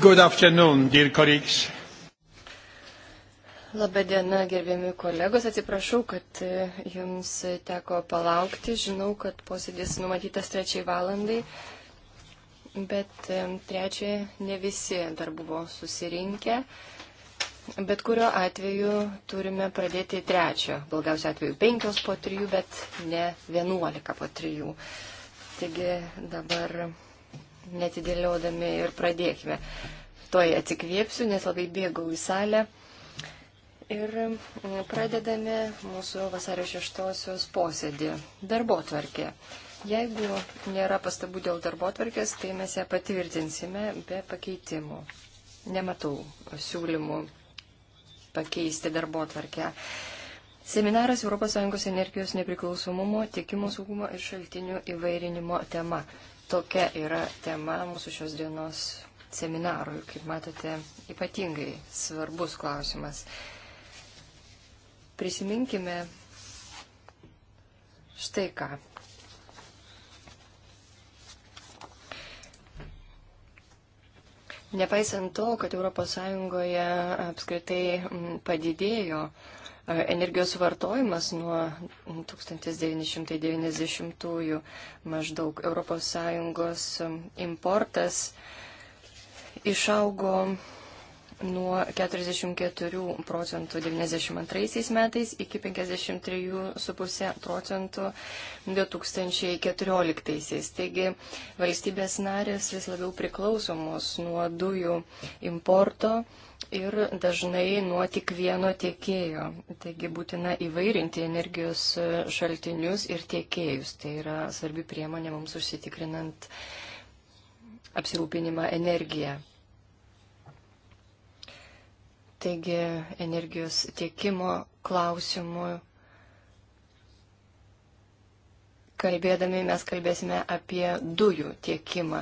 Good afternoon, dear colleagues. Labadiena, gerbiami kolegos. Atsiprašau, kad e, jums teko palaukti. Žinau, kad posėdis numatytas trečiai valandai, bet e, trečiai ne visi dar buvo susirinkę. Bet kurio atveju turime pradėti trečią, blogiausiu atveju penkios po trijų, bet ne vienuolika po trijų. Taigi dabar netidėliodami ir pradėkime. Toj atsikvėpsiu, nes labai bėgau į salę. Ir mm, pradedame mūsų vasario šeštosios posėdį. Darbo tvarkė. Jeigu nėra pastabų dėl darbo tvarkės, tai mes ją patvirtinsime be pakeitimų. Nematau siūlymų pakeisti darbo tvarkę. Seminaras ES energijos nepriklausomumo, tiekimo saugumo ir šaltinių įvairinimo tema. Tokia yra tema mūsų šios dienos seminarui, kaip matote, ypatingai svarbus klausimas. Prisiminkime štai ką. Nepaisant to, kad ES apskritai padidėjo energijos vartojimas nuo 1990-ųjų maždaug ES importas išaugo nuo 44 procentų 92 metais iki 53,5 procentų 2014. Taigi valstybės narės vis labiau priklausomos nuo dujų importo ir dažnai nuo tik vieno tiekėjo. Taigi būtina įvairinti energijos šaltinius ir tiekėjus. Tai yra svarbi priemonė mums užsitikrinant apsirūpinimą energiją. Taigi energijos tiekimo klausimų kalbėdami mes kalbėsime apie dujų tiekimą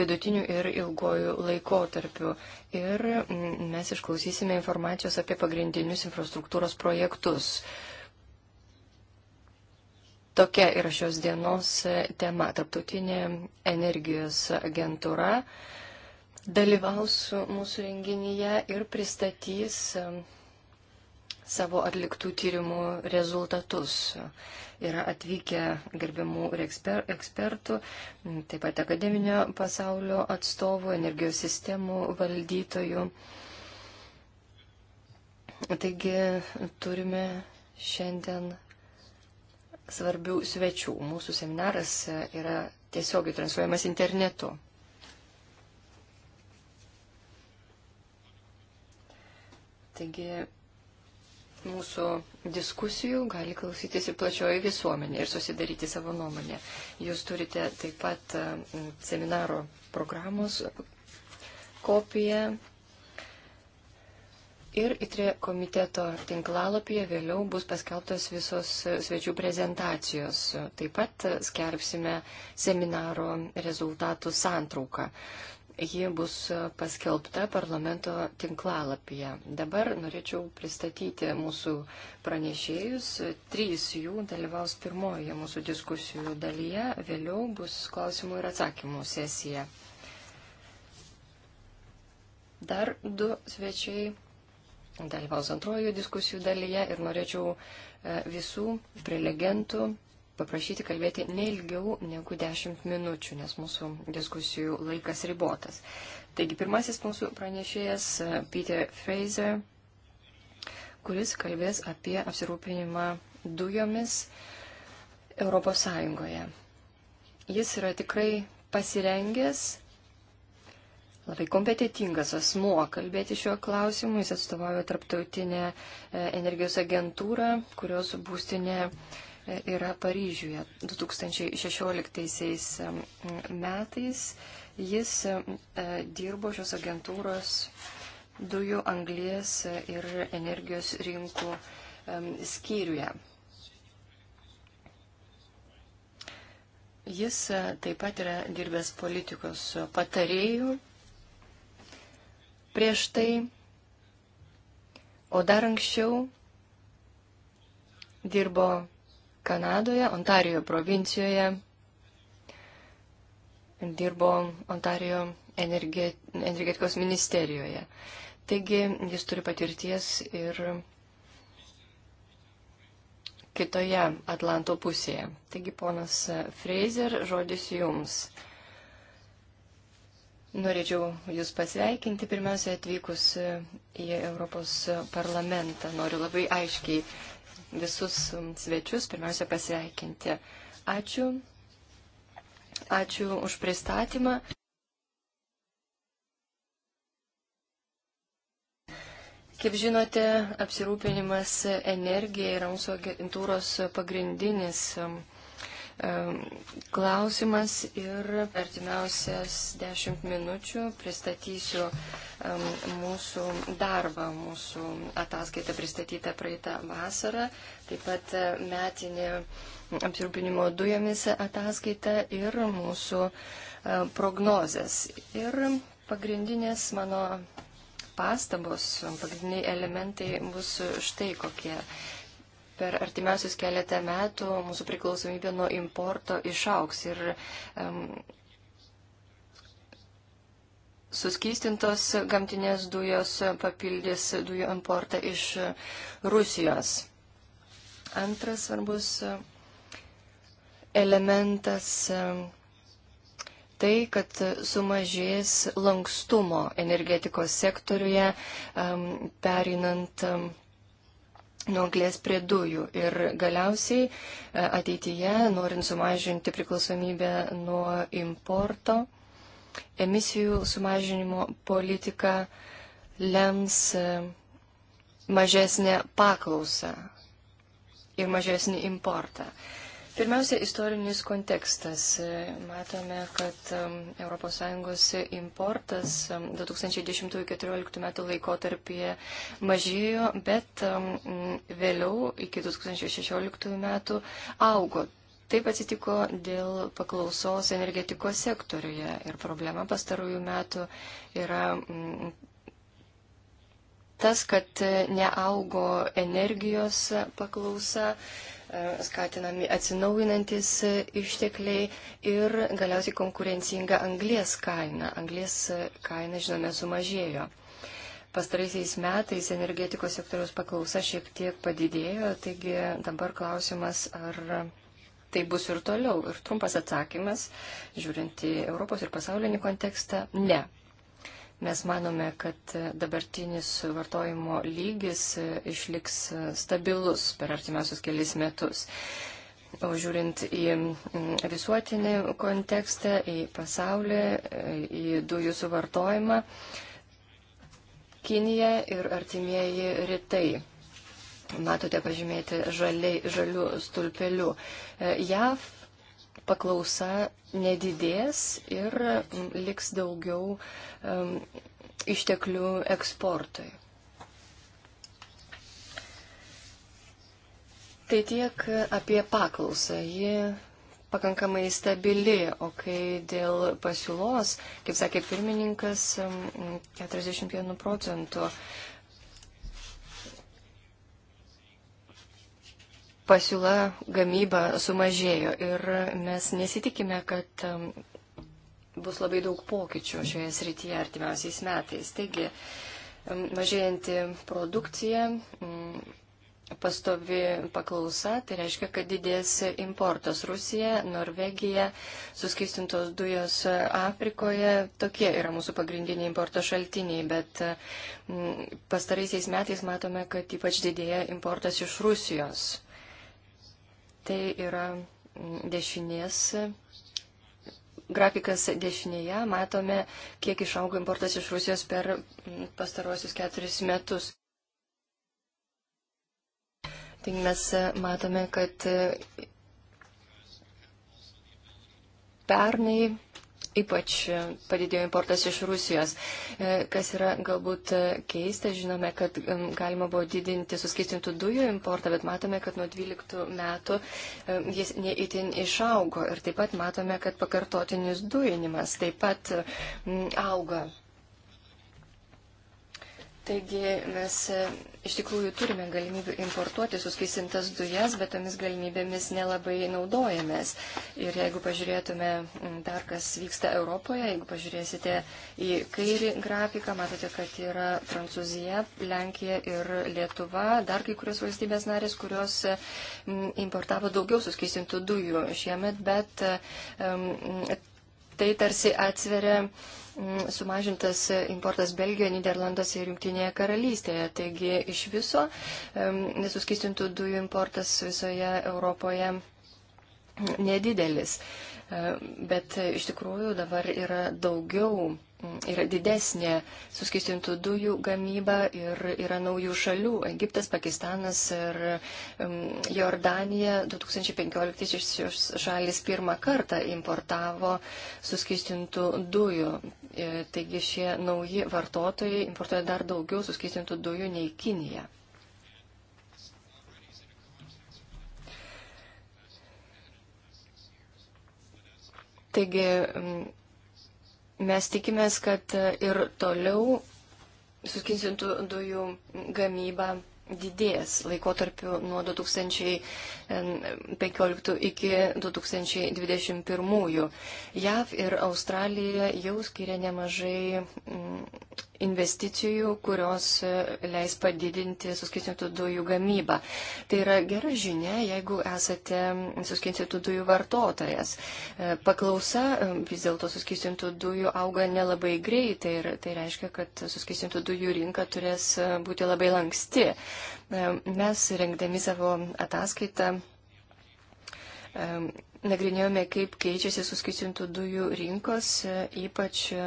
vidutiniu ir ilgoju laikotarpiu. Ir mm, mes išklausysime informacijos apie pagrindinius infrastruktūros projektus. Tokia yra šios dienos e, tema. Tarptautinė energijos agentūra dalyvaus mūsų renginyje ir pristatys e, savo atliktų tyrimų rezultatus. Yra atvykę garbimų ir eksper, ekspertų, taip pat akademinio pasaulio atstovų, energijos sistemų valdytojų. Taigi turime šiandien svarbių svečių. Mūsų seminaras e, yra tiesiogiai transliuojamas internetu. Taigi mūsų diskusijų gali klausytis ir plačioji visuomenė ir susidaryti savo nuomonę. Jūs turite taip pat e, seminaro programos kopiją. Ir įtrė komiteto tinklalapyje vėliau bus paskelbtos visos svečių prezentacijos. Taip pat skelbsime seminaro rezultatų santrauką. Ji bus paskelbta parlamento tinklalapyje. Dabar norėčiau pristatyti mūsų pranešėjus. Trys jų dalyvaus pirmojoje mūsų diskusijų dalyje, vėliau bus klausimų ir atsakymų sesija. Dar du svečiai dalyvaus antrojoje diskusijų dalyje ir norėčiau e, visų prelegentų paprašyti kalbėti neilgiau negu 10 minučių, nes mūsų diskusijų laikas ribotas. Taigi pirmasis mūsų pranešėjas e, Peter Fraser, kuris kalbės apie apsirūpinimą dujomis Europos Sąjungoje. Jis yra tikrai pasirengęs, labai kompetitingas asmuo kalbėti šiuo klausimu. Jis atstovauja Tarptautinę e, energijos agentūrą, kurios būstinė yra Paryžiuje 2016 metais. Jis e, dirbo šios agentūros dujų, anglies ir energijos rinkų skyriuje. Jis e, taip pat yra dirbęs politikos patarėjų prieš tai, o dar anksčiau dirbo Kanadoje, Ontarijo provincijoje. Dirbo Ontarijo energetikos ministerijoje. Taigi jis turi patirties ir kitoje Atlanto pusėje. Taigi, ponas Fraser, žodis jums. Norėčiau Jūs pasveikinti pirmiausia atvykus į Europos parlamentą. Noriu labai aiškiai visus svečius, pirmiausia pasveikinti. Ačiū. Ačiū už pristatymą. Kaip žinote, apsirūpinimas energija yra mūsų agentūros pagrindinis um, klausimas ir per timiausias dešimt minučių pristatysiu mūsų darbą, mūsų ataskaitą pristatytą praeitą vasarą, taip pat e, metinį apsirūpinimo dujomis ataskaitą ir mūsų e, prognozes. Ir pagrindinės mano pastabos, pagrindiniai elementai bus štai kokie per artimiausius keletą metų mūsų priklausomybė nuo importo išauks ir um, suskystintos gamtinės dujos papildys dujų importą iš Rusijos. Antras svarbus elementas tai, kad sumažės lankstumo energetikos sektoriuje, perinant nuo anglės prie dujų. Ir galiausiai e, ateityje, norint sumažinti priklausomybę nuo importo, emisijų sumažinimo politika lems e, mažesnę paklausą ir mažesnį importą. Pirmiausia, istorinis kontekstas. Matome, kad um, ES importas 2010-2014 um, metų laikotarpyje mažėjo, bet um, vėliau iki 2016 metų augo. Taip atsitiko dėl paklausos energetikos sektoriuje ir problema pastarųjų metų yra mm, tas, kad neaugo energijos paklausa, E, skatinami atsinaujinantis e, ištekliai ir galiausiai konkurencinga anglės kaina. Anglės e, kaina, žinome, sumažėjo. Pastaraisiais metais energetikos sektoriaus paklausa šiek tiek padidėjo, taigi dabar klausimas, ar tai bus ir toliau. Ir trumpas atsakymas, žiūrint į Europos ir pasaulinį kontekstą, ne. Mes manome, kad dabartinis vartojimo lygis išliks stabilus per artimiausius kelis metus. O žiūrint į visuotinį kontekstą, į pasaulį, į dujų suvartojimą, Kinija ir artimieji rytai. Matote pažymėti žaliai, žalių stulpelių. E, JAV paklausa nedidės ir liks daugiau um, išteklių eksportui. Tai tiek apie paklausą. Ji pakankamai stabili, o kai dėl pasiūlos, kaip sakė pirmininkas, 41 procentų pasiūla gamyba sumažėjo ir mes nesitikime, kad um, bus labai daug pokyčių šioje srityje artimiausiais metais. Taigi, um, mažėjanti produkcija, mm, pastovi paklausa, tai reiškia, kad didės importas Rusija, Norvegija, suskistintos dujos Afrikoje. Tokie yra mūsų pagrindiniai importo šaltiniai, bet mm, pastaraisiais metais matome, kad ypač didėja importas iš Rusijos. Tai yra dešinės. Grafikas dešinėje matome, kiek išaugo importas iš Rusijos per pastaruosius keturis metus. Taigi mes matome, kad pernai ypač padidėjo importas iš Rusijos. E, kas yra galbūt e, keista, žinome, kad galima buvo didinti suskistintų dujų importą, bet matome, kad nuo 12 metų jis neįtin išaugo. Ir taip pat matome, kad pakartotinis dujinimas taip pat auga. Taigi mes e, iš tikrųjų turime galimybių importuoti suskaisintas dujas, bet tomis galimybėmis nelabai naudojamės. Ir jeigu pažiūrėtume dar, kas vyksta Europoje, jeigu pažiūrėsite į kairį grafiką, matote, kad yra Prancūzija, Lenkija ir Lietuva, dar kai kurios valstybės narės, kurios e, importavo daugiau suskaisintų dujų šiemet, bet um, tai tarsi atsveria Mm, sumažintas importas Belgijoje, Niderlanduose ir Junktinėje karalystėje. Taigi iš viso nesuskistintų dujų importas visoje Europoje nedidelis. Bet iš tikrųjų dabar yra daugiau yra didesnė suskistintų dujų gamyba ir yra naujų šalių - Egiptas, Pakistanas ir Jordanija 2015 šalis pirmą kartą importavo suskistintų dujų. E, taigi šie nauji vartotojai importuoja dar daugiau suskistintų dujų nei Kinija. Taigi Mes tikimės, kad e, ir toliau suskinsintų dujų gamyba didės laikotarpiu nuo 2015 iki 2021. JAV ir Australija jau skiria nemažai investicijų, kurios e, leis padidinti suskaitintų dujų gamybą. Tai yra gera žinia, jeigu esate suskaitintų dujų vartotojas. E, paklausa e, vis dėlto suskaitintų dujų auga nelabai greitai ir tai reiškia, kad suskaitintų dujų rinka turės būti labai lanksti. Mes rengdami savo ataskaitą nagrinėjome, kaip keičiasi suskaitintų dujų rinkos, e, ypač e,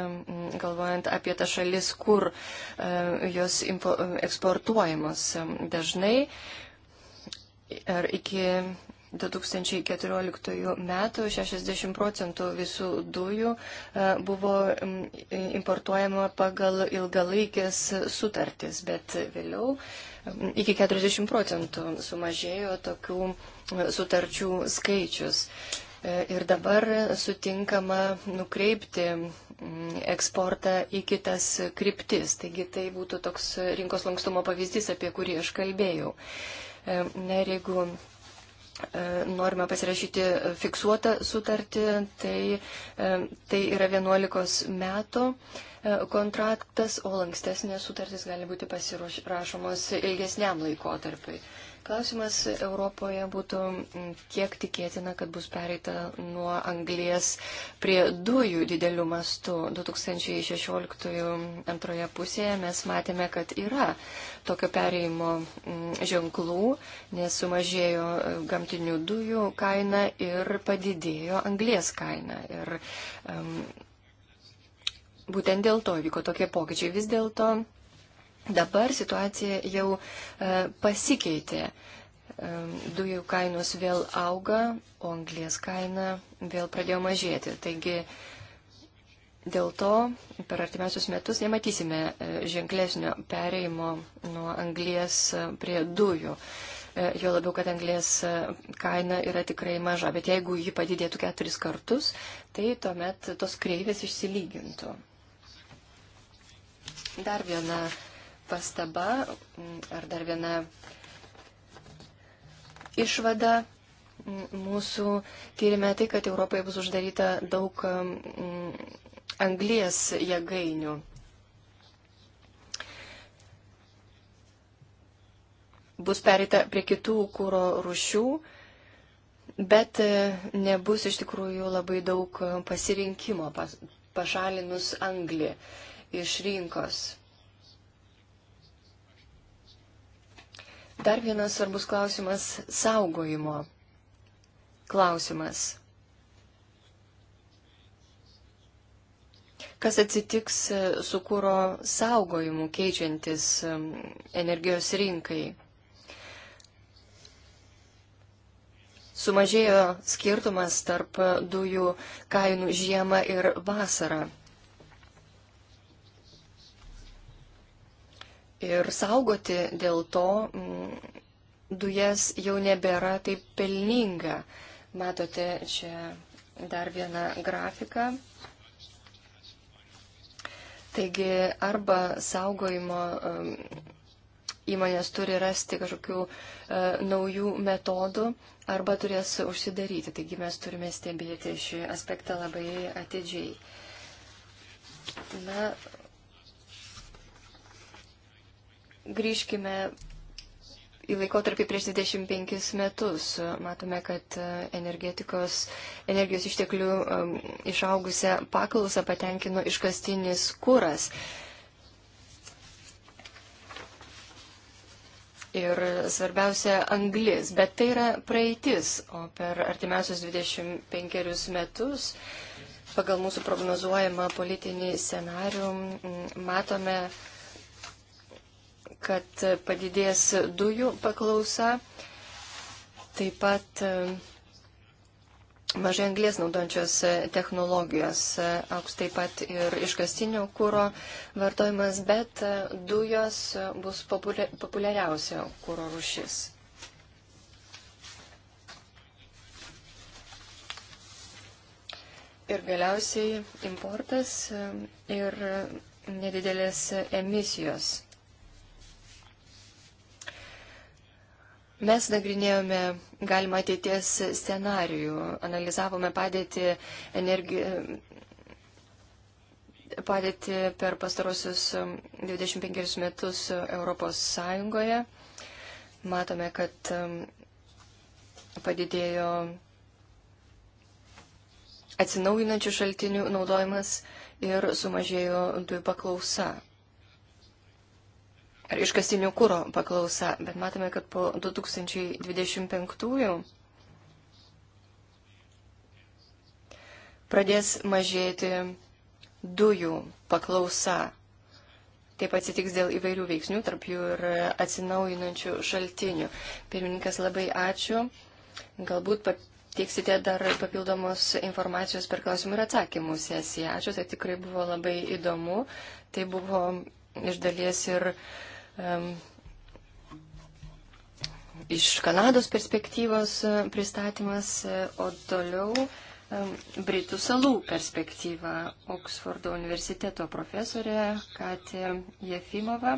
galvojant apie tą šalis, kur e, jos eksportuojamos dažnai. Ar iki 2014 metų 60 procentų visų dujų e, buvo importuojama pagal ilgalaikės sutartis, bet vėliau iki 40 procentų sumažėjo tokių e, sutarčių skaičius. E, ir dabar sutinkama nukreipti eksportą į kitas kryptis. Taigi tai būtų toks rinkos lankstumo pavyzdys, apie kurį aš kalbėjau. Na ir jeigu E, norime pasirašyti fiksuotą sutartį, tai, e, tai yra 11 metų e, kontraktas, o lankstesnės sutartys gali būti pasirašomos ilgesniam laikotarpiui. Klausimas Europoje būtų, kiek tikėtina, kad bus pereita nuo anglės prie dujų didelių mastų. 2016 antroje pusėje mes matėme, kad yra tokio pereimo ženklų, nes sumažėjo gamtinių dujų kaina ir padidėjo anglės kaina. Ir, um, Būtent dėl to vyko tokie pokyčiai. Vis dėlto Dabar situacija jau e, pasikeitė. E, dujų kainos vėl auga, o anglės kaina vėl pradėjo mažėti. Taigi dėl to per artimiausius metus nematysime e, ženklesnio pereimo nuo anglės prie dujų jo labiau, kad anglės kaina yra tikrai maža. Bet jeigu ji padidėtų keturis kartus, tai tuomet tos kreivės išsilygintų. Dar viena pastaba ar dar viena išvada mūsų tyrimė tai, kad Europoje bus uždaryta daug anglies jėgainių. Bus perita prie kitų kūro rušių, bet e, nebus iš tikrųjų labai daug e, pasirinkimo pašalinus anglį iš rinkos. Dar vienas svarbus klausimas - saugojimo klausimas. Kas atsitiks e, su kūro saugojimu keičiantis energijos rinkai? Sumažėjo skirtumas tarp dujų kainų žiemą ir vasarą. ir saugoti dėl to mm, dujas jau nebėra taip pelninga. Matote čia dar vieną grafiką. Taigi arba saugojimo mm, įmonės turi rasti kažkokių e, naujų metodų, arba turės užsidaryti. Taigi mes turime stebėti šį aspektą labai atidžiai. Na, grįžkime į laikotarpį prieš 25 metus. Matome, kad e, energetikos, energijos išteklių e, išaugusią paklausą patenkino iškastinis kuras. Ir svarbiausia, anglis. Bet tai yra praeitis, o per artimiausius 25 metus pagal mūsų prognozuojamą politinį scenarių matome kad padidės dujų paklausa, taip pat e, mažai anglės naudančios e, technologijos, e, auks taip pat ir iškastinio kūro vartojimas, bet dujos bus populiariausia kūro rušis. Ir galiausiai importas ir nedidelės emisijos. Mes nagrinėjome galimą ateities scenarijų, analizavome padėtį, energi... padėtį per pastarosius 25 um, metus Europos Sąjungoje. Matome, kad um, padidėjo atsinaujinančių šaltinių naudojimas ir sumažėjo dujų paklausa iškastinio kūro paklausa, bet matome, kad po 2025-ųjų pradės mažėti dujų paklausa. Taip atsitiks dėl įvairių veiksnių, tarp jų ir atsinaujinančių šaltinių. Pirmininkas, labai ačiū. Galbūt teiksite dar papildomos informacijos per klausimų ir atsakymų sesiją. Ačiū, tai tikrai buvo labai įdomu. Tai buvo iš dalies ir uh, iš Kanados perspektyvos e, pristatymas, e, o toliau Britų salų perspektyva Oksfordo universiteto profesorė Katė Jefimova.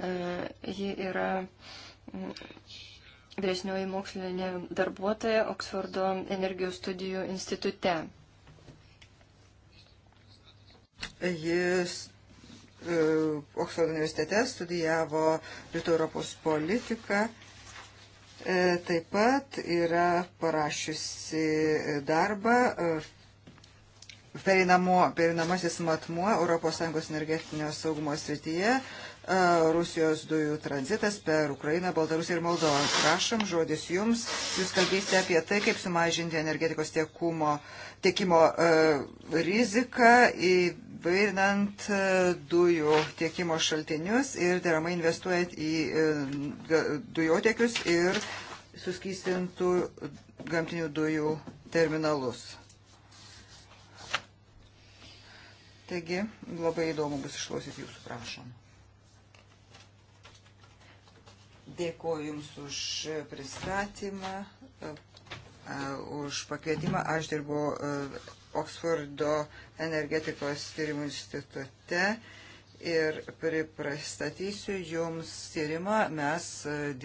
E, ji yra vyresnioji mokslinė darbuotoja Oksfordo energijos studijų institute. Jis E, Oksfordo universitete, studijavo Rytų Europos politiką. E, taip pat yra parašiusi darbą e, pereinamo, pereinamasis matmuo ES energetinio saugumo srityje Rusijos dujų tranzitas per Ukrainą, Baltarusiją ir Moldovą. Prašom, žodis jums. Jūs kalbėsite apie tai, kaip sumažinti energetikos tiekumo, tiekimo riziką, įvairinant dujų tiekimo šaltinius ir deramai investuojant į e, dujotiekius ir suskystintų gamtinių dujų terminalus. Taigi, labai įdomu bus išklausyti jūsų, prašom. Dėkuoju Jums už pristatymą, už pakvietimą. Aš dirbu Oksfordo energetikos tyrimų institute ir pristatysiu Jums tyrimą. Mes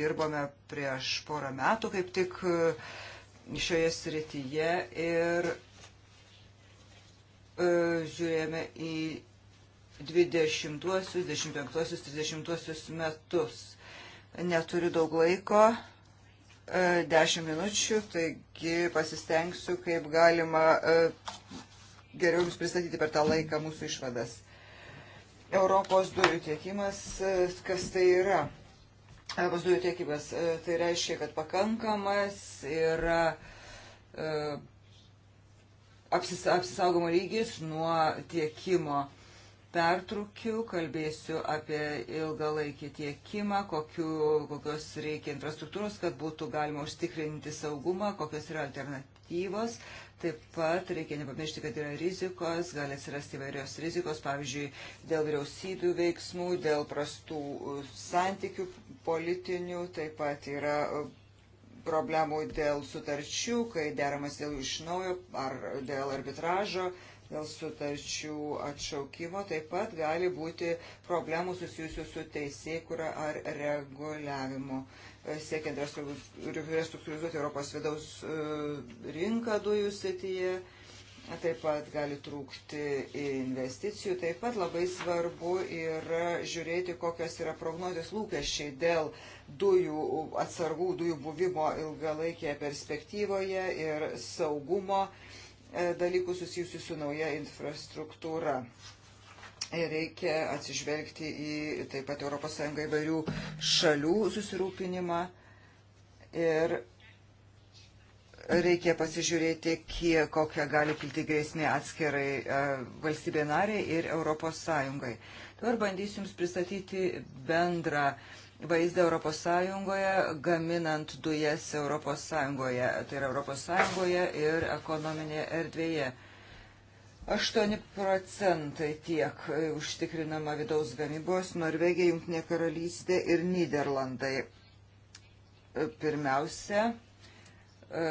dirbome prieš porą metų kaip tik šioje srityje ir žiūrėjome į 20, 25, 30 metus neturiu daug laiko, 10 e, minučių, taigi pasistengsiu, kaip galima e, geriau jums pristatyti per tą laiką mūsų išvadas. Europos dujų tiekimas, e, kas tai yra? Europos dujų tiekimas, tai reiškia, kad pakankamas yra apsisaugomo lygis nuo tiekimo pertraukių, kalbėsiu apie ilgalaikį tiekimą, kokiu, kokios reikia infrastruktūros, kad būtų galima užtikrinti saugumą, kokios yra alternatyvos. Taip pat reikia nepamiršti, kad yra rizikos, gali atsirasti įvairios rizikos, pavyzdžiui, dėl vyriausybių veiksmų, dėl prastų uh, santykių politinių, taip pat yra uh, problemų dėl sutarčių, kai deramas dėl iš naujo ar dėl arbitražo dėl sutarčių atšaukimo. Taip pat gali būti problemų susijusių su teisėkura ar reguliavimu. E, siekiant restruktūrizuoti Europos vidaus e, rinką dujų sityje, taip pat gali trūkti investicijų. Taip pat labai svarbu yra žiūrėti, kokios yra prognozijos lūkesčiai dėl dujų atsargų, dujų buvimo ilgalaikėje perspektyvoje ir saugumo. Uh, E, dalykų susijusių su nauja infrastruktūra. Ir reikia atsižvelgti į taip pat ES įvairių šalių susirūpinimą. Ir reikia pasižiūrėti, kiek, kokią gali kilti grėsmė atskirai e, valstybė nariai ir ES. Dabar bandysiu Jums pristatyti bendrą uh, vaizdą Europos Sąjungoje, gaminant dujas Europos Sąjungoje, tai yra Europos Sąjungoje ir ekonominėje erdvėje. 8 procentai tiek e, užtikrinama vidaus gamybos Norvegija, Junktinė karalystė ir Niderlandai. E, pirmiausia, e,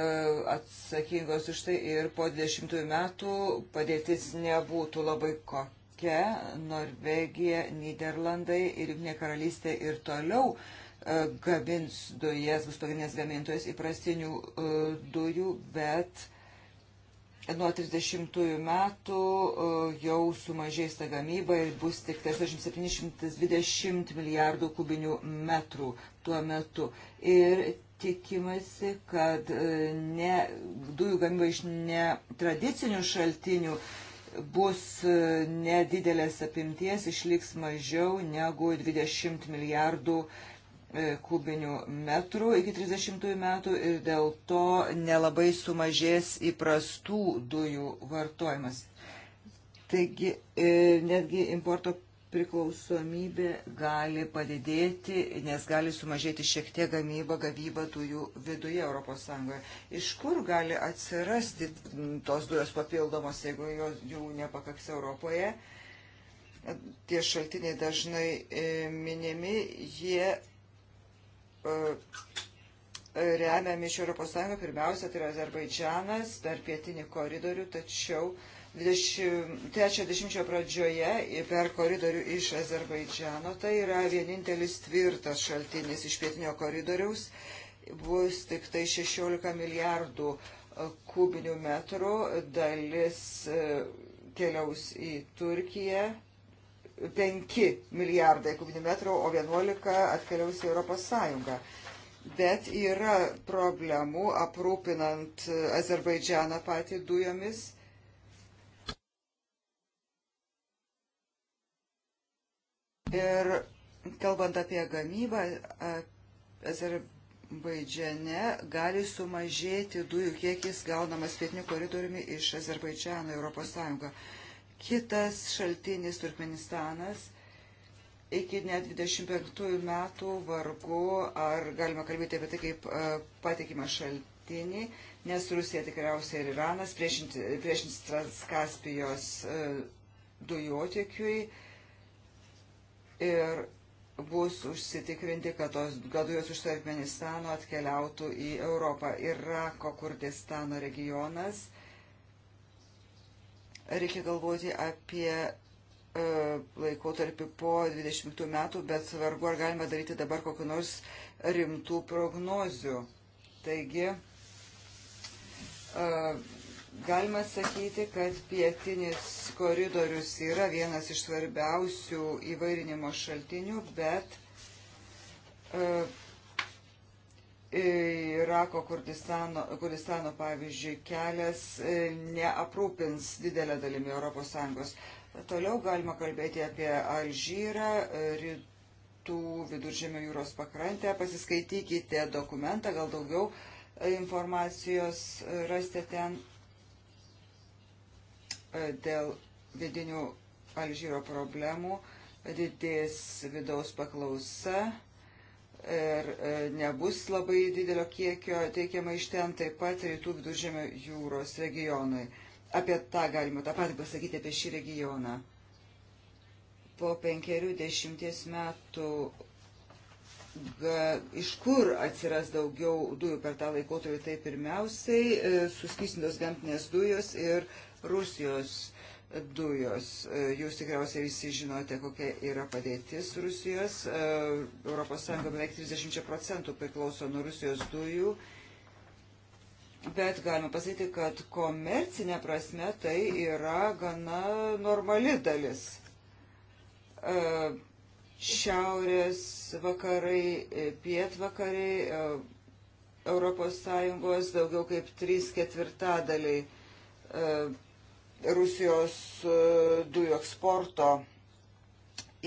atsakingos už tai ir po 20 metų padėtis nebūtų labai kokia Irake, Norvegija, Niderlandai ir Junktinė karalystė ir toliau e, gabins dujas, bus pagrindinės gamintojas įprastinių e, dujų, bet nuo 30 metų e, jau sumažės ta gamyba ir bus tik 720 milijardų kubinių metrų tuo metu. Ir tikimasi, kad ne, dujų gamyba iš netradicinių šaltinių bus e, nedidelės apimties, išliks mažiau negu 20 milijardų e, kubinių metrų iki 30 metų ir dėl to nelabai sumažės įprastų dujų vartojimas. Taigi e, netgi importo priklausomybė gali padidėti, nes gali sumažėti šiek tiek gamyba, gavyba dujų viduje ES. Iš kur gali atsirasti tos dujos papildomos, jeigu jų nepakaks Europoje? Tie šaltiniai dažnai e, minimi, jie e, remiami iš ES, pirmiausia, tai yra Azerbaidžianas per pietinį koridorių, tačiau uh, 30-20 pradžioje per koridorių iš Azerbaidžiano. Tai yra vienintelis tvirtas šaltinis iš pietinio koridoriaus. Bus tik tai 16 milijardų e, kubinių metrų. Dalis e, keliaus į Turkiją. 5 milijardai kubinių metrų, o 11 atkeliaus į Europos Sąjungą bet yra problemų aprūpinant e, Azerbaidžianą patį dujomis. Ir kalbant apie gamybą, Azerbaidžiane gali sumažėti dujų kiekis gaunamas pietiniu koridoriumi iš Azerbaidžiano Europos Sąjungą. Kitas šaltinis Turkmenistanas iki net 25 metų vargu, ar galima kalbėti apie tai kaip patikimą šaltinį, nes Rusija tikriausiai ir Iranas priešintis Transkaspijos dujotiekiui. Uh, ir bus užsitikrinti, kad tos gadujos iš Turkmenistano atkeliautų į Europą. Irako Kurdistano regionas. Reikia galvoti apie e, laikotarpį po 20 metų, bet vargu ar galima daryti dabar kokiu nors rimtų prognozių. Taigi, e, Galima sakyti, kad pietinis koridorius yra vienas iš svarbiausių įvairinimo šaltinių, bet e, Irako Kurdistano, Kurdistano, pavyzdžiui, kelias e, neaprūpins didelę dalimi ES. Toliau galima kalbėti apie Alžyrą, rytų viduržėmio jūros pakrantę. Pasiskaitykite dokumentą, gal daugiau e, informacijos e, rasite ten dėl vidinių Alžyro problemų, didės vidaus paklausa ir e, nebus labai didelio kiekio teikiama iš ten taip pat rytų viduržėmio jūros regionui. Apie tą galima tą patį pasakyti apie šį regioną. Po penkerių dešimties metų iš kur atsiras daugiau dujų per tą laikotarpį, tai pirmiausiai e, suskystintos gamtinės dujos ir uh, Rusijos dujos. Jūs tikriausiai visi žinote, kokia yra padėtis Rusijos. ES beveik 30 procentų priklauso nuo Rusijos dujų. Bet galima pasakyti, kad komercinė prasme tai yra gana normali dalis. E, šiaurės vakarai, e, pietvakariai, ES daugiau kaip 3 ketvirtadaliai e, Rusijos e, dujų eksporto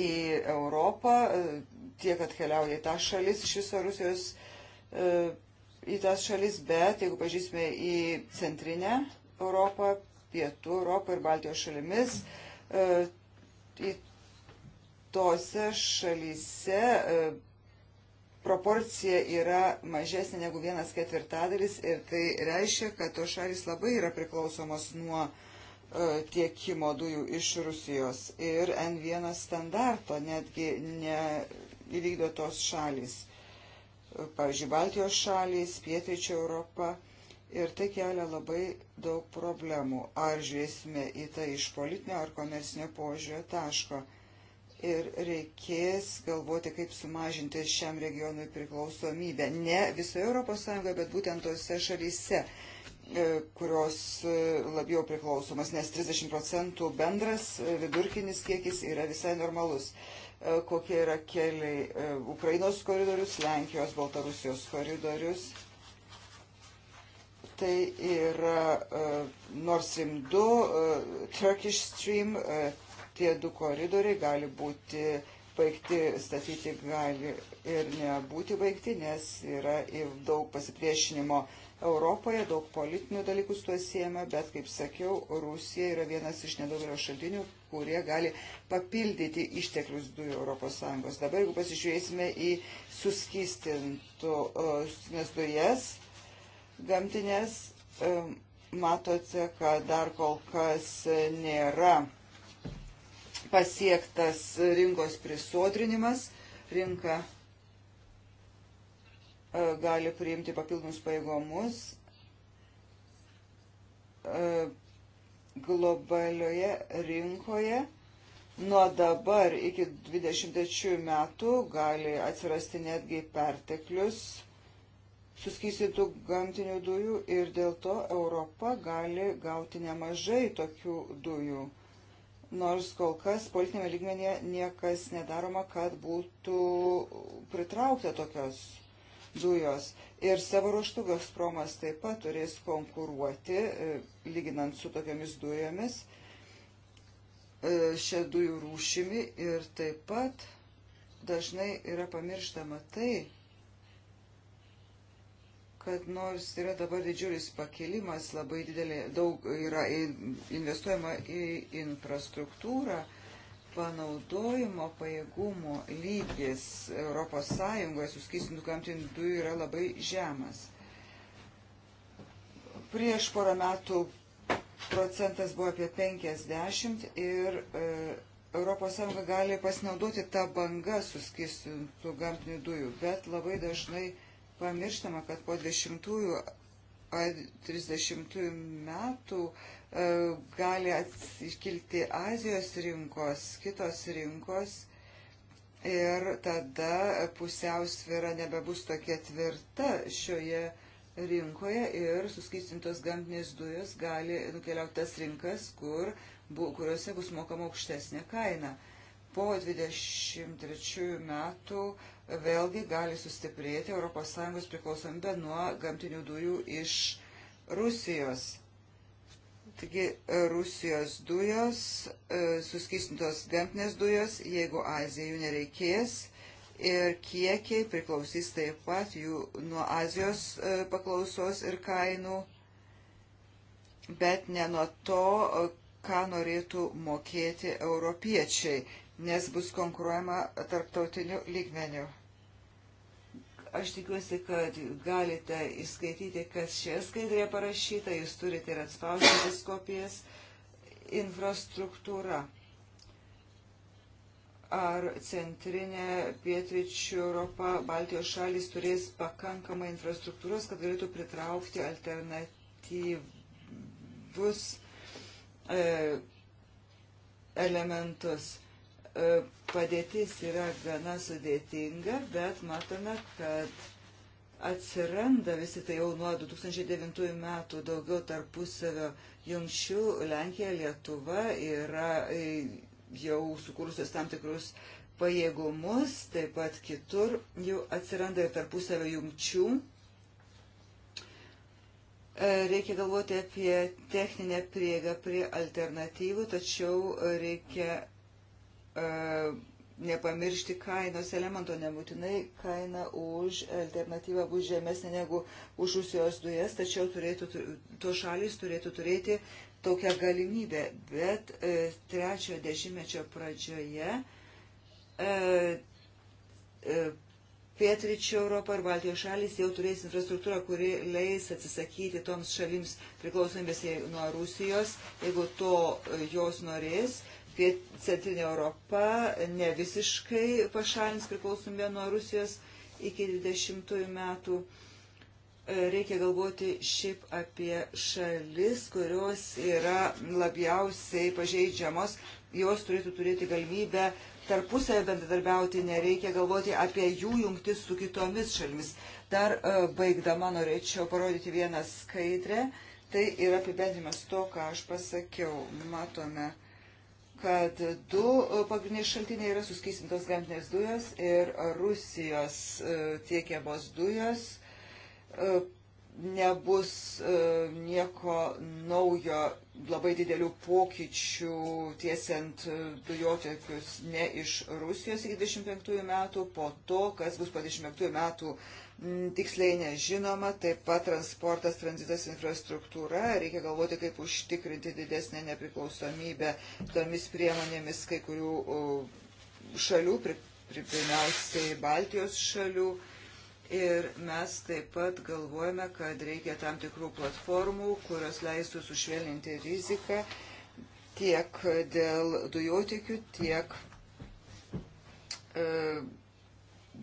į Europą, e, tiek atkeliauja į tą šalis, iš viso Rusijos e, į tas šalis, bet jeigu pažįsime į centrinę Europą, pietų Europą ir Baltijos šalimis, į tose šalyse proporcija yra mažesnė negu vienas ketvirtadalis ir tai reiškia, kad tos šalis labai yra priklausomos nuo uh, E, tiekimo dujų iš Rusijos ir N1 standarto netgi neįvykdo tos šalys. Pavyzdžiui, Baltijos šalys, Pietryčio Europa ir tai kelia labai daug problemų. Ar žiūrėsime į tai iš politinio ar komercinio požiūrio taško. Ir reikės galvoti, kaip sumažinti šiam regionui priklausomybę. Ne visoje ES, bet būtent tose šalyse E, kurios e, labiau priklausomas, nes 30 procentų bendras e, vidurkinis kiekis yra visai normalus. Kokie yra keliai Ukrainos koridorius, Lenkijos, Baltarusijos koridorius. Tai yra Nord Stream 2, Turkish Stream, tie du koridoriai gali būti baigti statyti gali ir nebūti baigti, nes yra daug pasipriešinimo uh, Europoje, daug politinių dalykų su tuo siejama, bet, kaip sakiau, Rusija yra vienas iš nedaugelio šaltinių, kurie gali papildyti išteklius dujų ES. Dabar, jeigu pasižiūrėsime į suskystintas dujas gamtinės, e, matote, kad dar kol kas nėra pasiektas rinkos prisodrinimas. Rinka E, gali priimti papildomus pajėgomus e, globalioje rinkoje. Nuo dabar iki 23 metų gali atsirasti netgi perteklius suskysintų gamtinių dujų ir dėl to Europa gali gauti nemažai tokių dujų. Nors kol kas politinėme lygmenyje niekas nedaroma, kad būtų pritraukta tokios dujos. Ir savo ruoštų Gazpromas taip pat turės konkuruoti, e, lyginant su tokiamis dujomis, e, šią dujų rūšimi. Ir taip pat dažnai yra pamirštama tai, kad nors yra dabar didžiulis pakilimas, labai didelė, daug yra investuojama į infrastruktūrą, panaudojimo pajėgumų lygis ES suskystintų gamtinių dujų yra labai žemas. Prieš porą metų procentas buvo apie 50 ir e, ES gali pasinaudoti tą bangą suskistintų gamtinių dujų, bet labai dažnai pamirštama, kad po 20-30 metų e, gali iškilti Azijos rinkos, kitos rinkos ir tada pusiausvėra nebebus tokia tvirta šioje rinkoje ir suskystintos gamtinės dujos gali nukeliauti tas rinkas, kur, bu, kuriuose bus mokama aukštesnė kaina. Po 23 metų vėlgi gali sustiprėti ES priklausomybė nuo gamtinių dujų iš Rusijos. Taigi e, Rusijos dujos, e, suskistintos gamtinės dujos, jeigu Azija jų nereikės ir kiekiai priklausys taip pat jų nuo Azijos e, paklausos ir kainų, bet ne nuo to, ką norėtų mokėti europiečiai, nes bus konkuruojama tarptautiniu lygmeniu. Aš tikiuosi, kad galite įskaityti, kas šioje skaidrėje parašyta, jūs turite ir atspausintas kopijas. Infrastruktūra. Ar centrinė pietryčių Europa, Baltijos šalis turės pakankamą infrastruktūros, kad galėtų pritraukti alternatyvus e, elementus. E, padėtis yra gana sudėtinga, bet matome, kad atsiranda visi tai jau nuo 2009 metų daugiau tarpusavio jungčių. Lenkija, Lietuva yra e, jau sukūrusios tam tikrus pajėgumus, taip pat kitur jau atsiranda ir tarpusavio jungčių. E, reikia galvoti apie techninę priegą prie alternatyvų, tačiau reikia E, nepamiršti kainos elemento, nebūtinai kaina už alternatyvą bus žemesnė negu už Rusijos dujas, tačiau turėtų, to šalis turėtų turėti tokią galimybę. Bet e, trečiojo dešimtmečio pradžioje e, e, Pietričio Europą ir Baltijos šalis jau turės infrastruktūrą, kuri leis atsisakyti toms šalims priklausomybės nuo Rusijos, jeigu to e, jos norės. E, Centrinė Europa ne visiškai pašalins priklausomybę nuo Rusijos iki 20 metų. E, reikia galvoti šiaip apie šalis, kurios yra labiausiai pažeidžiamos, jos turėtų turėti galimybę tarpusavę bendradarbiauti, nereikia galvoti apie jų jungtis su kitomis šalimis. Dar e, baigdama norėčiau parodyti vieną skaidrę. Tai yra apibendrimas to, ką aš pasakiau. Matome kad du e, pagrindiniai šaltiniai yra suskystintos gamtinės dujos ir Rusijos e, tiekiamos dujos. E, nebus nieko naujo, labai didelių pokyčių tiesiant dujotekius ne iš Rusijos iki 25 metų, po to, kas bus po 25 metų Mm, tiksliai nežinoma, taip pat transportas, tranzitas, infrastruktūra, reikia galvoti, kaip užtikrinti didesnę nepriklausomybę tomis priemonėmis kai kurių uh, šalių, pirmiausiai Baltijos šalių. Ir mes taip pat galvojame, kad reikia tam tikrų platformų, kurios leistų sušvelninti riziką tiek dėl dujotikių, tiek e,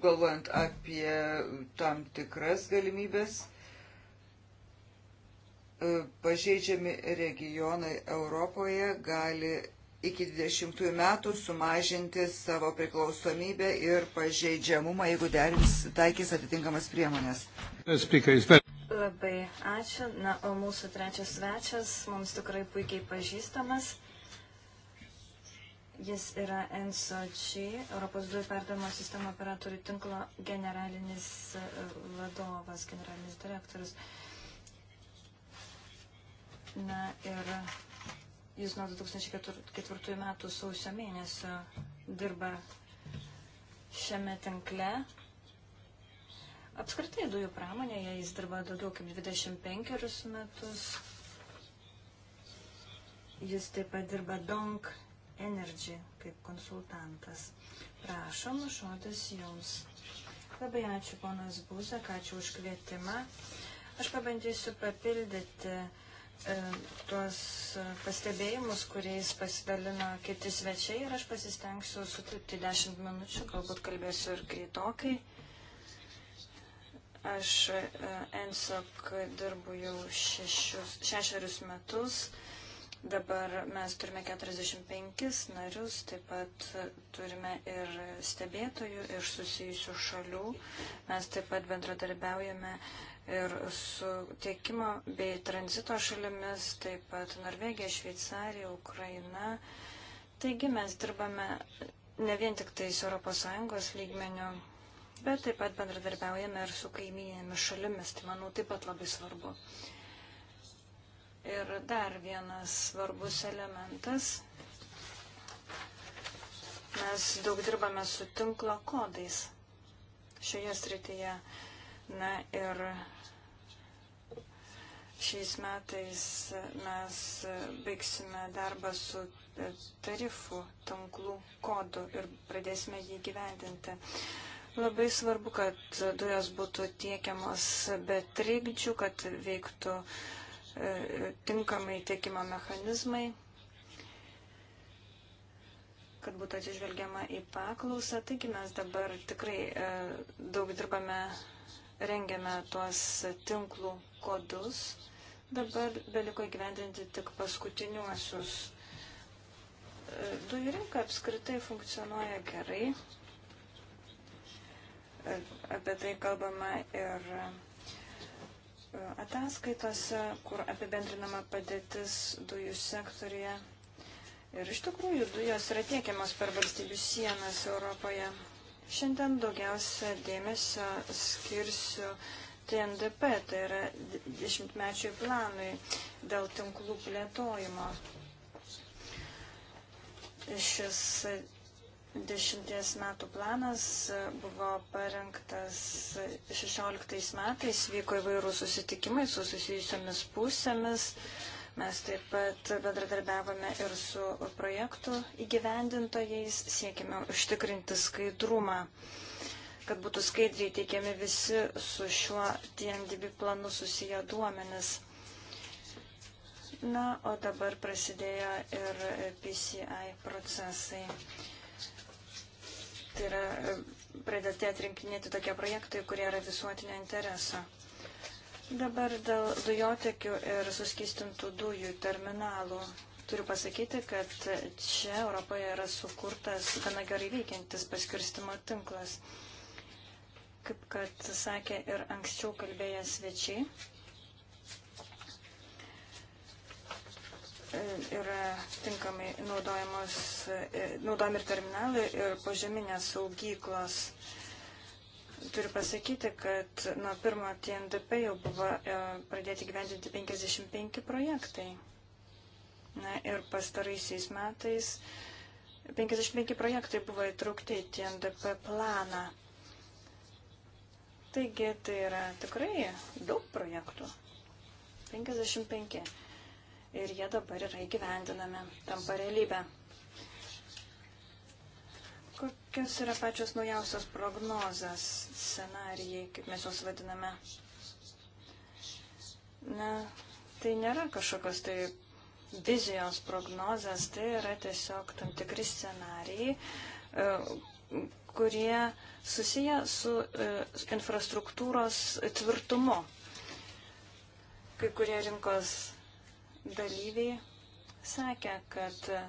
galvojant apie tam tikras galimybės, e, pažeidžiami regionai Europoje gali iki 20 metų sumažinti savo priklausomybę ir pažeidžiamumą, jeigu derins taikys atitinkamas priemonės. Labai ačiū. Na, o mūsų trečias svečias mums tikrai puikiai pažįstamas. Jis yra NSOC, Europos dujų perdavimo sistemo operatorių tinklo generalinis e, vadovas, generalinis direktorius. Na ir jis nuo 2004 metų sausio mėnesio dirba šiame tinkle. Apskritai dujų pramonėje jis dirba daugiau kaip 25 metus. Jis taip pat dirba DONK Energy kaip konsultantas. Prašom, žodis jums. Labai ačiū, ponas Buzak, ačiū už kvietimą. Aš pabandysiu papildyti e, tuos pastebėjimus, kuriais pasidalino kiti svečiai ir aš pasistengsiu sutilpti 10 minučių, galbūt kalbėsiu ir greitokai. Aš e, ENSOK dirbu jau šešius, šešerius metus. E, Dabar mes turime 45 narius, taip pat turime ir stebėtojų iš susijusių šalių. Mes taip pat bendradarbiaujame ir su tiekimo bei tranzito šalimis, taip pat Norvegija, Šveicarija, Ukraina. Taigi mes dirbame ne vien tik tais ES lygmenių, bet taip pat bendradarbiaujame ir su kaiminėmis šalimis. Tai manau taip pat labai svarbu. Ir dar vienas svarbus elementas. Mes daug dirbame su tinklo kodais šioje srityje. Na ir šiais metais mes baigsime darbą su tarifų tinklų kodu ir pradėsime jį gyvendinti. Labai svarbu, kad dujos būtų tiekiamos be trikdžių, kad veiktų uh, E, tinkamai tiekimo mechanizmai, kad būtų atsižvelgiama į paklausą. Taigi mes dabar tikrai e, daug dirbame, rengiame tuos tinklų kodus. Dabar beliko įgyvendinti tik paskutiniuosius. E, dujų rinka apskritai funkcionuoja gerai. Apie tai kalbama ir ataskaitose, kur apibendrinama padėtis dujų sektorija. Ir iš tikrųjų dujos yra tiekiamas per valstybių sienas Europoje. Šiandien daugiausia dėmesio skirsiu TNDP, tai yra dešimtmečiai planui dėl tinklų plėtojimo. Šis Dešimties metų planas buvo parengtas 16 metais, vyko įvairių susitikimai su susijusiamis pusėmis. Mes taip pat bendradarbiavome ir su projektų įgyvendintojais, siekime užtikrinti skaidrumą, kad būtų skaidriai teikiami visi su šiuo TNDB planu susiję duomenis. Na, o dabar prasidėjo ir PCI procesai. Tai yra e, pradėti atrinkinėti tokie projektai, kurie yra visuotinio intereso. Dabar dėl dujotekių ir suskistintų dujų terminalų. Turiu pasakyti, kad čia Europoje yra sukurtas gana gerai veikiantis paskirstimo tinklas. Kaip kad sakė ir anksčiau kalbėję svečiai, yra tinkamai e, naudojami ir terminalai, ir požeminės saugyklos. Turiu pasakyti, kad nuo pirmo TNDP jau buvo e, pradėti gyventinti 55 projektai. Na, ir pastaraisiais metais 55 projektai buvo įtraukti į TNDP planą. Taigi tai yra tikrai daug projektų. 55 ir jie dabar yra įgyvendinami, tampa realybė. Kokios yra pačios naujausios prognozas, scenarijai, kaip mes juos vadiname? Na, tai nėra kažkokios tai vizijos prognozės, tai yra tiesiog tam tikri scenarijai, e, kurie susiję e, su infrastruktūros tvirtumu. Kai kurie rinkos dalyviai sakė, kad e,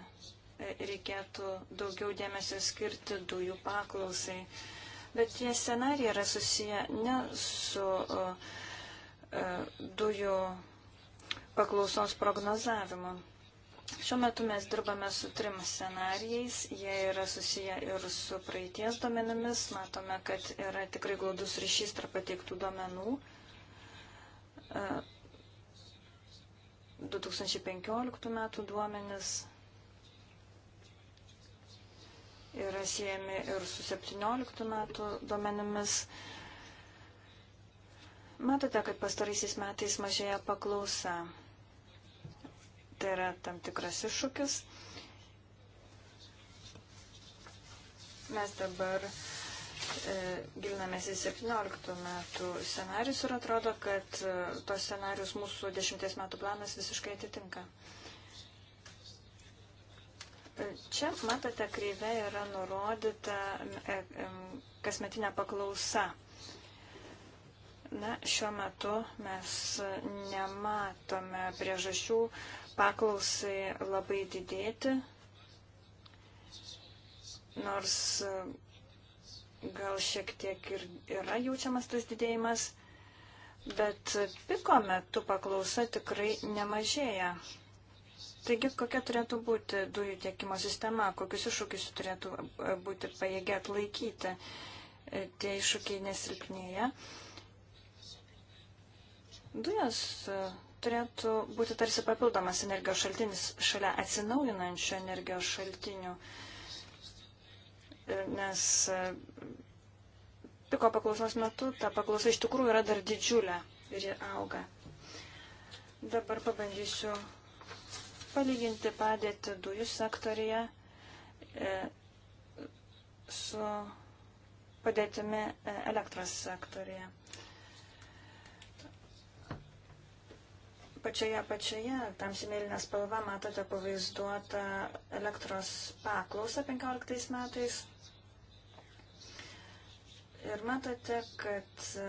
reikėtų daugiau dėmesio skirti dujų paklausai. Bet tie scenarijai yra susiję ne su e, e, dujų paklausos prognozavimu. Šiuo metu mes dirbame su trim scenarijais, jie yra susiję ir su praeities duomenimis, matome, kad yra tikrai glaudus ryšys tarp pateiktų duomenų. 2015 metų duomenis yra siejami ir su 17 metų duomenimis. Matote, kad pastaraisiais metais mažėja paklausa. Tai yra tam tikras iššūkis. Mes dabar uh, E, gilinamės į 17 metų scenarius ir atrodo, kad e, tos scenarius mūsų 10 metų planas visiškai atitinka. E, čia, matote, kreivė yra nurodyta kasmetinė paklausa. Na, šiuo metu mes nematome priežasčių paklausai labai didėti, nors gal šiek tiek ir yra jaučiamas tas didėjimas, bet piko metu paklausa tikrai nemažėja. Taigi, kokia turėtų būti dujų tiekimo sistema, kokius iššūkius turėtų būti pajėgę atlaikyti, e, tie iššūkiai nesilpnėja. Dujas e, turėtų būti tarsi papildomas energijos šaltinis šalia atsinaujinančių energijos šaltinių. Uh, nes e, piko paklausos metu ta paklausa iš tikrųjų yra dar didžiulė ir ji auga. Dabar pabandysiu palyginti padėti dujų sektorija e, su padėtimi e, elektros sektorija. Pačioje apačioje, tamsi mėlyna spalva, matote pavaizduotą elektros paklausą 15 metais Ir matote, kad e,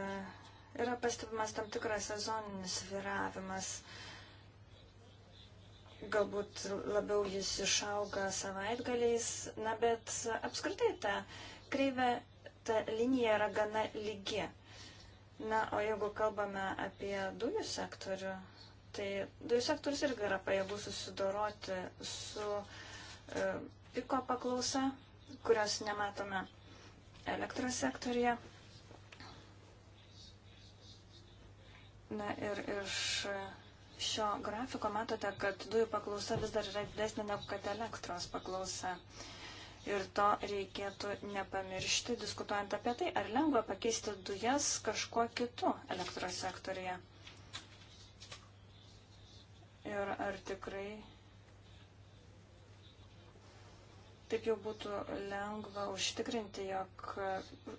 yra pastebimas tam tikras sezoninis viravimas. Galbūt labiau jis išauga savaitgaliais, na bet apskritai ta kreivė, ta linija yra gana lygi. Na, o jeigu kalbame apie dujų sektorių, tai dujų sektorius irgi yra pajėgus susidoroti su e, piko paklausa, kurios nematome elektros sektorija. Na ir iš šio grafiko matote, kad dujų paklausa vis dar yra didesnė negu kad elektros paklausa. Ir to reikėtų nepamiršti, diskutuojant apie tai, ar lengva pakeisti dujas kažkuo kitu elektros sektorija. Ir ar tikrai Taip jau būtų lengva užtikrinti, jog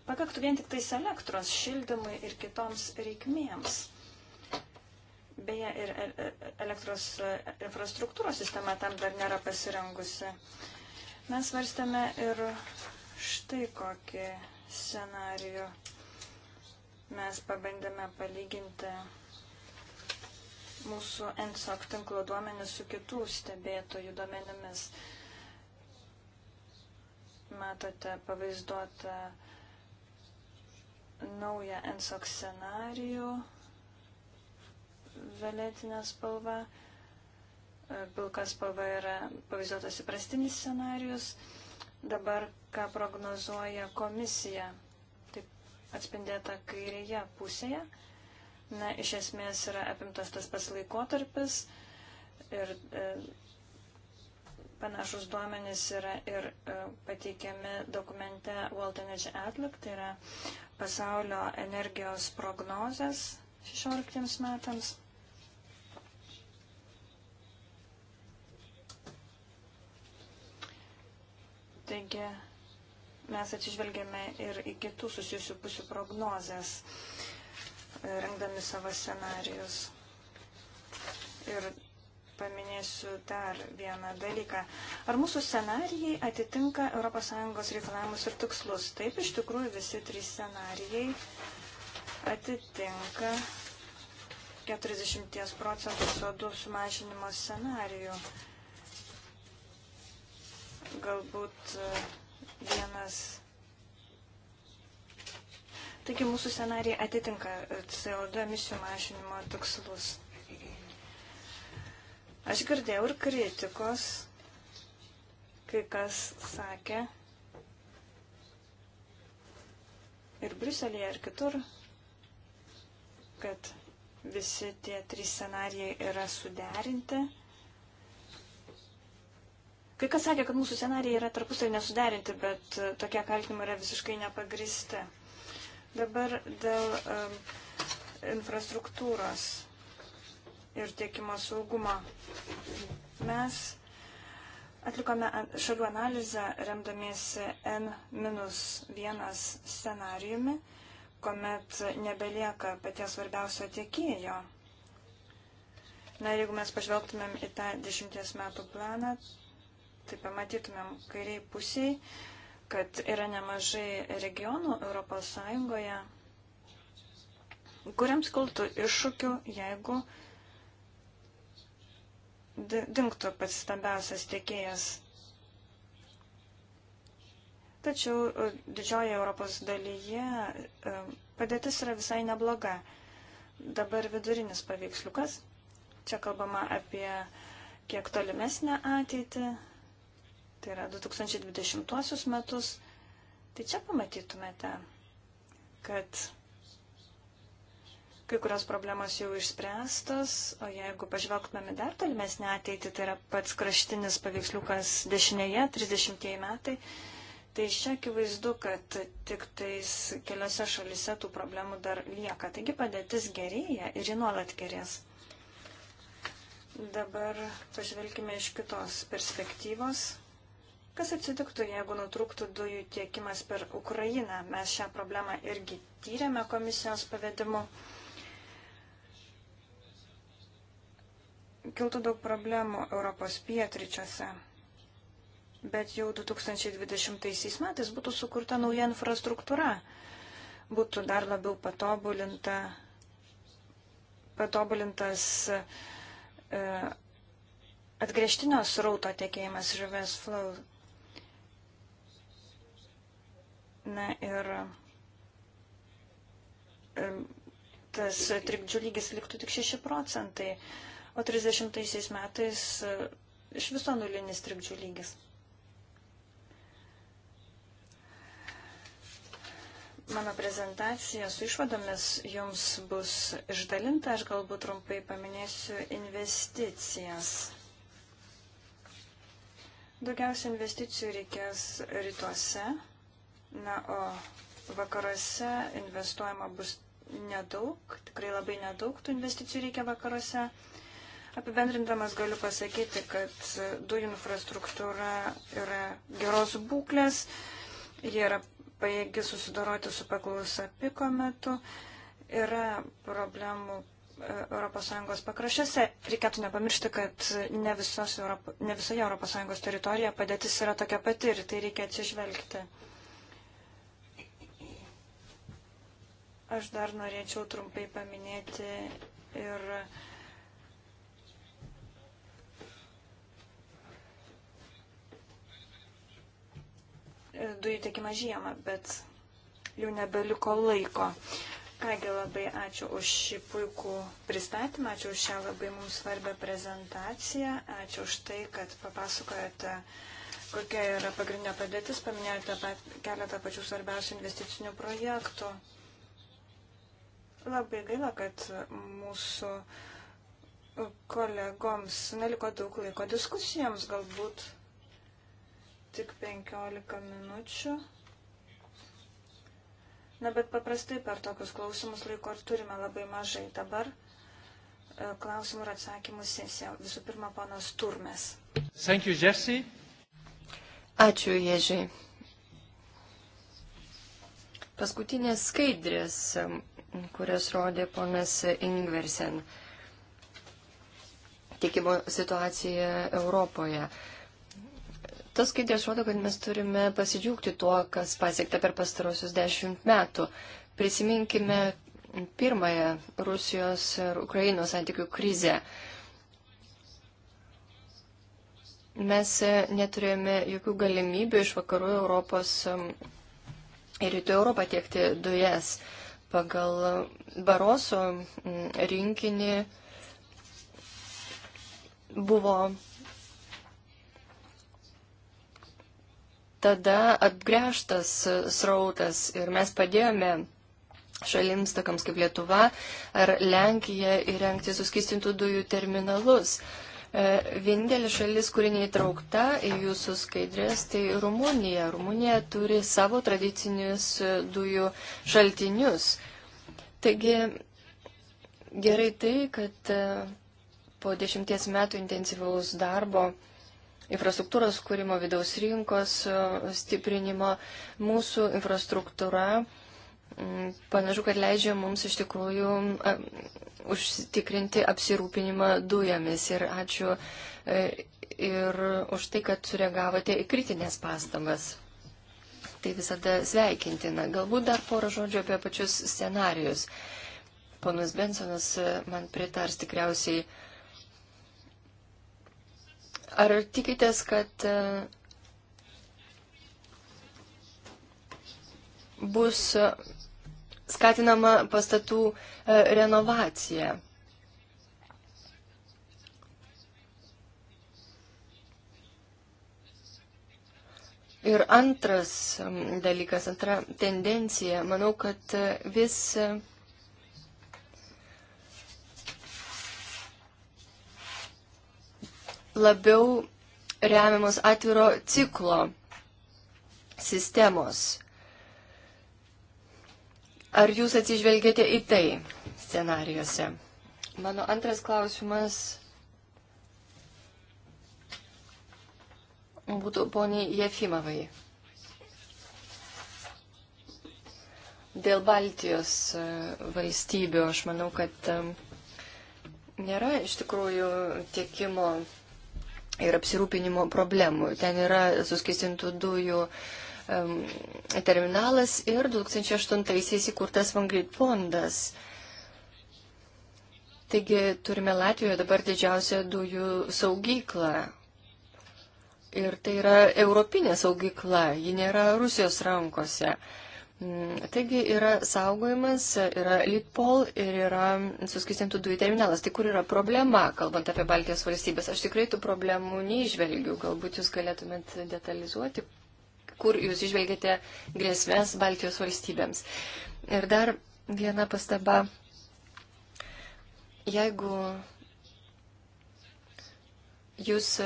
pakaktų vien tik tais elektros šildymui ir kitoms reikmėms. Beje, ir e, e, elektros e, infrastruktūros sistema tam dar nėra pasirengusi. Mes varstame ir štai kokį scenarijų. Mes pabandėme palyginti mūsų NSOC tinklo duomenis su kitų stebėtojų duomenimis matote pavaizduotą naują NSOC scenarijų violetinę spalvą. E, Pilkas spalva yra pavaizduotas įprastinis scenarius. Dabar, ką prognozuoja komisija, taip atspindėta kairėje pusėje. Na, iš esmės yra apimtas tas pats laikotarpis ir e, Panašus duomenys yra ir e, pateikiami dokumente World Energy Outlook, tai yra pasaulio energijos prognozės 16 metams. Taigi mes atsižvelgėme ir į kitų susijusių pusių prognozės, e, rengdami savo scenarius. Ir paminėsiu dar vieną dalyką. Ar mūsų scenarijai atitinka ES reikalavimus ir tikslus? Taip, iš tikrųjų visi trys scenarijai atitinka 40 procentų sodų sumažinimo scenarijų. Galbūt e, vienas. Taigi mūsų scenarijai atitinka e, CO2 emisijų mažinimo tikslus. Aš girdėjau ir kritikos, kai kas sakė, ir Briuselėje, ir kitur, kad visi tie trys scenarijai yra suderinti. Kai kas sakė, kad mūsų scenarijai yra tarpusai nesuderinti, bet e, tokie kaltinimai yra visiškai nepagristi. Dabar dėl um, infrastruktūros ir tiekimo saugumą. Mes atlikome šalių analizę remdamiesi N-1 scenarijumi, kuomet nebelieka paties svarbiausio tiekėjo. Na ir jeigu mes pažvelgtumėm į tą dešimties metų planą, tai pamatytumėm kairiai pusiai, kad yra nemažai regionų Europos Sąjungoje, kuriams kultų iššūkių, jeigu uh, dinktų pats stambiausias tiekėjas. Tačiau e, didžioji Europos dalyje e, padėtis yra visai nebloga. Dabar vidurinis paveiksliukas. Čia kalbama apie kiek tolimesnę ateitį. Tai yra 2020 metus. Tai čia pamatytumėte, kad Kai kurios problemos jau išspręstos, o jeigu pažvelgtumėme dar tolimesnį ateitį, tai yra pats kraštinis paveiksliukas dešinėje, 30 metai, tai iš čia akivaizdu, kad tik tais keliose šalise tų problemų dar lieka. Taigi padėtis gerėja ir ji nuolat gerės. Dabar pažvelkime iš kitos perspektyvos. Kas atsitiktų, jeigu nutrūktų dujų tiekimas per Ukrainą? Mes šią problemą irgi tyrėme komisijos pavedimu. kiltų daug problemų Europos pietryčiuose. Bet jau 2020 metais būtų sukurta nauja infrastruktūra, būtų dar labiau patobulinta, patobulintas e, atgrėžtinio srauto tekėjimas žuvės flow. Na ir e, tas trikdžių lygis liktų tik 6 procentai. E, o 30 metais e, iš viso nulinis trikdžių lygis. Mano prezentacija su išvadomis jums bus išdalinta, aš galbūt trumpai paminėsiu investicijas. Daugiausia investicijų reikės rytuose, na, o vakaruose investuojama bus nedaug, tikrai labai nedaug tų investicijų reikia vakaruose. Apibendrindamas galiu pasakyti, kad dujų infrastruktūra yra geros būklės, jie yra pajėgi susidoroti su paklausa piko metu, yra problemų e, ES pakraščiuose. Reikėtų nepamiršti, kad ne, Europo, ne visoje ES teritorijoje padėtis yra tokia pati ir tai reikia atsižvelgti. Aš dar norėčiau trumpai paminėti ir uh, dujų tiekimą žiemą, bet jau nebeliko laiko. Kągi labai ačiū už šį puikų pristatymą, ačiū už šią labai mums svarbę prezentaciją, ačiū už tai, kad papasakojate, kokia yra pagrindinė padėtis, paminėjote pat, keletą pačių svarbiausių investicinių projektų. Labai gaila, kad mūsų kolegoms neliko daug laiko diskusijoms, galbūt tik 15 minučių. Na, bet paprastai per tokius klausimus laiko ir turime labai mažai. Dabar e, klausimų ir atsakymų sesija. Visų pirma, panas Turmes. Thank you, Jesse. Ačiū, Ježiai. Paskutinės skaidrės, kurias rodė ponas Ingversen. Tikimo situacija Europoje. Uh, Tos skaidrės rodo, kad mes turime pasidžiūgti tuo, kas pasiekta per pastarosius dešimt metų. Prisiminkime pirmąją Rusijos ir Ukrainos santykių krizę. Mes neturėjome jokių galimybių iš vakarų Europos ir um, rytų Europą tiekti dujas. Pagal Baroso mm, rinkinį buvo tada apgręžtas srautas ir mes padėjome šalims, tokiams kaip Lietuva ar Lenkija, įrengti suskistintų dujų terminalus. E, vienintelė šalis, kuri neįtraukta į jūsų skaidrės, tai Rumunija. Rumunija turi savo tradicinius dujų šaltinius. Taigi gerai tai, kad e, po dešimties metų intensyvaus darbo infrastruktūros kūrimo, vidaus rinkos e, stiprinimo. Mūsų infrastruktūra panašu, kad leidžia mums iš tikrųjų e, užtikrinti apsirūpinimą dujomis. Ir ačiū e, ir už tai, kad sureagavote į kritinės pastabas. Tai visada sveikintina. Galbūt dar porą žodžių apie pačius scenarius. Ponas Bensonas man pritars tikriausiai Ar tikitės, kad e, bus skatinama pastatų e, renovacija? Ir antras dalykas, antra tendencija, manau, kad e, vis labiau remiamos atviro ciklo sistemos. Ar jūs atsižvelgėte į tai scenarijuose? Mano antras klausimas būtų poniai Jefimavai. Dėl Baltijos e, valstybių aš manau, kad e, nėra iš tikrųjų tiekimo ir apsirūpinimo problemų. Ten yra suskistintų dujų um, terminalas ir 2008-aisiais įkurtas Vangrid fondas. Taigi turime Latvijoje dabar didžiausią dujų saugyklą. Ir tai yra europinė saugykla, ji nėra Rusijos rankose. Uh, Mm, taigi yra saugojimas, yra Litpol ir yra suskistintų dujų terminalas. Tai kur yra problema, kalbant apie Baltijos valstybės? Aš tikrai tų problemų neižvelgiu. Galbūt jūs galėtumėt detalizuoti, kur jūs išvelgiate grėsmės Baltijos valstybėms. Ir dar viena pastaba. Jeigu jūs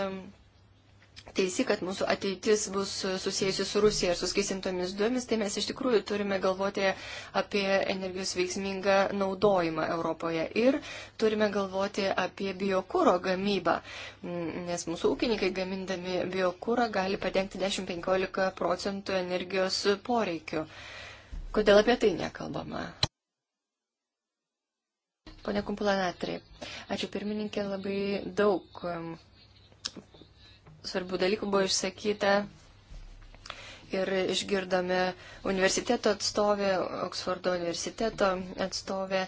teisi, kad mūsų ateitis bus susijusi su Rusija ir suskaisintomis duomis, tai mes iš tikrųjų turime galvoti apie energijos veiksmingą naudojimą Europoje ir turime galvoti apie biokūro gamybą, nes mūsų ūkininkai gamindami biokūrą gali padengti 10-15 procentų energijos poreikių. Kodėl apie tai nekalbama? Pone Kumpulanatri, ačiū pirmininkė, labai daug svarbių dalykų buvo išsakyta ir išgirdome universiteto atstovę, Oksfordo universiteto atstovę.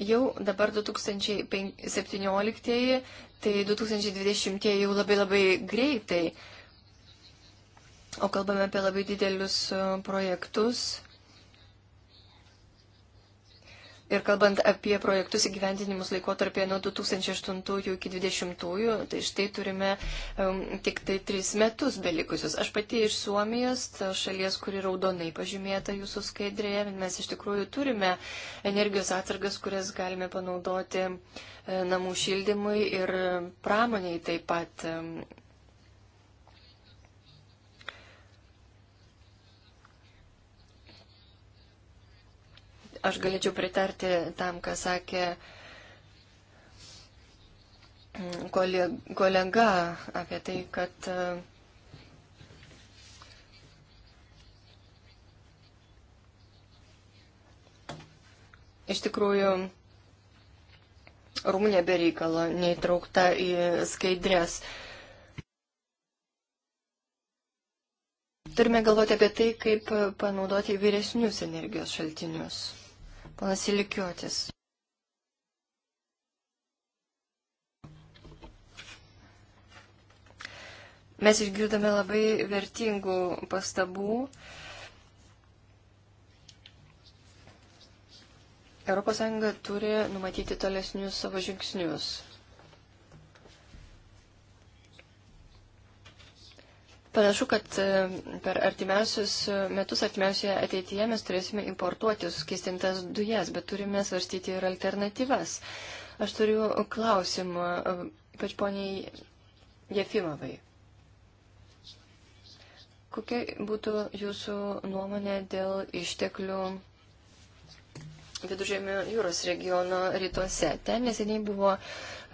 Jau dabar 2017, tai 2020 jau labai labai greitai. O kalbame apie labai didelius uh, projektus, Ir kalbant apie projektus įgyvendinimus laikotarpėje nuo 2008 iki 2020, tai štai turime um, tik tai tris metus belikusius. Aš pati iš Suomijos, šalies, kuri raudonai pažymėta jūsų skaidrėje, mes iš tikrųjų turime energijos atsargas, kurias galime panaudoti e, namų šildymui ir pramoniai taip pat. Aš galėčiau pritarti tam, ką sakė mm, kolega apie tai, kad e, iš tikrųjų Rumunija be reikalo neįtraukta į skaidrės. Turime galvoti apie tai, kaip panaudoti įvairesnius energijos šaltinius. Panas Ilikiuotis. Mes išgirdome labai vertingų pastabų. ES turi numatyti tolesnius savo žingsnius. Panašu, kad e, per artimiausius e, metus, artimiausioje ateityje mes turėsime importuoti suskistintas dujas, bet turime svarstyti ir alternatyvas. Aš turiu klausimą, e, ypač poniai Jefimovai. Kokia būtų jūsų nuomonė dėl išteklių Viduržėmio jūros regiono rytuose? Ten neseniai buvo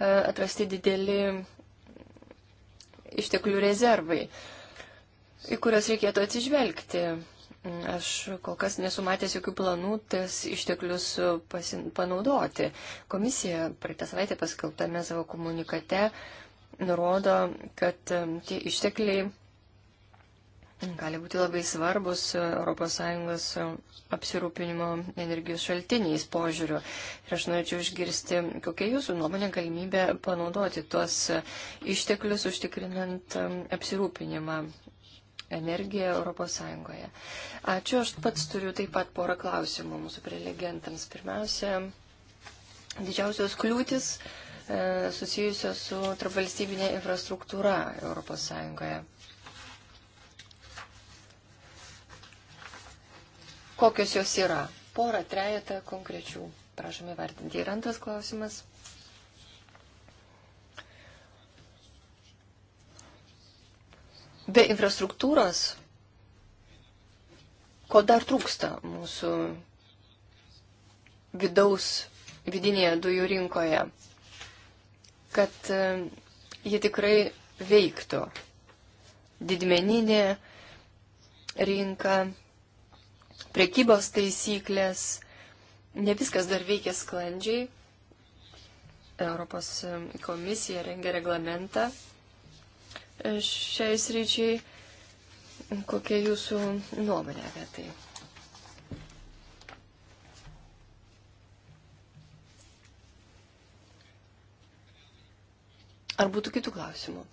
atrasti dideli išteklių rezervai. Uh, į kurias reikėtų atsižvelgti. Aš kol kas nesu matęs jokių planų tas išteklius pasin, panaudoti. Komisija praeitą savaitę paskelbtame savo komunikate nurodo, kad um, tie ištekliai um, gali būti labai svarbus uh, ES um, apsirūpinimo energijos šaltiniais požiūriu. Ir aš norėčiau išgirsti, kokia jūsų nuomonė galimybė panaudoti tuos uh, išteklius užtikrinant apsirūpinimą energiją Europos Sąjungoje. Ačiū, aš pats turiu taip pat porą klausimų mūsų prelegentams. Pirmiausia, didžiausios kliūtis e, susijusios su tarpvalstybinė infrastruktūra Europos Sąjungoje. Kokios jos yra? Porą, trejata konkrečių. Prašome vertinti. Ir antras klausimas. Be infrastruktūros, ko dar trūksta mūsų vidaus, vidinėje dujų rinkoje, kad e, ji tikrai veiktų. Didmeninė rinka, prekybos taisyklės, ne viskas dar veikia sklandžiai. Europos e, komisija rengia reglamentą šiais ryčiai. Kokia jūsų nuomonė apie tai? Ar būtų kitų klausimų?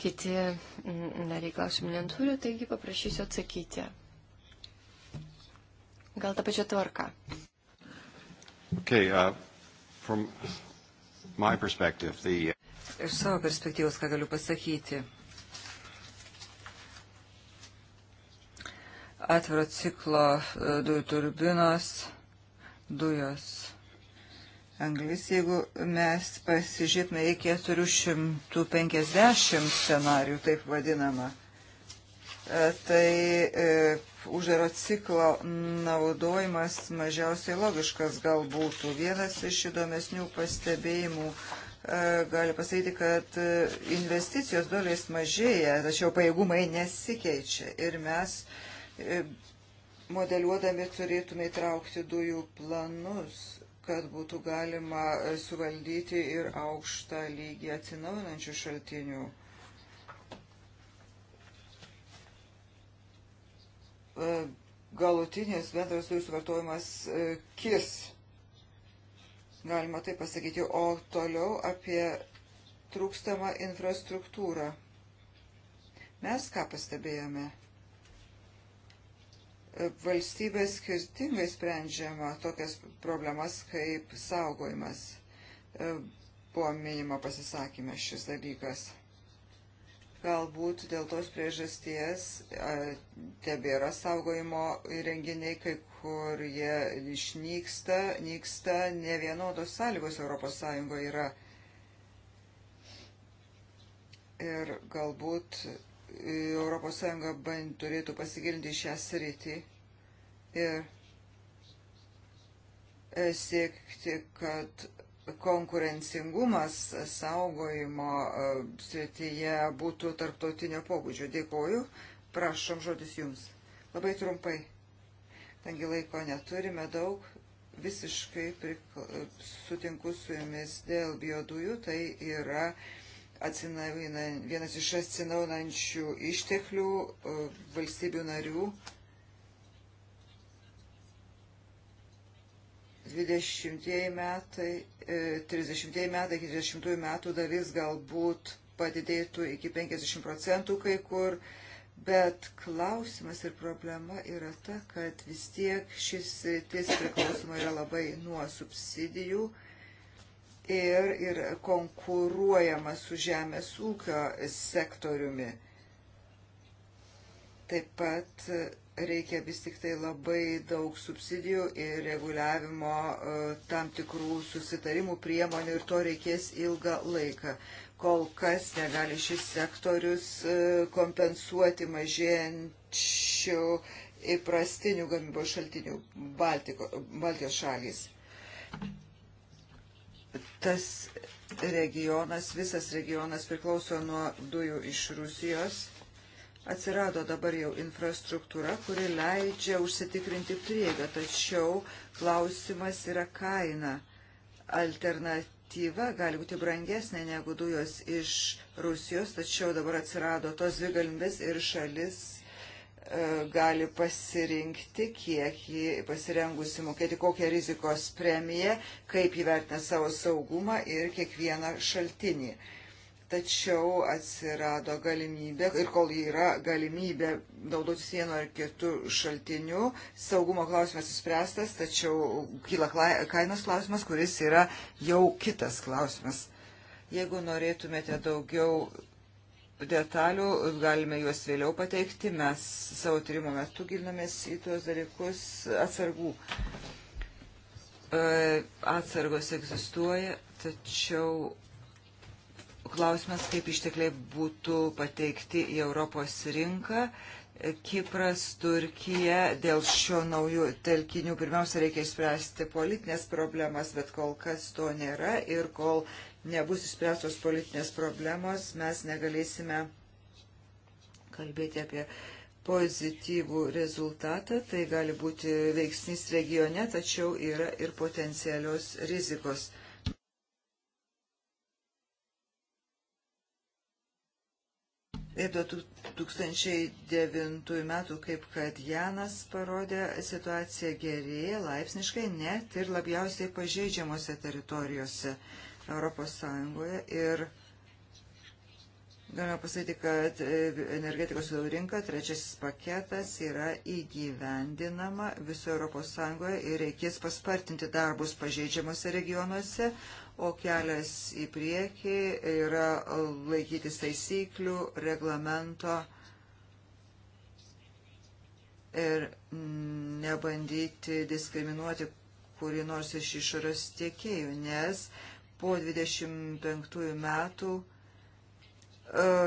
Kiti mm, nariai klausimų neturi, taigi paprašysiu atsakyti. Gal tą pačią tvarką. Okay, uh, from the... Iš savo perspektyvos, ką galiu pasakyti. Atviro ciklo e, dujų turbinos, dujos anglis, jeigu mes pasižiūrėtume į 450 scenarių, taip vadinama, e, tai e, uždaro ciklo naudojimas mažiausiai logiškas gal būtų. Vienas iš įdomesnių pastebėjimų e, gali pasakyti, kad e, investicijos doliais mažėja, tačiau pajėgumai nesikeičia. Ir mes e, modeliuodami turėtume įtraukti dujų planus kad būtų galima suvaldyti ir aukštą lygį atsinaujinančių šaltinių E, galutinis bendras dujų suvartojimas e, kis. Galima tai pasakyti. O toliau apie trūkstamą infrastruktūrą. Mes ką pastebėjome? E, valstybės skirtingai sprendžiama tokias problemas kaip saugojimas. Buvo minima pasisakymė šis dalykas. Galbūt dėl tos priežasties tebėra saugojimo įrenginiai, kai kur jie išnyksta, nyksta, ne vienodos sąlygos ES yra. Ir galbūt ES band turėtų pasigilinti šią sritį ir e, siekti, kad konkurencingumas saugojimo e, srityje būtų tarptautinio pobūdžio. Dėkoju, prašom žodis jums. Labai trumpai, tangi laiko neturime daug, visiškai sutinku su jumis dėl biodujų, tai yra vienas iš atsinaunančių išteklių e, valstybių narių 20 metai, 30 e, metai, 40 metų dalis galbūt padidėtų iki 50 procentų kai kur, bet klausimas ir problema yra ta, kad vis tiek šis ties priklausoma yra labai nuo subsidijų ir, ir konkuruojama su žemės ūkio sektoriumi. Taip pat reikia vis tik tai labai daug subsidijų ir reguliavimo e, tam tikrų susitarimų priemonių ir to reikės ilgą laiką. Kol kas negali šis sektorius e, kompensuoti mažėjančių įprastinių gamybos šaltinių Baltiko, Baltijos šalys. Tas regionas, visas regionas priklauso nuo dujų iš Rusijos Atsirado dabar jau infrastruktūra, kuri leidžia užsitikrinti prieigą, tačiau klausimas yra kaina. Alternatyva gali būti brangesnė negu dujos iš Rusijos, tačiau dabar atsirado tos dvi galimybės ir šalis e, gali pasirinkti, kiek jį pasirengusi mokėti, kokią rizikos premiją, kaip įvertina savo saugumą ir kiekvieną šaltinį. Tačiau atsirado galimybė ir kol yra galimybė naudotis vienu ar kitu šaltiniu, saugumo klausimas įspręstas, tačiau kyla kainos klausimas, kuris yra jau kitas klausimas. Jeigu norėtumėte daugiau detalių, galime juos vėliau pateikti. Mes savo tyrimo metu gilinomės į tuos dalykus atsargų. E, atsargos egzistuoja, tačiau Klausimas, kaip ištekliai būtų pateikti į Europos rinką. Kipras, Turkija, dėl šio naujų telkinių pirmiausia reikia išspręsti politinės problemas, bet kol kas to nėra ir kol nebus išspręstos politinės problemos, mes negalėsime kalbėti apie pozityvų rezultatą, tai gali būti veiksnys regione, tačiau yra ir potencialios rizikos. Ir 2009 metų, kaip kad Janas parodė, situacija gerėja laipsniškai net ir labiausiai pažeidžiamose teritorijose Europos Sąjungoje. Ir galime pasakyti, kad e, energetikos vidaus rinka, trečiasis paketas yra įgyvendinama viso Europos Sąjungoje ir reikės paspartinti darbus pažeidžiamose regionuose, o kelias į priekį yra laikytis taisyklių, reglamento ir nebandyti diskriminuoti kurį nors iš išorės tiekėjų, nes po 25 metų e,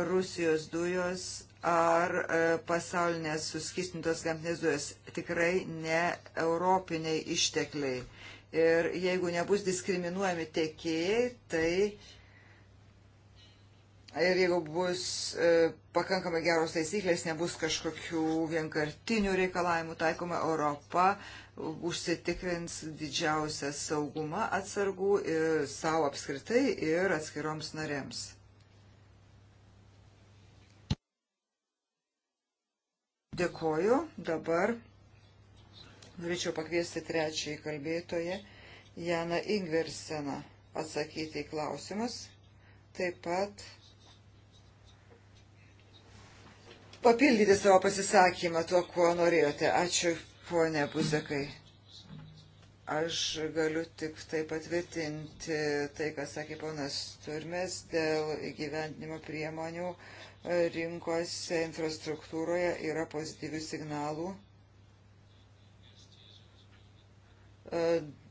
Rusijos dujos ar e, pasaulinės suskistintos gamtinės dujos tikrai ne europiniai ištekliai Ir jeigu nebus diskriminuojami tiekėjai, tai ir jeigu bus e, pakankamai geros taisyklės, nebus kažkokių vienkartinių reikalavimų taikoma Europa, užsitikrins didžiausią saugumą atsargų ir savo apskritai ir atskiroms narėms. Dėkoju. Dabar Norėčiau pakviesti trečiąjį kalbėtoją Janą Ingverseną atsakyti į klausimus. Taip pat papildyti savo pasisakymą tuo, kuo norėjote. Ačiū, ponė Buzekai. Aš galiu tik tai patvirtinti tai, ką sakė ponas Turmes dėl įgyvendinimo priemonių rinkose, infrastruktūroje yra pozityvių signalų E,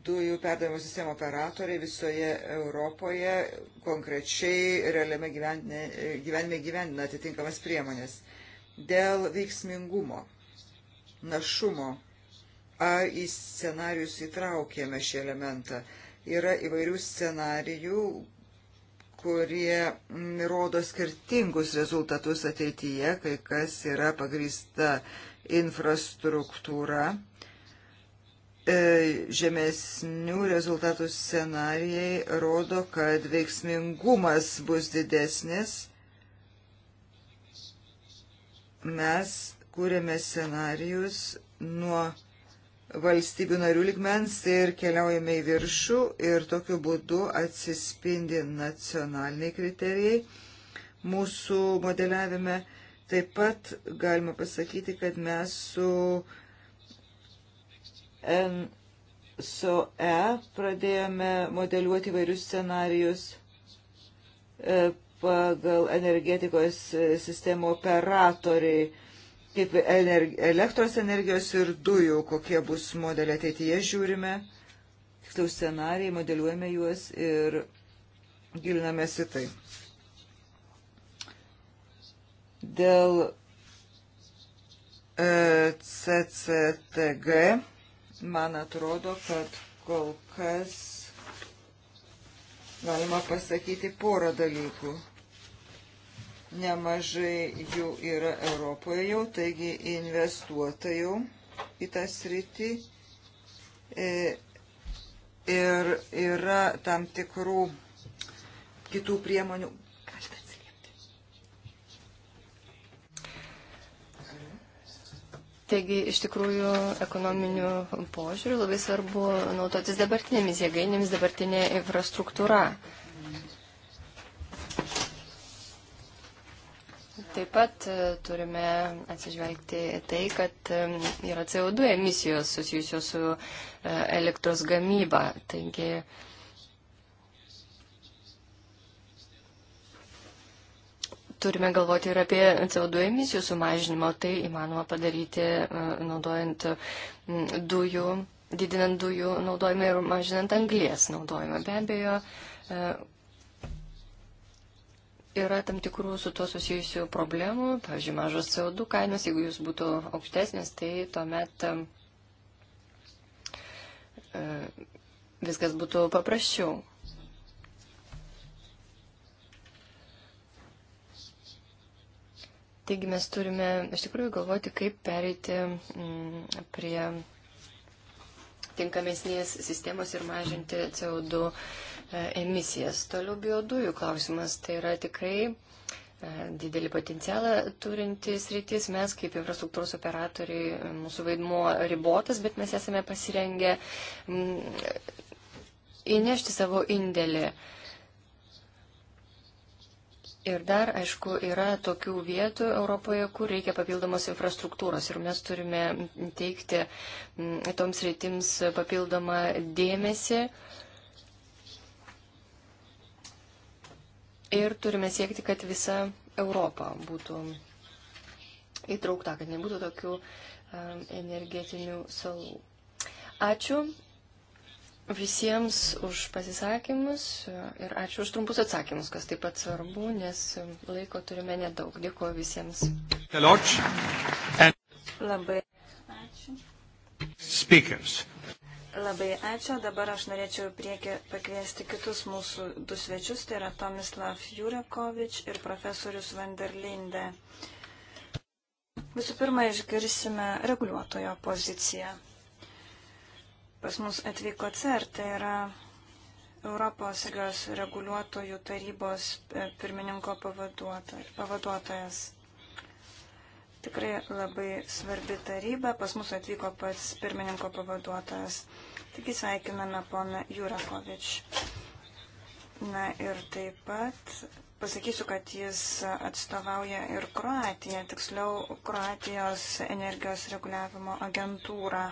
dujų perdavimo sistemų operatoriai visoje Europoje konkrečiai realiame gyvenime, gyvenime gyvendina atitinkamas priemonės. Dėl veiksmingumo, našumo, ar į scenarius įtraukėme šį elementą. Yra įvairių scenarijų, kurie rodo skirtingus rezultatus ateityje, kai kas yra pagrįsta infrastruktūra E, žemesnių rezultatų scenarijai rodo, kad veiksmingumas bus didesnis. Mes kūrėme scenarijus nuo valstybių narių ligmens ir keliaujame į viršų ir tokiu būdu atsispindi nacionaliniai kriterijai mūsų modeliavime. Taip pat galima pasakyti, kad mes su uh, su E pradėjome modeliuoti vairius scenarijus e, pagal energetikos e, sistemų operatoriai, kaip energi elektros energijos ir dujų, kokie bus modeliai ateityje žiūrime, tiksliau scenarijai, modeliuojame juos ir gilinamės į tai. Dėl e, CCTG Man atrodo, kad kol kas galima pasakyti porą dalykų. Nemažai jų yra Europoje jau, taigi investuota jau į tą sritį. E, ir yra tam tikrų kitų priemonių Taigi, iš tikrųjų, ekonominių požiūrių labai svarbu naudotis dabartinėmis jėgainėmis, dabartinė infrastruktūra. Taip pat e, turime atsižvelgti tai, kad e, yra CO2 emisijos susijusios su e, elektros gamyba. Taigi, turime galvoti ir apie CO2 emisijų sumažinimą. Tai įmanoma padaryti e, naudojant dujų, didinant dujų naudojimą ir mažinant anglies naudojimą. Be abejo, e, yra tam tikrų su tuo susijusių problemų. Pavyzdžiui, mažos CO2 kainos, jeigu jūs būtų aukštesnės, tai tuomet e, viskas būtų paprasčiau. Taigi mes turime iš tikrųjų galvoti, kaip pereiti mm, prie tinkamesnės sistemos ir mažinti CO2 e, emisijas. Toliau biodujų klausimas. Tai yra tikrai e, didelį potencialą turintis rytis. Mes kaip infrastruktūros operatoriai, e, mūsų vaidmuo ribotas, bet mes esame pasirengę mm, įnešti savo indėlį. Uh, Ir dar, aišku, yra tokių vietų Europoje, kur reikia papildomos infrastruktūros ir mes turime teikti mm, toms reitims papildomą dėmesį. Ir turime siekti, kad visa Europa būtų įtraukta, kad nebūtų tokių um, energetinių salų. Ačiū visiems už pasisakymus ir ačiū už trumpus atsakymus, kas taip pat svarbu, nes laiko turime nedaug. Dėkuoju visiems. Labai ačiū. Speakers. Labai ačiū. Dabar aš norėčiau priekį pakviesti kitus mūsų du svečius, tai yra Tomislav Jurekovič ir profesorius Vanderlinde. Visų pirma, išgirsime reguliuotojo poziciją pas mus atvyko CER, tai yra Europos Sąjungos reguliuotojų tarybos e, pirmininko pavaduotojas. Tikrai labai svarbi taryba, pas mus atvyko pats pirmininko pavaduotojas. Taigi sveikiname poną Jurakovič. Na ir taip pat pasakysiu, kad jis atstovauja ir Kroatiją, tiksliau Kroatijos energijos reguliavimo agentūrą.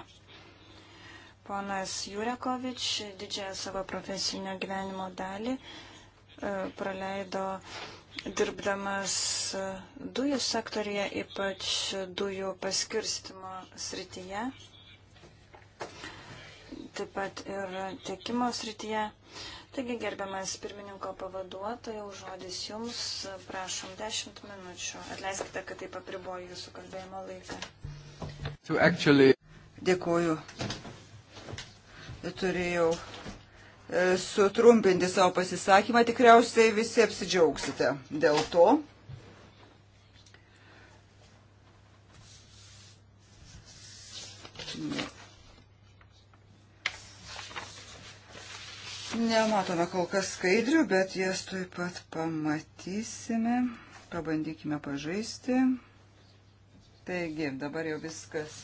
Ponas Jurekovič didžiąją savo profesinio gyvenimo dalį e, praleido dirbdamas dujų sektorija, ypač dujų paskirstimo srityje, taip pat ir tiekimo srityje. Taigi, gerbiamas pirmininko pavaduotojau, žodis jums, prašom 10 minučių. Atleiskite, kad taip apriboju jūsų kalbėjimo laiką. Actually... Dėkuoju, turėjau e, sutrumpinti savo pasisakymą, tikriausiai visi apsidžiaugsite dėl to. Nematome kol kas skaidrių, bet jas tuoj pat pamatysime. Pabandykime pažaisti. Taigi, dabar jau viskas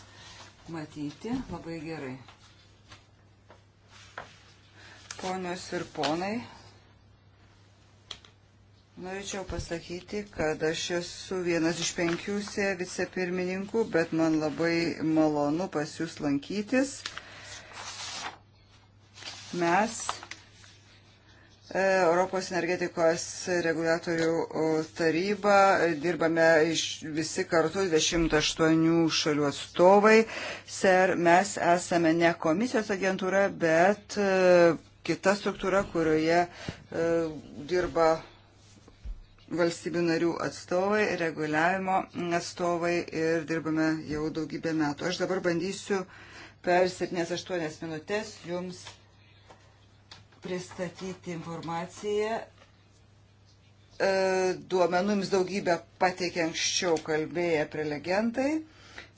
matyti labai gerai. Ponios ir ponai, norėčiau pasakyti, kad aš esu vienas iš penkių vicepirmininkų, bet man labai malonu pas jūs lankytis. Mes e, Europos energetikos reguliatorių taryba, dirbame visi kartu, 28 šalių atstovai. Ser, mes esame ne komisijos agentūra, bet e, kita struktūra, kurioje e, dirba valstybių narių atstovai, reguliavimo atstovai ir dirbame jau daugybę metų. Aš dabar bandysiu per 7-8 minutės jums pristatyti informaciją. E, duomenų jums daugybę pateikė anksčiau kalbėję prelegentai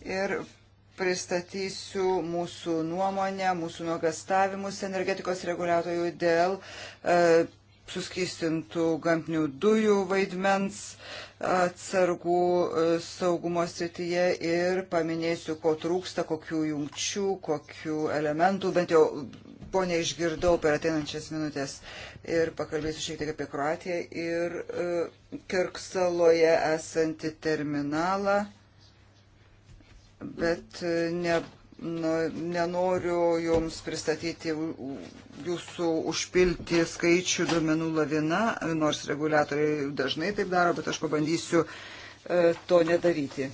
ir pristatysiu mūsų nuomonę, mūsų nuogastavimus energetikos reguliuotojų dėl e, suskystintų gamtinių dujų vaidmens e, atsargų e, saugumo srityje ir paminėsiu, ko trūksta, kokių jungčių, kokių elementų, bent jau ponė išgirdau per ateinančias minutės ir pakalbėsiu šiek tiek apie Kroatiją ir e, Kirksaloje esantį terminalą bet e, ne, nu, nenoriu jums pristatyti jūsų užpilti skaičių duomenų lavina, nors reguliatoriai dažnai taip daro, bet aš pabandysiu e, to nedaryti.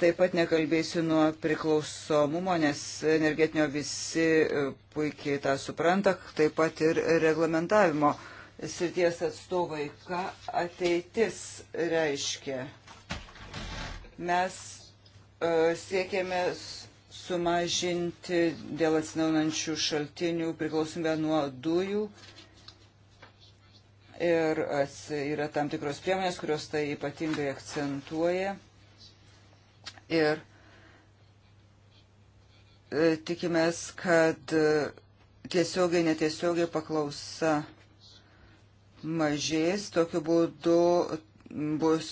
Taip pat nekalbėsiu nuo priklausomumo, nes energetinio visi e, puikiai tą supranta, taip pat ir reglamentavimo srities atstovai, ką ateitis reiškia. Mes E, siekėme sumažinti dėl atsinaunančių šaltinių priklausomybę nuo dujų. Ir yra tam tikros priemonės, kurios tai ypatingai akcentuoja. Ir e, tikimės, kad e, tiesiogiai, netiesiogiai paklausa mažės. Tokiu būdu bus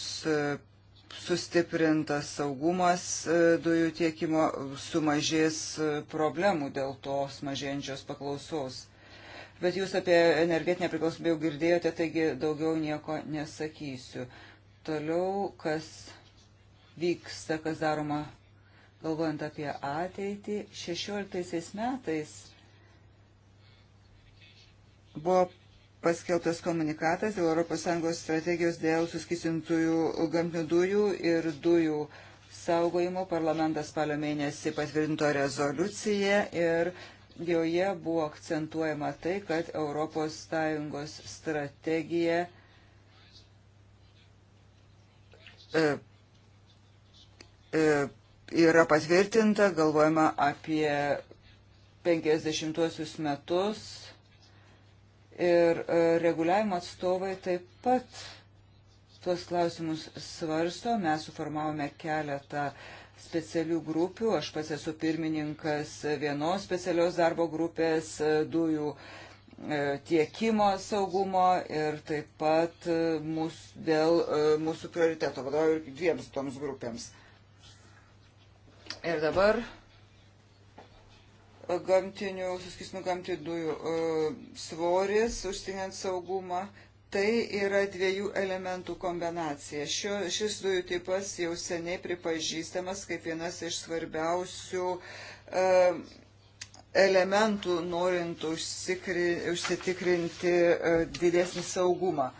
sustiprintas saugumas e, dujų tiekimo, sumažės e, problemų dėl tos mažėjančios paklausos. Bet jūs apie energetinę priklausomybę jau girdėjote, taigi daugiau nieko nesakysiu. Toliau, kas vyksta, kas daroma, galvojant apie ateitį, 16 metais buvo paskelbtas komunikatas dėl ES strategijos dėl suskisintųjų gamtinių dujų ir dujų saugojimo. Parlamentas spalio mėnesį patvirtinto rezoliuciją ir joje buvo akcentuojama tai, kad ES strategija e, e, yra patvirtinta, galvojama apie 50 metus ir e, reguliavimo atstovai taip pat tuos klausimus svarsto. Mes suformavome keletą specialių grupių. Aš pats esu pirmininkas vienos specialios darbo grupės e, dujų e, tiekimo saugumo ir taip pat mūs, dėl mūsų prioriteto vadovauju dviems toms grupėms. Ir dabar gamtinių, suskisnų gamtinių dujų e, svoris, užtikrinant saugumą. Tai yra dviejų elementų kombinacija. Šio, šis dujų tipas jau seniai pripažįstamas kaip vienas iš svarbiausių e, elementų, norint užsikri, užsitikrinti e, didesnį saugumą.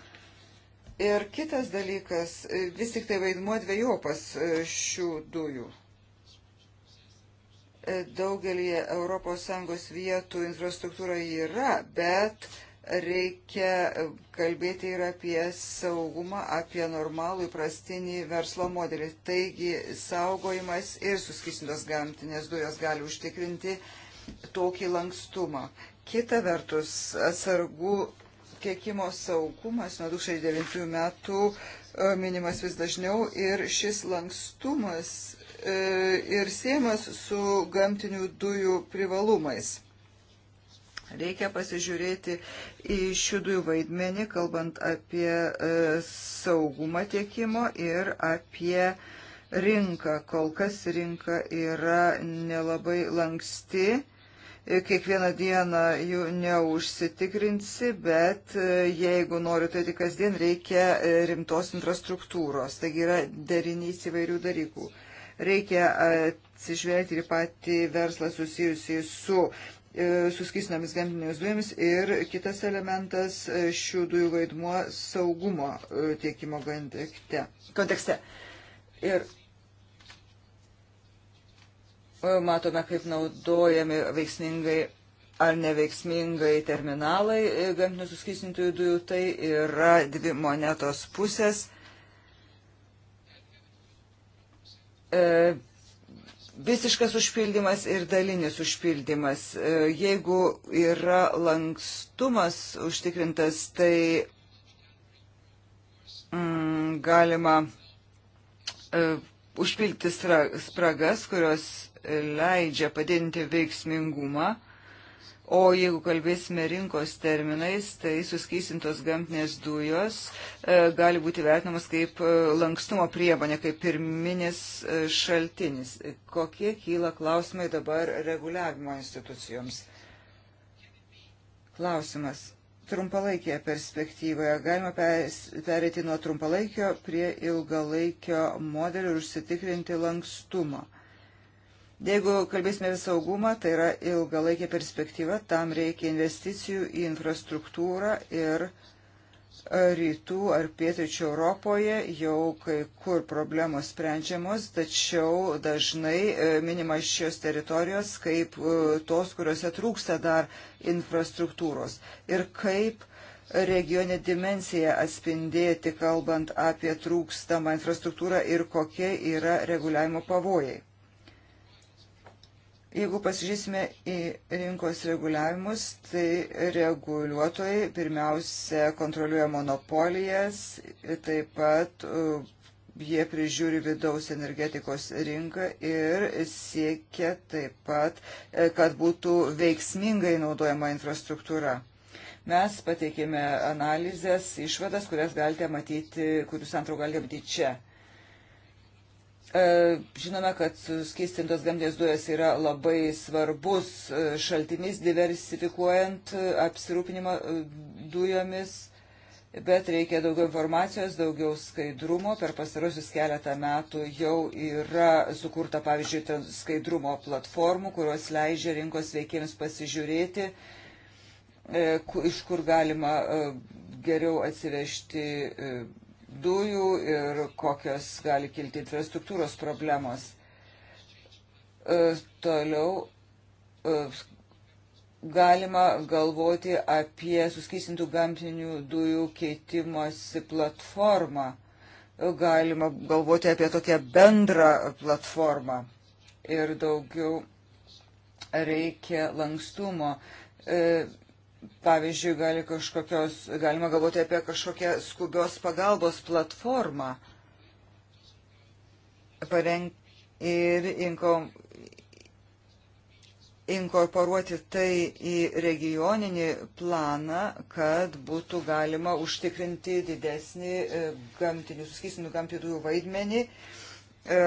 Ir kitas dalykas, e, vis tik tai vaidmuo dviejopas e, šių dujų daugelį ES vietų infrastruktūra yra, bet reikia kalbėti ir apie saugumą, apie normalų įprastinį verslo modelį. Taigi saugojimas ir suskistintos gamtinės dujos gali užtikrinti tokį lankstumą. Kita vertus, atsargų tiekimo saugumas nuo 2009 metų e, minimas vis dažniau ir šis lankstumas E, ir siemas su gamtinių dujų privalumais. Reikia pasižiūrėti į šių dujų vaidmenį, kalbant apie e, saugumą tiekimo ir apie rinką. Kol kas rinka yra nelabai lanksti. E, kiekvieną dieną jų neužsitikrinsi, bet jeigu noriu, tai tik kasdien reikia rimtos infrastruktūros. Taigi yra derinys įvairių dalykų. Reikia atsižvelgti ir patį verslą susijusį su e, suskysinamis gamtinėmis dujomis ir kitas elementas e, šių dujų vaidmuo saugumo e, tiekimo kontekste. Ir matome, kaip naudojami veiksmingai ar neveiksmingai terminalai gamtinių suskysintųjų dujų. Tai yra dvi monetos pusės. e, visiškas užpildymas ir dalinis užpildymas. E, jeigu yra lankstumas užtikrintas, tai mm, galima e, užpildyti spragas, kurios leidžia padinti veiksmingumą. E, O jeigu kalbėsime rinkos terminais, tai suskysintos gamtinės dujos e, gali būti vertinamas kaip e, lankstumo priemonė, kaip pirminis e, šaltinis. Kokie kyla klausimai dabar reguliavimo institucijoms? Klausimas. Trumpalaikėje perspektyvoje galima perėti nuo trumpalaikio prie ilgalaikio modelio ir užsitikrinti lankstumą. Jeigu kalbėsime apie saugumą, tai yra ilgalaikė perspektyva, tam reikia investicijų į infrastruktūrą ir e, rytų ar pietryčių Europoje jau kai kur problemos sprendžiamos, tačiau dažnai e, minimas šios teritorijos kaip e, tos, kuriuose trūksta dar infrastruktūros. Ir kaip regionė dimensija atspindėti, kalbant apie trūkstamą infrastruktūrą ir kokie yra reguliavimo pavojai. Jeigu pasižiūrėsime į rinkos reguliavimus, tai reguliuotojai pirmiausia kontroliuoja monopolijas, taip pat uh, jie prižiūri vidaus energetikos rinką ir siekia taip pat, uh, kad būtų veiksmingai naudojama infrastruktūra. Mes pateikėme analizės, išvadas, kurias galite matyti, kurių santrau galite matyti čia. E, žinome, kad skistintos gamtinės dujos yra labai svarbus e, šaltinis diversifikuojant e, apsirūpinimą dujomis, bet reikia daugiau informacijos, daugiau skaidrumo. Per pastarosius keletą metų jau yra sukurta, pavyzdžiui, skaidrumo platformų, kurios leidžia rinkos veikėjams pasižiūrėti, iš kur galima geriau atsivežti dujų ir kokios gali kilti infrastruktūros problemos. E, toliau e, galima galvoti apie suskaisintų gamtinių dujų keitimosi platformą. E, galima galvoti apie tokią bendrą platformą. Ir daugiau reikia lankstumo Pavyzdžiui, gali kažkokios, galima galvoti apie kažkokią skubios pagalbos platformą pareng, ir inkom, inkorporuoti tai į regioninį planą, kad būtų galima užtikrinti didesnį e, gamtinių suskystinų gamtinių vaidmenį. E,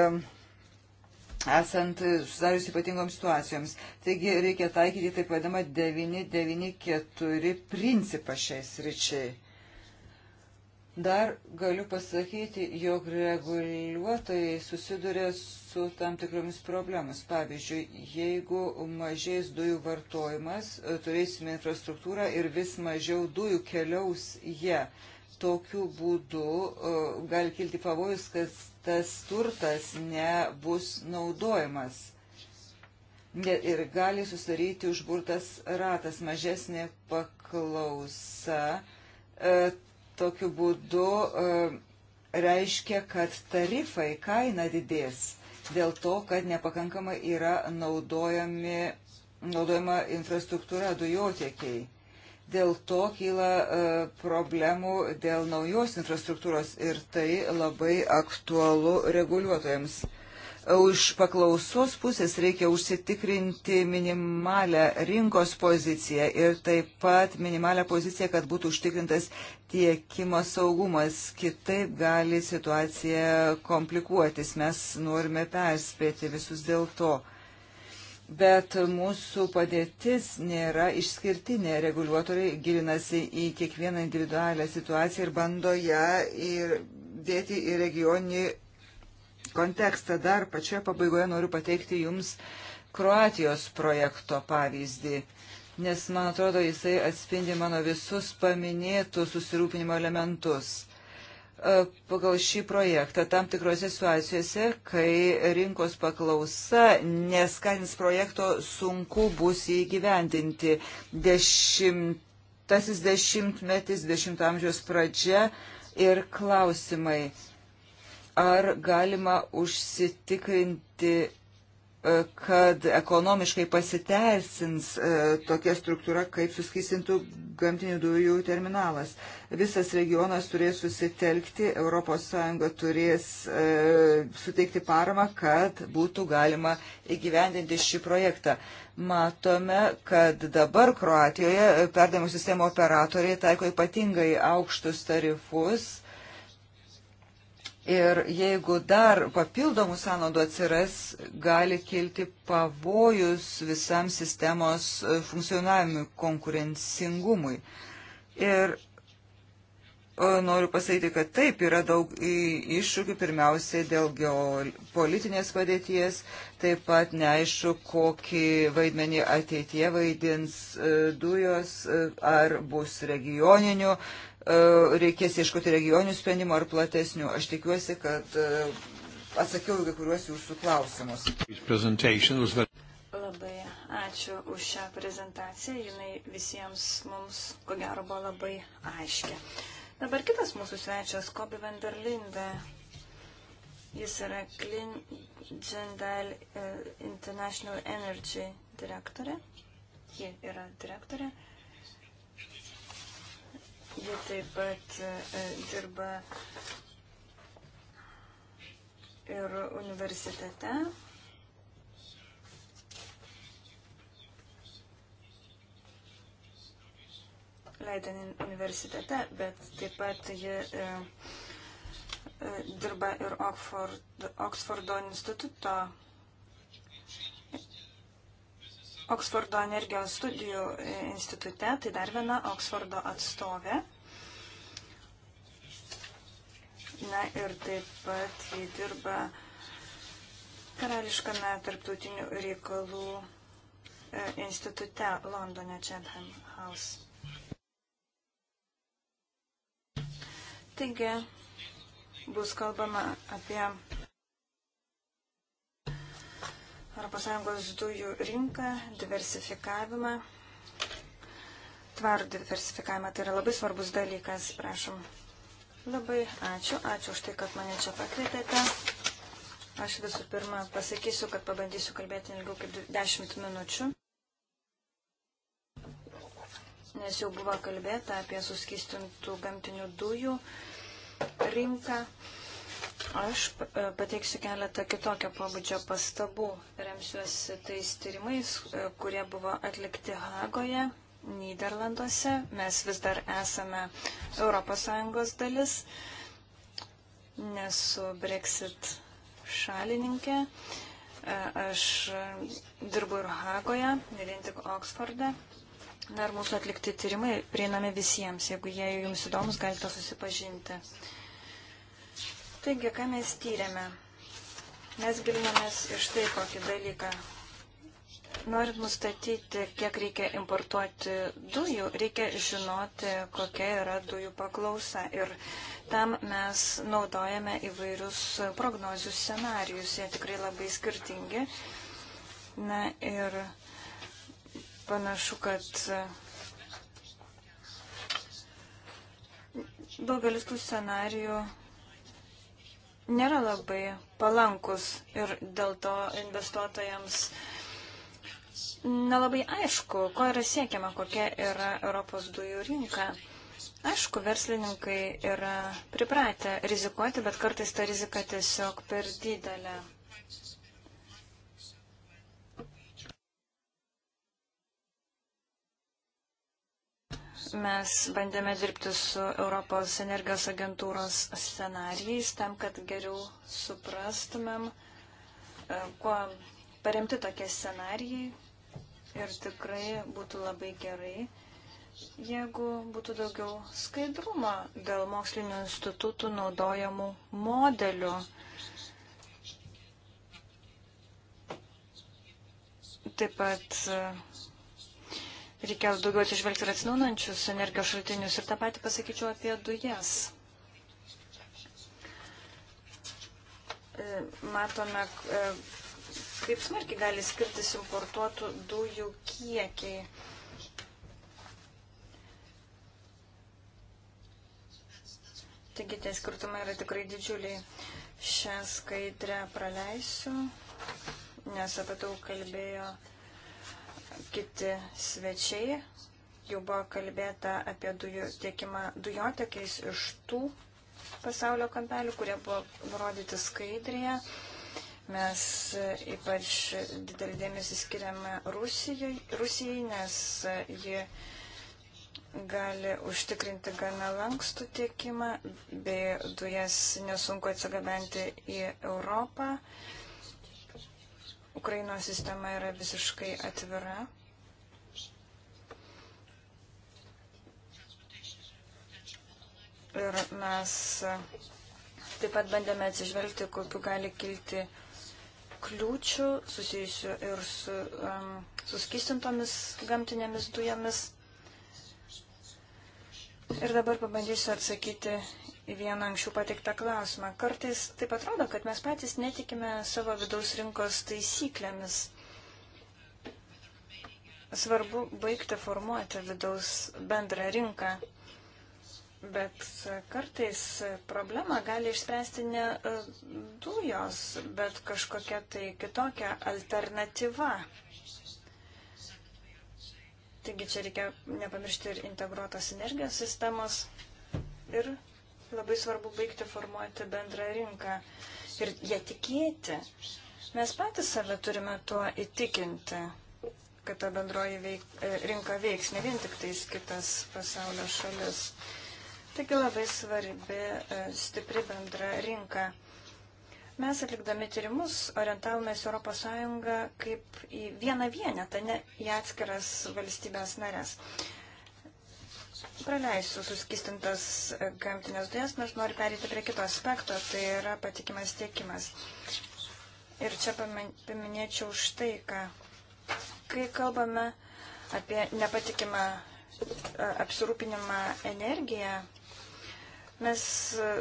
esant susidarius ypatingoms situacijoms. Taigi reikia taikyti taip vadinamą 994 principą šiais ryčiai. Dar galiu pasakyti, jog reguliuotojai susiduria su tam tikromis problemas. Pavyzdžiui, jeigu mažės dujų vartojimas, turėsime infrastruktūrą ir vis mažiau dujų keliaus jie. Tokiu būdu uh, gali kilti pavojus, kad tas turtas nebus naudojamas. Ir gali susidaryti užburtas ratas, mažesnė paklausa. E, tokiu būdu e, reiškia, kad tarifai kaina didės dėl to, kad nepakankamai yra naudojami, naudojama infrastruktūra dujotiekiai. Dėl to kyla e, problemų dėl naujos infrastruktūros ir tai labai aktualu reguliuotojams. E, už paklausos pusės reikia užsitikrinti minimalę rinkos poziciją ir taip pat minimalę poziciją, kad būtų užtikrintas tiekimo saugumas. Kitaip gali situacija komplikuotis. Mes norime perspėti visus dėl to bet mūsų padėtis nėra išskirtinė. Reguliuotojai gilinasi į kiekvieną individualią situaciją ir bando ją ir dėti į regioninį kontekstą. Dar pačioje pabaigoje noriu pateikti Jums Kroatijos projekto pavyzdį, nes man atrodo jisai atspindi mano visus paminėtų susirūpinimo elementus. E, pagal šį projektą tam tikrose situacijose, kai rinkos paklausa neskatins projekto, sunku bus įgyvendinti. Dešimtasis dešimtmetis, dešimto amžiaus pradžia ir klausimai. Ar galima užsitikrinti kad ekonomiškai pasiteisins e, tokia struktūra, kaip suskaisintų gamtinių dujų terminalas. Visas regionas turės susitelkti, ES turės e, suteikti paramą, kad būtų galima įgyvendinti šį projektą. Matome, kad dabar Kroatijoje perdavimo sistemo operatoriai taiko ypatingai aukštus tarifus Ir jeigu dar papildomų sąnaudų atsiras, gali kilti pavojus visam sistemos e, funkcionavimui, konkurencingumui. Ir e, noriu pasakyti, kad taip yra daug iššūkių, pirmiausiai dėl geopolitinės padėties, taip pat neaišku, kokį vaidmenį ateitie vaidins e, dujos, ar bus regioninių E, reikės ieškoti regionių sprendimų ar platesnių. Aš tikiuosi, kad e, atsakiau į kuriuos jūsų klausimus. Labai ačiū už šią prezentaciją. Jinai visiems mums, ko gero, buvo labai aiški. Dabar kitas mūsų svečias, Kobi Vanderlinde. Jis yra Clean Gendal e, International Energy direktorė. Ji yra direktorė. Uh, Ji taip pat e, e, dirba ir universitete. Leiden universitete, bet taip pat ji e, dirba ir Oxfordo instituto Oksfordo energijos studijų institute, tai dar viena Oksfordo atstovė. Na ir taip pat jį dirba Karališkame tarptautinių reikalų e, institute Londone Chatham House. Taigi bus kalbama apie ES dujų rinką, diversifikavimą. Tvarų diversifikavimą tai yra labai svarbus dalykas, prašom. Labai ačiū, ačiū už tai, kad mane čia pakvietėte. Aš visų pirma pasakysiu, kad pabandysiu kalbėti ilgiau kaip 10 minučių, nes jau buvo kalbėta apie suskistintų gamtinių dujų rinką. Aš e, pateiksiu keletą kitokio pabudžio pastabų. Remsiuosi tais tyrimais, e, kurie buvo atlikti Hagoje, Niderlanduose. Mes vis dar esame ES dalis, nesu Brexit šalininkė. E, aš dirbu ir Hagoje, ne vien tik Oksforde. Dar mūsų atlikti tyrimai prieinami visiems. Jeigu jie jums įdomus, galite susipažinti. Taigi, ką mes tyrėme? Mes gilinamės iš tai kokį dalyką. Norint nustatyti, kiek reikia importuoti dujų, reikia žinoti, kokia yra dujų paklausa. Ir tam mes naudojame įvairius prognozių scenarius. Jie tikrai labai skirtingi. Na ir panašu, kad daugelis tų scenarijų nėra labai palankus ir dėl to investuotojams nelabai aišku, ko yra siekiama, kokia yra Europos dujų rinka. Aišku, verslininkai yra pripratę rizikuoti, bet kartais ta rizika tiesiog per didelė. Mes bandėme dirbti su Europos energijos agentūros scenarijais tam, kad geriau suprastumėm, e, kuo paremti tokie scenarijai. Ir tikrai būtų labai gerai, jeigu būtų daugiau skaidrumo dėl mokslinio institutų naudojamų modelių. Taip pat e, reikės daugiau atsižvelgti ir atsinaunančius energijos šaltinius. Ir tą patį pasakyčiau apie dujas. E, matome, e, kaip smarkiai gali skirtis importuotų dujų kiekiai. Taigi tie skirtumai yra tikrai didžiuliai. Šią skaidrę praleisiu, nes apie daug tai kalbėjo kiti svečiai. Jau buvo kalbėta apie dujų tiekimą dujotekiais iš tų pasaulio kampelių, kurie buvo nurodyti skaidrėje. Mes ypač didelį dėmesį skiriame Rusijai, Rusijai nes ji gali užtikrinti gana lankstų tiekimą, bei dujas nesunku atsigabenti į Europą. Uh, Ukrainos sistema yra visiškai atvira. Ir mes taip pat bandėme atsižvelgti, kokiu gali kilti kliūčių susijusių ir su um, suskistintomis gamtinėmis dujomis. Ir dabar pabandysiu atsakyti į vieną anksčiau pateiktą klausimą. Kartais taip atrodo, kad mes patys netikime savo vidaus rinkos taisyklėmis. Svarbu baigti formuoti vidaus bendrą rinką, bet kartais problemą gali išspręsti ne e, dujos, bet kažkokia tai kitokia alternatyva. Taigi čia reikia nepamiršti ir integruotos energijos sistemos ir Labai svarbu baigti formuoti bendrą rinką ir ją tikėti. Mes patys save turime tuo įtikinti, kad ta bendroji veik, e, rinka veiks, ne vien tik tais kitas pasaulio šalis. Taigi labai svarbi e, stipri bendra rinka. Mes atlikdami tyrimus orientavomės Europos Sąjungą kaip į vieną vienetą, ne į atskiras valstybės narės. Praleisiu suskistintas e, gamtinės dujas, nes noriu perėti prie kito aspekto, tai yra patikimas tiekimas. Ir čia paminėčiau štai, ką. Kai kalbame apie nepatikimą e, apsirūpinimą energiją, mes e,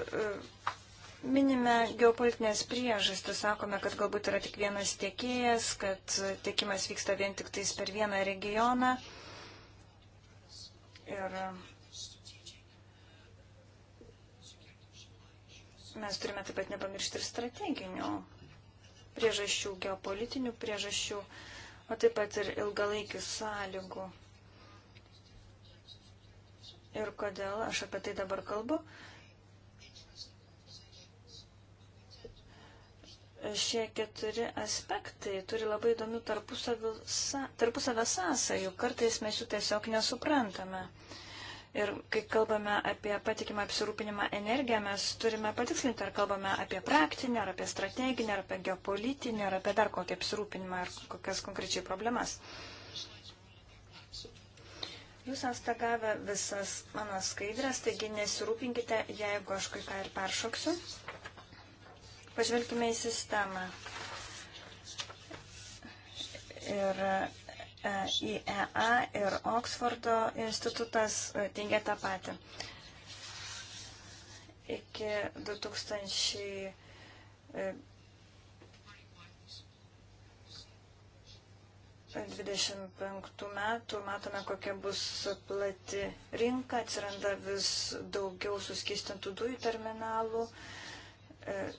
minime geopolitinės priežastis, sakome, kad galbūt yra tik vienas tiekėjas, kad tiekimas vyksta vien tik tais per vieną regioną. Ir e, mes turime taip pat nepamiršti ir strateginių priežasčių, geopolitinių priežasčių, o taip pat ir ilgalaikių sąlygų. Ir kodėl aš apie tai dabar kalbu? šie keturi aspektai turi labai įdomių tarpusavę sąsajų. Kartais mes jų tiesiog nesuprantame. Ir kai kalbame apie patikimą apsirūpinimą energiją, mes turime patikslinti, ar kalbame apie praktinį, ar apie strateginį, ar apie geopolitinį, ar apie dar kokį apsirūpinimą, ar kokias konkrečiai problemas. Jūs esate gavę visas mano skaidrės, taigi nesirūpinkite, jeigu aš kai ką ir peršoksiu. Pažvelkime į sistemą. Ir e, IEA ir Oksfordo institutas e, teigia tą patį. Iki 2000 25 metų matome, kokia bus plati rinka, atsiranda vis daugiau suskistintų dujų terminalų,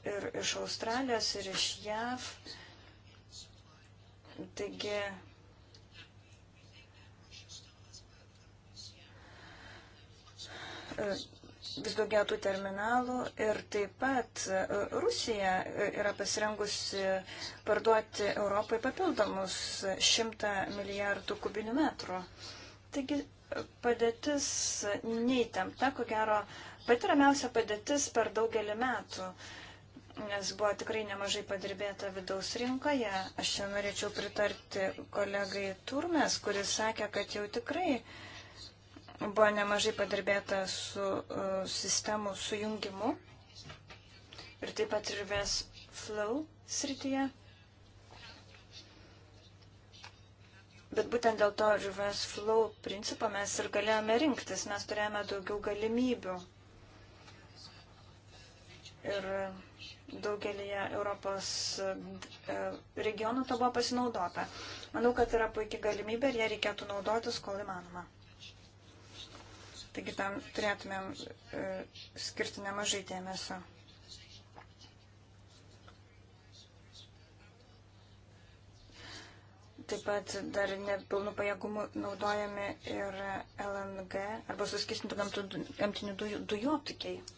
ir iš Australijos, ir iš JAV. Taigi, e, vis daugiau tų terminalų ir taip pat e, Rusija e, yra pasirengusi parduoti Europai papildomus 100 milijardų kubinių metrų. Taigi padėtis neįtempta, ko gero pati ramiausia padėtis per daugelį metų, nes buvo tikrai nemažai padirbėta vidaus rinkoje. Aš čia norėčiau pritarti kolegai Turmes, kuris sakė, kad jau tikrai buvo nemažai padirbėta su uh, sistemų sujungimu ir taip pat ir ves flow srityje. Bet būtent dėl to reverse flow principo mes ir galėjome rinktis, mes turėjome daugiau galimybių ir daugelįje Europos e, regionų to buvo pasinaudota. Manau, kad yra puikia galimybė ir ją reikėtų naudotis, kol įmanoma. Taigi tam turėtumėm e, skirti nemažai dėmesio. Taip pat dar nepilnų pajėgumų naudojami ir LNG arba suskistintų gamtinių dujų dujotikiai. Duj,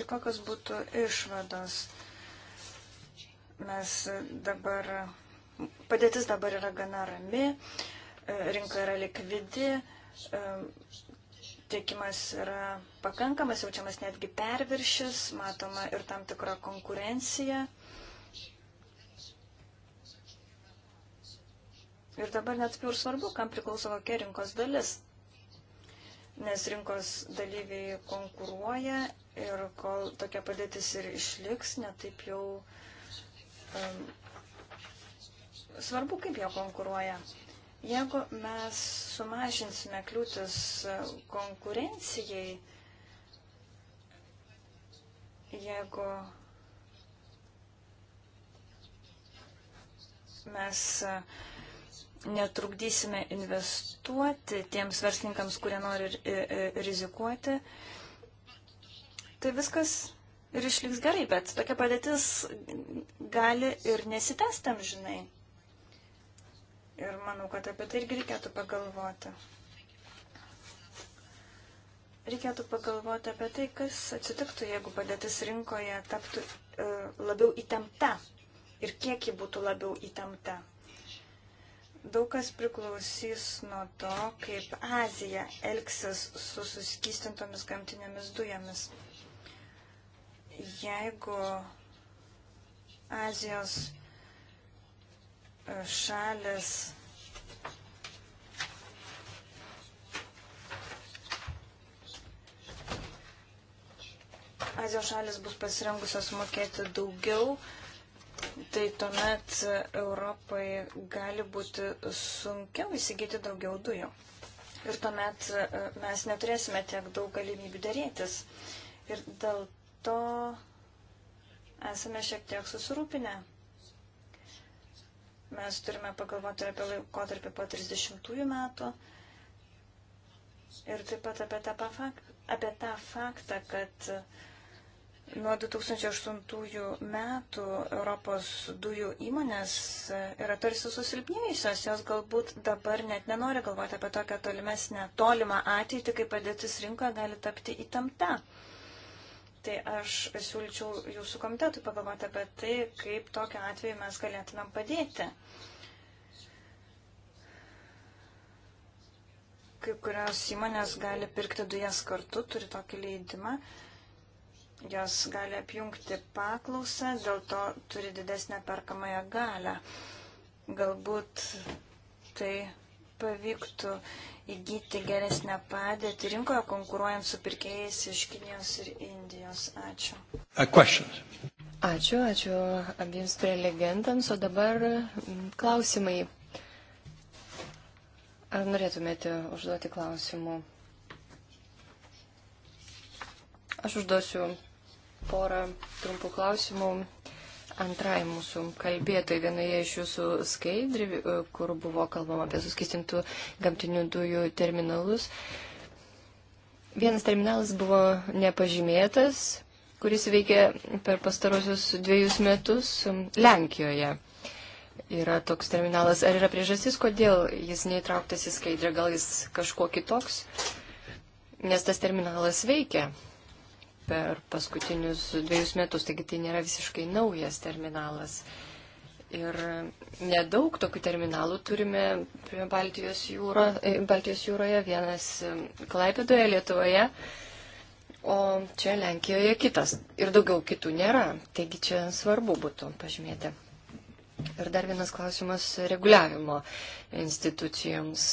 Tai kokios būtų išvados? Mes dabar, padėtis dabar yra gana rami, e, rinka yra likvidi, e, tiekimas yra pakankamas, jaučiamas netgi perviršis, matoma ir tam tikra konkurencija. Ir dabar net ir svarbu, kam priklauso kokia rinkos dalis. Nes rinkos dalyviai konkuruoja ir kol tokia padėtis ir išliks, netaip jau um, svarbu, kaip jie konkuruoja. Jeigu mes sumažinsime kliūtis uh, konkurencijai, jeigu mes uh, netrukdysime investuoti tiems verslininkams, kurie nori uh, rizikuoti, tai viskas ir išliks gerai, bet tokia padėtis gali ir nesitestam, žinai. Ir manau, kad apie tai irgi reikėtų pagalvoti. Reikėtų pagalvoti apie tai, kas atsitiktų, jeigu padėtis rinkoje taptų e, labiau įtempta ir kiek ji būtų labiau įtempta. Daug kas priklausys nuo to, kaip Azija elgsis su suskystintomis gamtinėmis dujomis jeigu Azijos e, šalis Azijos šalis bus pasirengusios mokėti daugiau, tai tuomet Europai gali būti sunkiau įsigyti daugiau dujų. Ir tuomet e, mes neturėsime tiek daug galimybių dėrėtis. Ir dėl to esame šiek tiek susirūpinę. Mes turime pagalvoti apie laikotarpį po 30 metų ir taip pat apie tą, fakt, apie tą faktą, kad nuo 2008 metų Europos dujų įmonės yra tarsi susilpnėjusios, jos galbūt dabar net nenori galvoti apie tokią tolimesnę tolimą ateitį, kai padėtis rinkoje gali tapti įtempta. Ta. Tai aš siūlyčiau jūsų komitetui pagalvoti apie tai, kaip tokiu atveju mes galėtumėm padėti. Kai kurios įmonės gali pirkti dujas kartu, turi tokį leidimą. Jos gali apjungti paklausą, dėl to turi didesnę perkamąją galę. Galbūt tai pavyktų įgyti geresnę padėtį rinkoje, konkuruojant su pirkėjais iš Kinijos ir Indijos. Ačiū. Ačiū, ačiū abiems prelegentams. O dabar mm, klausimai. Ar norėtumėte užduoti klausimų? Aš užduosiu porą trumpų klausimų antrai mūsų kalbėtojai vienoje iš jūsų skaidrių, e, kur buvo kalbama apie suskistintų gamtinių dujų terminalus. Vienas terminalas buvo nepažymėtas, kuris veikia per pastarosius dviejus metus e, Lenkijoje. Yra toks terminalas. Ar yra priežastis, kodėl jis neįtrauktas į skaidrę? Gal jis kažkuo kitoks? Nes tas terminalas veikia per paskutinius dviejus metus, taigi tai nėra visiškai naujas terminalas. Ir nedaug tokių terminalų turime prie Baltijos, jūro, e, Baltijos jūroje, vienas e, Klaipėdoje, Lietuvoje, o čia Lenkijoje kitas. Ir daugiau kitų nėra, taigi čia svarbu būtų pažymėti. Ir dar vienas klausimas reguliavimo institucijoms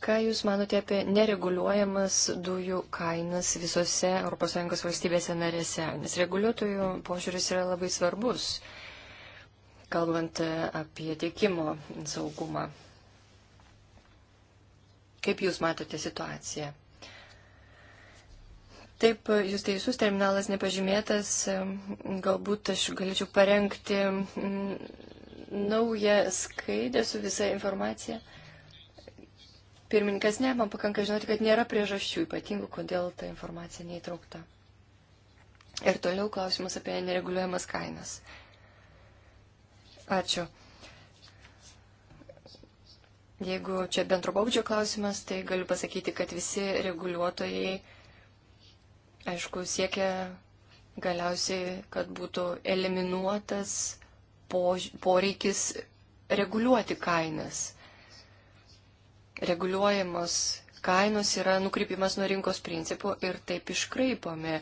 Ką Jūs manote apie nereguliuojamas dujų kainas visose ES valstybėse narėse? Nes reguliuotojų požiūris yra labai svarbus, kalbant e, apie tiekimo saugumą. Kaip Jūs matote situaciją? Taip, jūs teisus, terminalas nepažymėtas, e, galbūt aš galėčiau parengti naują skaidę su visa informacija. Pirmininkas, ne, man pakanka žinoti, kad nėra priežasčių ypatingų, kodėl ta informacija neįtraukta. Ir toliau klausimas apie nereguliuojamas kainas. Ačiū. Jeigu čia bendro baudžio klausimas, tai galiu pasakyti, kad visi reguliuotojai, aišku, siekia galiausiai, kad būtų eliminuotas poreikis reguliuoti kainas reguliuojamos kainos yra nukrypimas nuo rinkos principų ir taip iškraipomi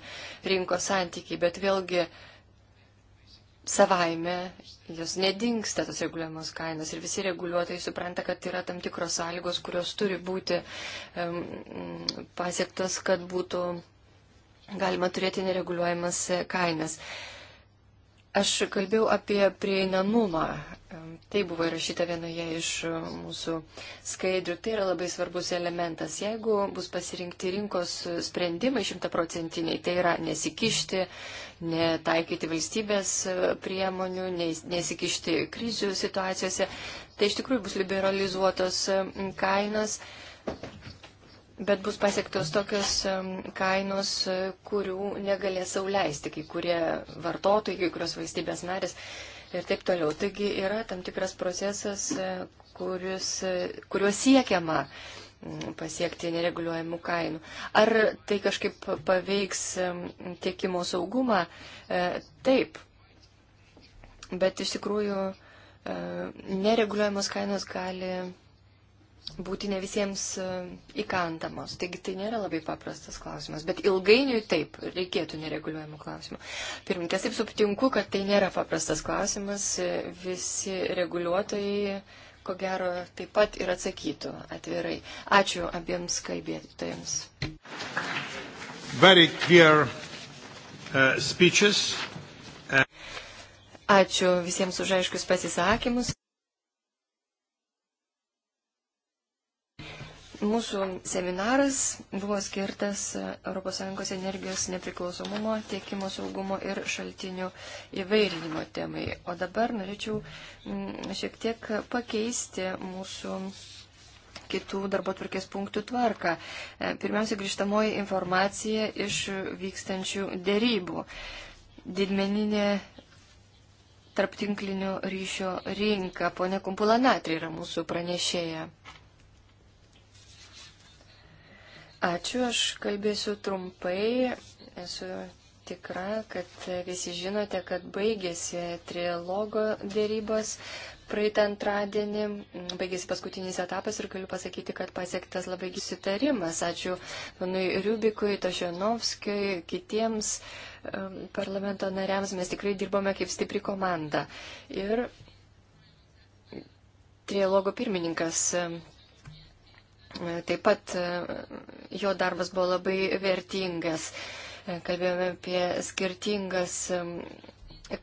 rinkos santykiai, bet vėlgi savaime jos nedingsta tos reguliuojamos kainos ir visi reguliuotojai supranta, kad yra tam tikros sąlygos, kurios turi būti um, pasiektos, kad būtų galima turėti nereguliuojamas kainas. Uh, Aš kalbėjau apie prieinamumą. Tai buvo įrašyta vienoje iš e, mūsų skaidrių. Tai yra labai svarbus elementas. Jeigu bus pasirinkti rinkos sprendimai šimtaprocentiniai, tai yra nesikišti, netaikyti valstybės e, priemonių, nesikišti krizių situacijose, tai iš tikrųjų bus liberalizuotos e, kainos bet bus pasiektos tokios kainos, e, kurių negalės sauliaisti kai kurie vartotojai, kai kurios valstybės narės ir taip toliau. Taigi yra tam tikras procesas, e, kuris, e, kuriuo siekiama pasiekti nereguliuojamų kainų. Ar tai kažkaip paveiks tiekimo saugumą? Taip. Bet iš tikrųjų nereguliuojamos kainos gali būti ne visiems e, įkandamos. Taigi tai nėra labai paprastas klausimas, bet ilgainiui taip reikėtų nereguliuojamų klausimų. Pirminkės, taip suptinku, kad tai nėra paprastas klausimas. E, visi reguliuotojai, ko gero, taip pat ir atsakytų atvirai. Ačiū abiems kalbėtojams. Very clear uh, speeches. Uh... Ačiū visiems už aiškius pasisakymus. Mūsų seminaras buvo skirtas ES energijos nepriklausomumo, tiekimo saugumo ir šaltinių įvairinimo temai. O dabar norėčiau mm, šiek tiek pakeisti mūsų kitų darbo tvarkės punktų tvarką. E, pirmiausia, grįžtamoji informacija iš vykstančių dėrybų. Didmeninė tarptinklinio ryšio rinka. Pone Kumpulanatri yra mūsų pranešėja. Ačiū, aš kalbėsiu trumpai. Esu tikra, kad visi žinote, kad baigėsi trilogo dėrybos praeitą antradienį, baigėsi paskutinis etapas ir galiu pasakyti, kad pasiektas labai susitarimas. Ačiū Manui Riubikui, Tošionovskijui, kitiems parlamento nariams. Mes tikrai dirbome kaip stipri komanda. Ir trilogo pirmininkas Taip pat e, jo darbas buvo labai vertingas. E, kalbėjome apie skirtingas e,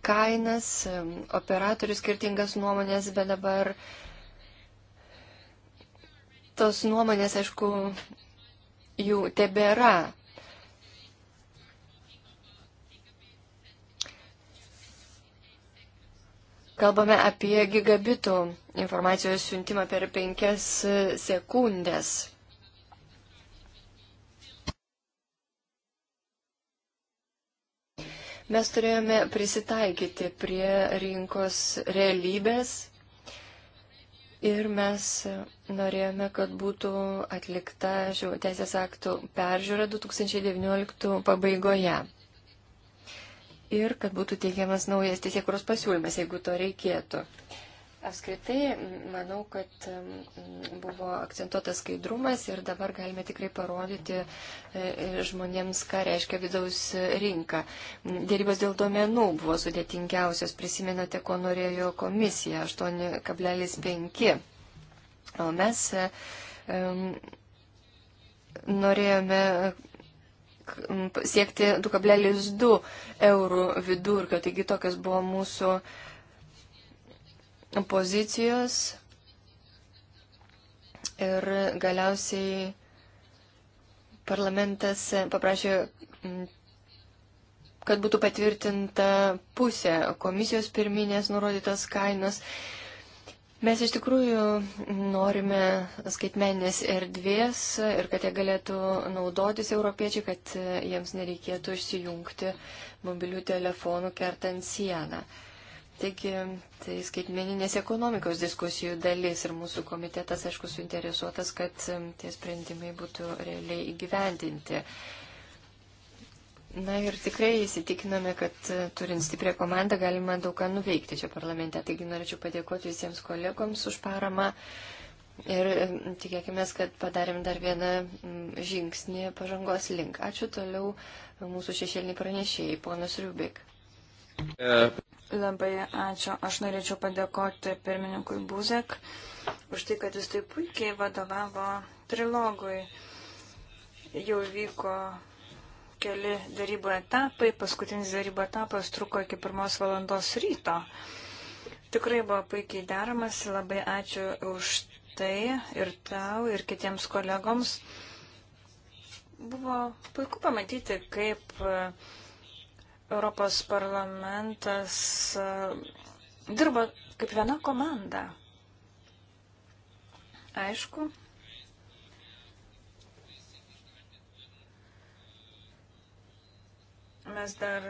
kainas, operatorių skirtingas nuomonės, bet dabar tos nuomonės, aišku, jų tebėra. Kalbame apie gigabitų informacijos siuntimą per penkias sekundės. Mes turėjome prisitaikyti prie rinkos realybės ir mes norėjome, kad būtų atlikta šių teisės aktų peržiūra 2019 pabaigoje ir kad būtų teikiamas naujas teisėkuros pasiūlymas, jeigu to reikėtų. Apskritai, manau, kad buvo akcentuotas skaidrumas ir dabar galime tikrai parodyti e, e, žmonėms, ką reiškia vidaus rinka. Dėrybos dėl duomenų buvo sudėtingiausios, prisimenate, ko norėjo komisija 8,5. O mes norėjome siekti 2,2 eurų vidurkio. Taigi tokios buvo mūsų pozicijos. Ir galiausiai parlamentas paprašė, mm, kad būtų patvirtinta pusė komisijos pirminės nurodytos kainos. Mes iš tikrųjų norime skaitmeninės erdvės ir kad jie galėtų naudotis europiečiai, kad jiems nereikėtų išsijungti mobilių telefonų kertant sieną. Taigi, tai skaitmeninės ekonomikos diskusijų dalis ir mūsų komitetas, aišku, suinteresuotas, kad tie sprendimai būtų realiai įgyvendinti. Na ir tikrai įsitikiname, kad e, turint stiprią komandą galima daug ką nuveikti čia parlamente. Taigi norėčiau padėkoti visiems kolegoms už paramą. Ir e, tikėkime, kad padarėm dar vieną žingsnį pažangos link. Ačiū toliau mūsų šešėlinį pranešėjai, ponas Riubik. E. Labai ačiū. Aš norėčiau padėkoti pirmininkui Buzek už tai, kad jis taip puikiai vadovavo trilogui. Jau vyko keli darybų etapai. Paskutinis darybų etapas truko iki pirmos valandos ryto. Tikrai buvo puikiai deramas. Labai ačiū už tai ir tau, ir kitiems kolegoms. Buvo puiku pamatyti, kaip e, Europos parlamentas e, dirba kaip viena komanda. Aišku, Mes dar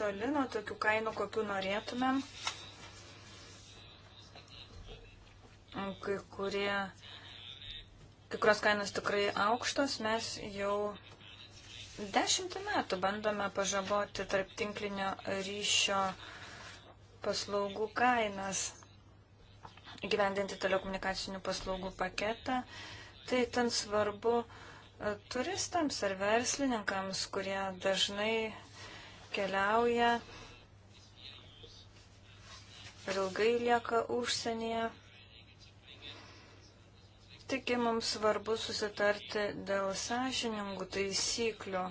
toli nuo tokių kainų, kokių norėtumėm. Kai, kurie, kai kurios kainos tikrai aukštos, mes jau dešimtį metų bandome pažaboti tarp tinklinio ryšio paslaugų kainas, gyvendinti telekomunikacinių paslaugų paketą. Tai ten svarbu uh, turistams ar verslininkams, kurie dažnai keliauja ir ilgai lieka užsienyje. Taigi mums svarbu susitarti dėl sąžiningų taisyklių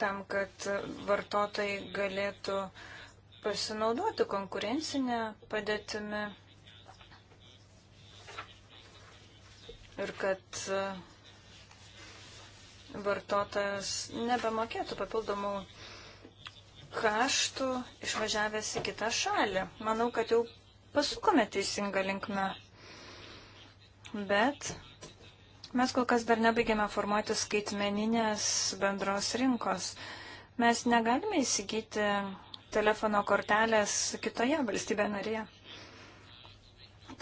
tam, kad vartotojai galėtų pasinaudoti konkurencinę padėtimi ir kad vartotojas nebemokėtų papildomų kaštų išvažiavęs į kitą šalį. Manau, kad jau pasukome teisingą linkmę. Bet mes kol kas dar nebaigėme formuoti skaitmeninės bendros rinkos. Mes negalime įsigyti telefono kortelės kitoje valstybėje narėje.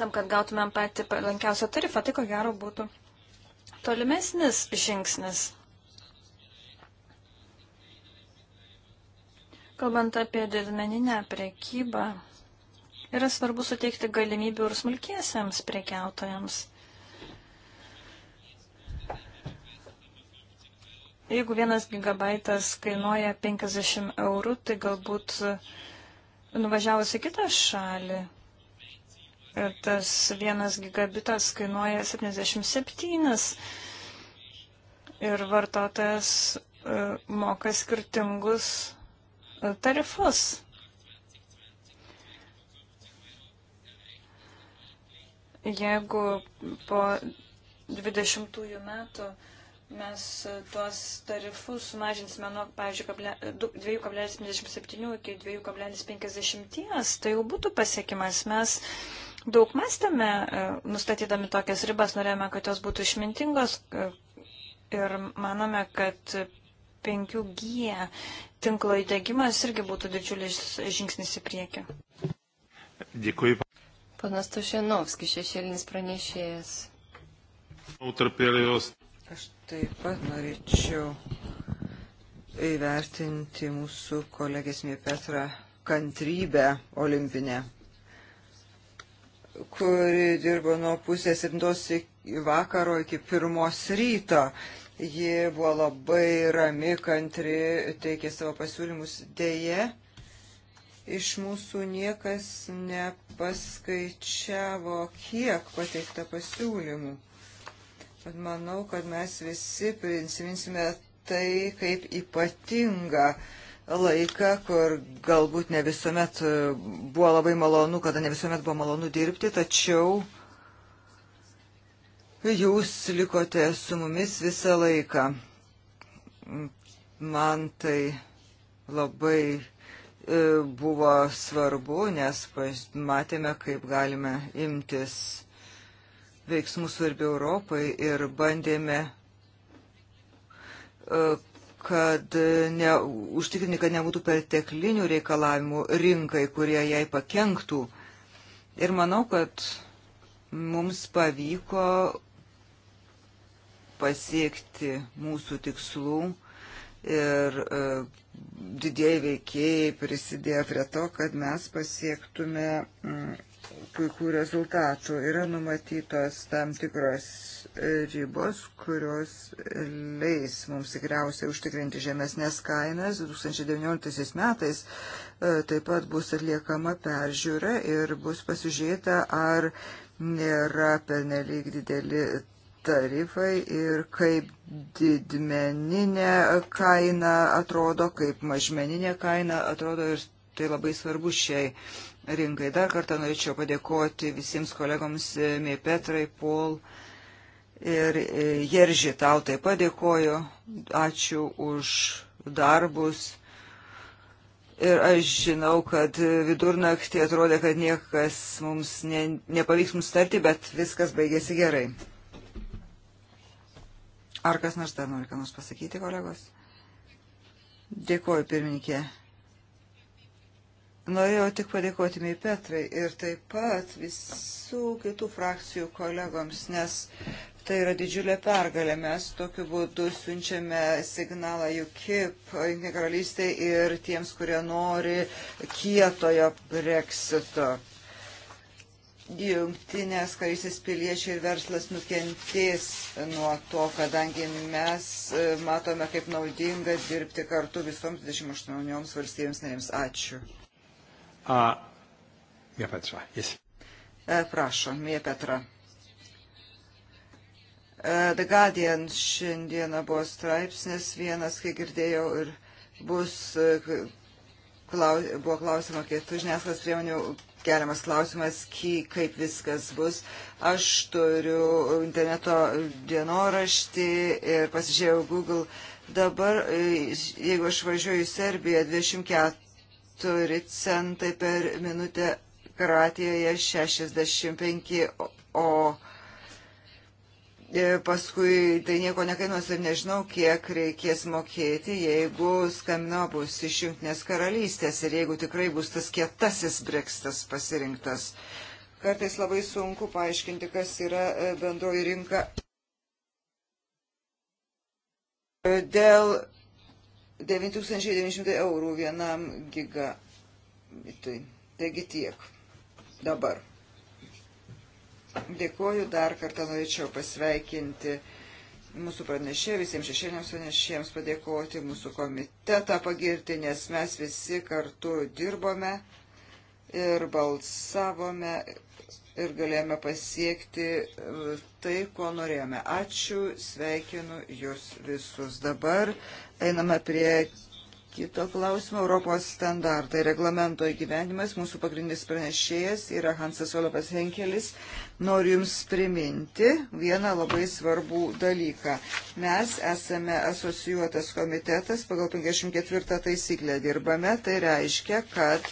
Tam, kad gautumėm patį palankiausią tarifą, tai ko gero būtų tolimesnis žingsnis. Kalbant apie didmeninę prekybą, yra svarbu suteikti galimybių ir smulkiesiams prekiautojams. Jeigu vienas gigabaitas kainuoja 50 eurų, tai galbūt nuvažiavus į kitą šalį, tas vienas gigabitas kainuoja 77 ir vartotojas e, moka skirtingus tarifus. Jeigu po 20 metų mes tuos tarifus sumažinsime nuo, pavyzdžiui, 2,77 iki 2,50, tai jau būtų pasiekimas. Mes daug mąstėme, e, nustatydami tokias ribas, norėjome, kad jos būtų išmintingos e, ir manome, kad 5G tinklo įdėgymas irgi būtų didžiulis žingsnis į priekį. Dėkui. Panas Tošenovskis, šešėlinis pranešėjas. Aš taip pat norėčiau įvertinti mūsų kolegės Miepetrą kantrybę olimpinę, kuri dirbo nuo pusės septintos vakaro iki pirmos ryto. Ji buvo labai rami, kantri, teikė savo pasiūlymus. Deja, iš mūsų niekas nepaskaičiavo, kiek pateikta pasiūlymų. Bet manau, kad mes visi prisiminsime tai kaip ypatingą laiką, kur galbūt ne visuomet buvo labai malonu, kada ne visuomet buvo malonu dirbti, tačiau Jūs likote su mumis visą laiką. Man tai labai e, buvo svarbu, nes matėme, kaip galime imtis veiksmų svarbių Europai ir bandėme, e, kad ne, užtikrinti, kad nebūtų perteklinių reikalavimų rinkai, kurie jai pakenktų. Ir manau, kad mums pavyko pasiekti mūsų tikslų ir e, didieji veikėjai prisidėjo prie to, kad mes pasiektume mm, kai kurių rezultatų. Yra numatytos tam tikros e, ribos, kurios leis mums tikriausiai užtikrinti žemesnės kainas. 2019 metais e, taip pat bus atliekama peržiūra ir bus pasižiūrėta, ar nėra pernelyg dideli tarifai ir kaip didmeninė kaina atrodo, kaip mažmeninė kaina atrodo ir tai labai svarbu šiai rinkai. Dar kartą norėčiau padėkoti visiems kolegoms e, Mėpetrai, Pol ir e, Jerži, tau taip padėkoju. Ačiū už darbus. Ir aš žinau, kad vidurnaktį atrodė, kad niekas mums ne, nepavyks mums tarti, bet viskas baigėsi gerai. Ar kas nors dar nori ką nors pasakyti, kolegos? Dėkuoju, pirmininkė. Norėjau tik padėkoti Mei Petrai ir taip pat visų kitų frakcijų kolegoms, nes tai yra didžiulė pergalė. Mes tokiu būdu siunčiame signalą UKIP, Jungtinė karalystė ir tiems, kurie nori kietojo breksito jungtinės karysės piliečiai ir verslas nukentės nuo to, kadangi mes e, matome, kaip naudinga dirbti kartu visoms 28 valstybėms narėms. Ačiū. A, Mie Petra, jis. E, prašom, Mie Petra. E, The Guardian šiandieną buvo straipsnis vienas, kai girdėjau, ir bus, klaus, buvo klausimo kitų žiniasklaidos priemonių keliamas klausimas, kaip viskas bus. Aš turiu interneto dienoraštį ir pasižiūrėjau Google. Dabar, e, jeigu aš važiuoju į Serbiją, 24 centai per minutę, Kroatijoje 65, o E, paskui tai nieko nekainuos ir nežinau, kiek reikės mokėti, jeigu skamino bus iš Junktinės karalystės ir jeigu tikrai bus tas kietasis brekstas pasirinktas. Kartais labai sunku paaiškinti, kas yra e, bendroji rinka. E, dėl 9900 eurų vienam giga. Tai, taigi tiek dabar. Dėkuoju dar kartą norėčiau pasveikinti mūsų pranešė, visiems šešėliams pranešėjams padėkoti, mūsų komitetą pagirti, nes mes visi kartu dirbome ir balsavome ir galėjome pasiekti e, tai, ko norėjome. Ačiū, sveikinu jūs visus. Dabar einame prie kito klausimo Europos standartai. Reglamento įgyvenimas, mūsų pagrindinis pranešėjas yra Hansas Olafas Henkelis. Noriu Jums priminti vieną labai svarbų dalyką. Mes esame asocijuotas komitetas, pagal 54 taisyklę dirbame, tai reiškia, kad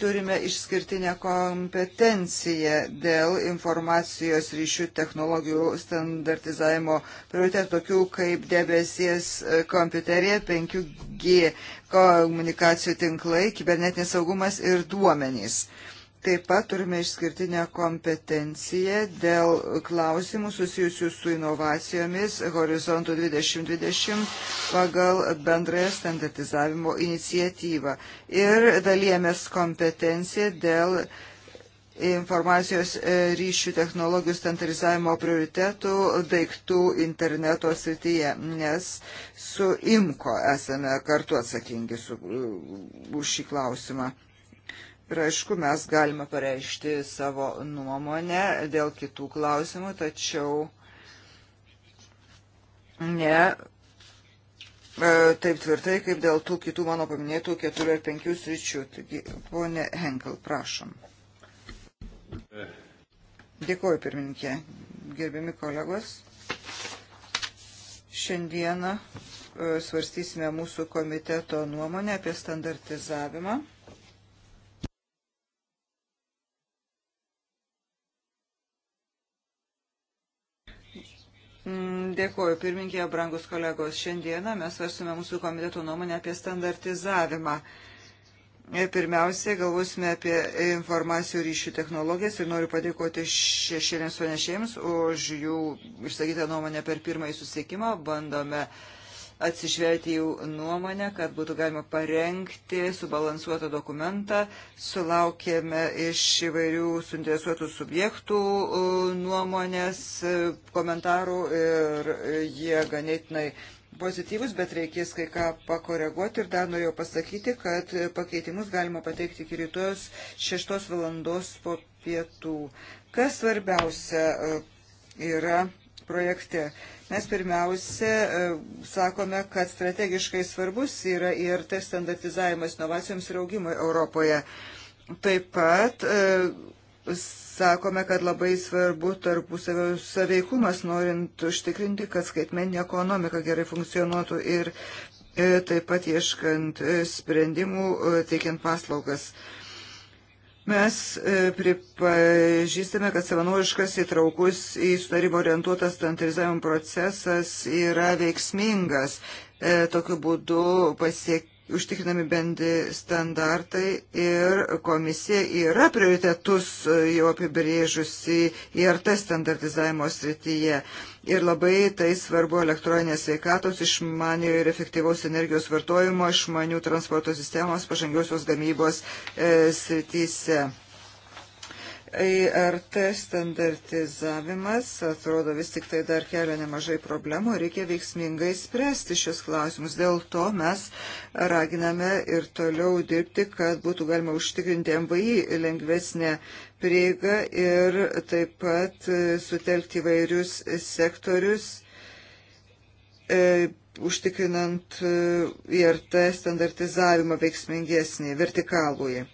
turime išskirtinę kompetenciją dėl informacijos ryšių technologijų standartizavimo prioritetų, tokių kaip debesies kompiuterė, 5G komunikacijų tinklai, kibernetinis saugumas ir duomenys. Uh, Taip pat turime išskirtinę kompetenciją dėl klausimų susijusių su inovacijomis Horizontų 2020 pagal bendrąją standartizavimo iniciatyvą. Ir dalėmės kompetenciją dėl informacijos e, ryšių technologijų standartizavimo prioritetų daiktų interneto srityje, nes su IMCO esame kartu atsakingi su, e, už šį klausimą. Ir aišku, mes galime pareišti savo nuomonę dėl kitų klausimų, tačiau ne e, taip tvirtai, kaip dėl tų kitų mano paminėtų keturių ar penkių sričių. Taigi, ponė Henkel, prašom. Dėkuoju, pirmininkė. Gerbiami kolegos, šiandieną e, svarstysime mūsų komiteto nuomonę apie standartizavimą. Mm, Dėkuoju, pirminkė, brangus kolegos. Šiandieną mes svarstume mūsų komiteto nuomonę apie standartizavimą. E, pirmiausia, galvosime apie informacijų ryšių technologijas ir noriu padėkoti šešėlėms panešėjams už jų išsakytą nuomonę per pirmąjį susiekimą. Bandome uh, atsižvelgti jų nuomonę, kad būtų galima parengti subalansuotą dokumentą. Sulaukėme iš įvairių suinteresuotų subjektų nuomonės, e, komentarų ir jie ganėtinai pozityvus, bet reikės kai ką pakoreguoti ir dar norėjau pasakyti, kad pakeitimus galima pateikti iki rytojus 6 valandos po pietų. Kas svarbiausia e, yra projekte. Mes pirmiausia e, sakome, kad strategiškai svarbus yra ir tas standartizavimas inovacijoms ir augimui Europoje. Taip pat e, sakome, kad labai svarbu tarpusavio saveikumas, norint užtikrinti, kad skaitmeninė ekonomika gerai funkcionuotų ir e, taip pat ieškant sprendimų, teikiant paslaugas. Mes e, pripažįstame, kad savanoriškas įtraukus į sutarimo orientuotas standartizavimo procesas yra veiksmingas. E, tokiu būdu pasiekti užtikrinami bendri standartai ir komisija yra prioritetus jau apibrėžusi IRT standartizavimo srityje. Ir labai tai svarbu elektroninės sveikatos, išmanio ir efektyvaus energijos vartojimo, išmanių transporto sistemos, pažangiosios gamybos e, srityse. ERT standartizavimas atrodo vis tik tai dar kelia nemažai problemų, reikia veiksmingai spręsti šios klausimus. Dėl to mes raginame ir toliau dirbti, kad būtų galima užtikrinti MVI lengvesnę prieigą ir taip pat e, sutelkti įvairius sektorius. E, užtikrinant e, IRT standartizavimą veiksmingesnį, vertikalųjį.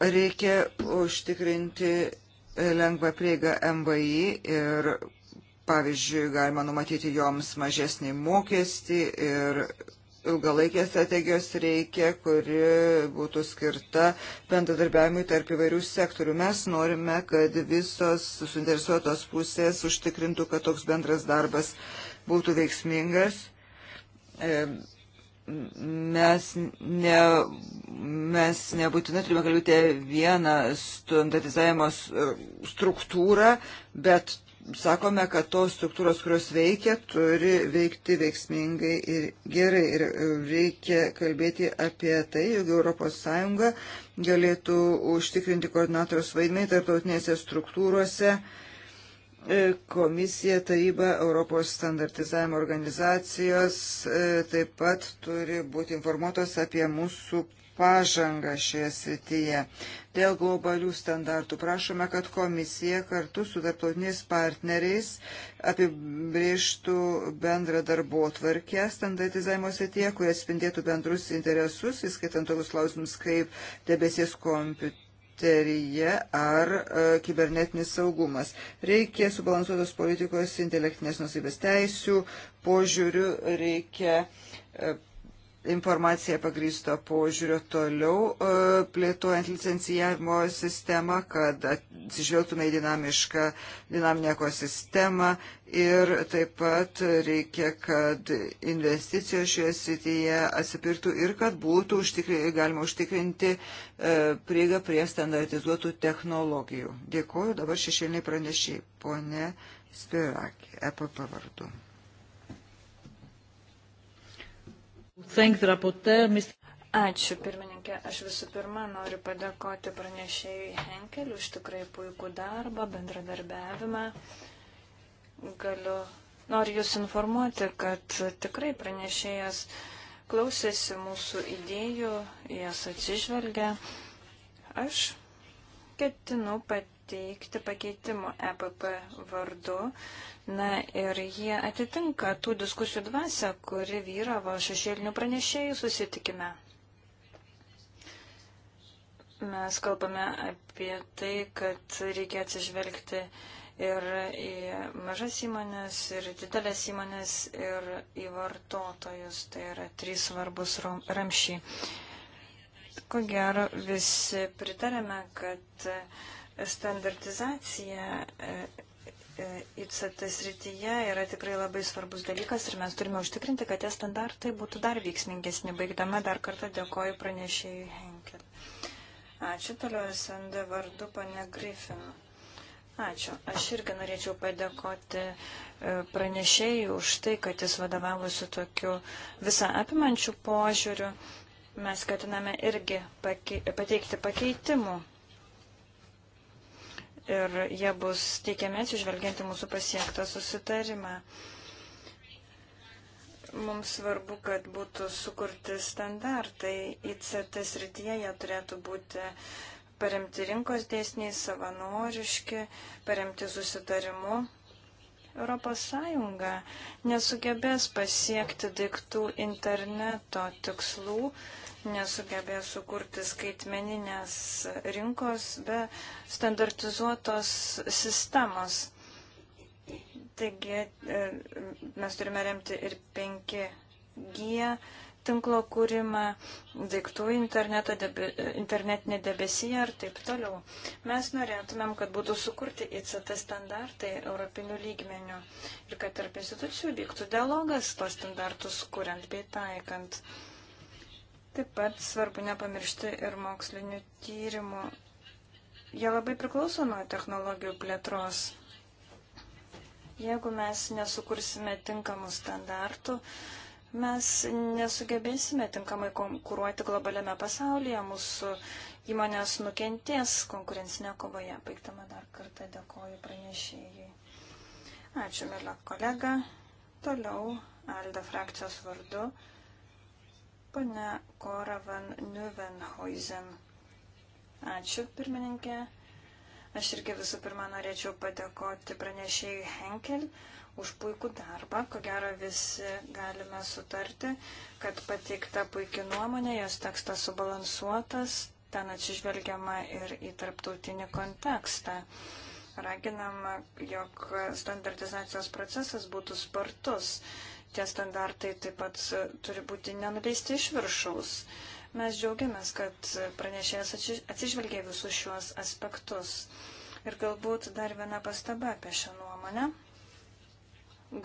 Reikia užtikrinti lengvą prieigą MVI ir, pavyzdžiui, galima numatyti joms mažesnį mokestį ir ilgalaikės strategijos reikia, kuri būtų skirta bendradarbiavimui tarp įvairių sektorių. Mes norime, kad visos suinteresuotos pusės užtikrintų, kad toks bendras darbas būtų veiksmingas. E, mes, ne, mes nebūtinai turime kalbėti vieną standartizavimo e, struktūrą, bet sakome, kad tos struktūros, kurios veikia, turi veikti veiksmingai ir gerai. Ir e, reikia kalbėti apie tai, jog ES galėtų užtikrinti koordinatoriaus vaidmenį tarptautinėse struktūrose. Uh, E, komisija, taryba, Europos standartizavimo organizacijos e, taip pat turi būti informuotos apie mūsų pažangą šioje srityje. Dėl globalių standartų prašome, kad komisija kartu su tarptautiniais partneriais apibrieštų bendrą darbo tvarkę standartizavimo srityje, kurie atspindėtų bendrus interesus, įskaitant tokius klausimus kaip debesies kompiuteris kompiuterija ar e, kibernetinis saugumas. Reikia subalansuotos politikos, intelektinės nusibės teisių, požiūrių, reikia e, informacija pagrįsto požiūrio toliau, e, plėtojant licencijavimo sistemą, kad atsižvelgtume į dinamišką, dinaminę ekosistemą ir taip pat reikia, kad investicijos šioje srityje atsipirktų ir kad būtų užtikri, galima užtikrinti e, prieigą prie standartizuotų technologijų. Dėkuoju dabar šešėliniai pranešiai, ponė Spirakė, EPA vardu. thank the rapporteur, Mr. Ačiū, pirmininkė. Aš visų pirma noriu padėkoti pranešėjui Henkeliu už tikrai puikų darbą, bendradarbiavimą. Galiu, noriu Jūs informuoti, kad tikrai pranešėjas klausėsi mūsų idėjų, jas atsižvelgia. Aš ketinau pat teikti pakeitimų EPP vardu. Na ir jie atitinka tų diskusijų dvasę, kuri vyravo šešėlinių pranešėjų susitikime. Mes kalbame apie tai, kad reikia atsižvelgti ir į mažas įmonės, ir didelės įmonės, ir į vartotojus. Tai yra trys svarbus ramšiai. Ko gero, visi pritarėme, kad Standartizacija e, e, ICT srityje yra tikrai labai svarbus dalykas ir mes turime užtikrinti, kad tie standartai būtų dar veiksmingesni. Baigdama dar kartą dėkoju pranešėjui Henkel. Ačiū toliau SND vardu, pane Griffin. Ačiū. Aš irgi norėčiau padėkoti e, pranešėjai už tai, kad jis vadovavosi tokiu visą apimančių požiūriu. Mes ketiname irgi pateikti pakeitimų ir jie bus teikiami atsižvelgianti mūsų pasiektą susitarimą. Mums svarbu, kad būtų sukurti standartai. ICT srityje jie turėtų būti paremti rinkos dėsniai, savanoriški, paremti susitarimu. Europos Sąjunga nesugebės pasiekti daiktų interneto tikslų, nesugebės sukurti skaitmeninės rinkos be standartizuotos sistemos. Taigi e, mes turime remti ir 5G tinklo kūrimą, daiktų internetą, debe, internetinė debesija ir taip toliau. Mes norėtumėm, kad būtų sukurti ICT standartai europinių lygmenių ir kad tarp institucijų vyktų dialogas tos standartus kuriant bei taikant. Uh, Taip pat svarbu nepamiršti ir mokslinių tyrimų. Jie labai priklauso nuo technologijų plėtros. Jeigu mes nesukursime tinkamų standartų, mes nesugebėsime tinkamai konkuruoti globaliame pasaulyje, mūsų įmonės nukentės konkurencinė kovoje. Baigtama dar kartą dėkoju pranešėjai. Ačiū, mėla kolega. Toliau Alda frakcijos vardu. Pane Koravan Nuvenhuizen. Ačiū, pirmininkė. Aš irgi visų pirma norėčiau padėkoti pranešėjai Henkel už puikų darbą. Ko gero visi galime sutarti, kad pateikta puikia nuomonė, jos tekstas subalansuotas, ten atsižvelgiama ir į tarptautinį kontekstą. Raginama, jog standartizacijos procesas būtų spartus tie standartai taip pat turi būti nenuleisti iš viršaus. Mes džiaugiamės, kad pranešėjas atsižvelgia visus šiuos aspektus. Ir galbūt dar viena pastaba apie šią nuomonę.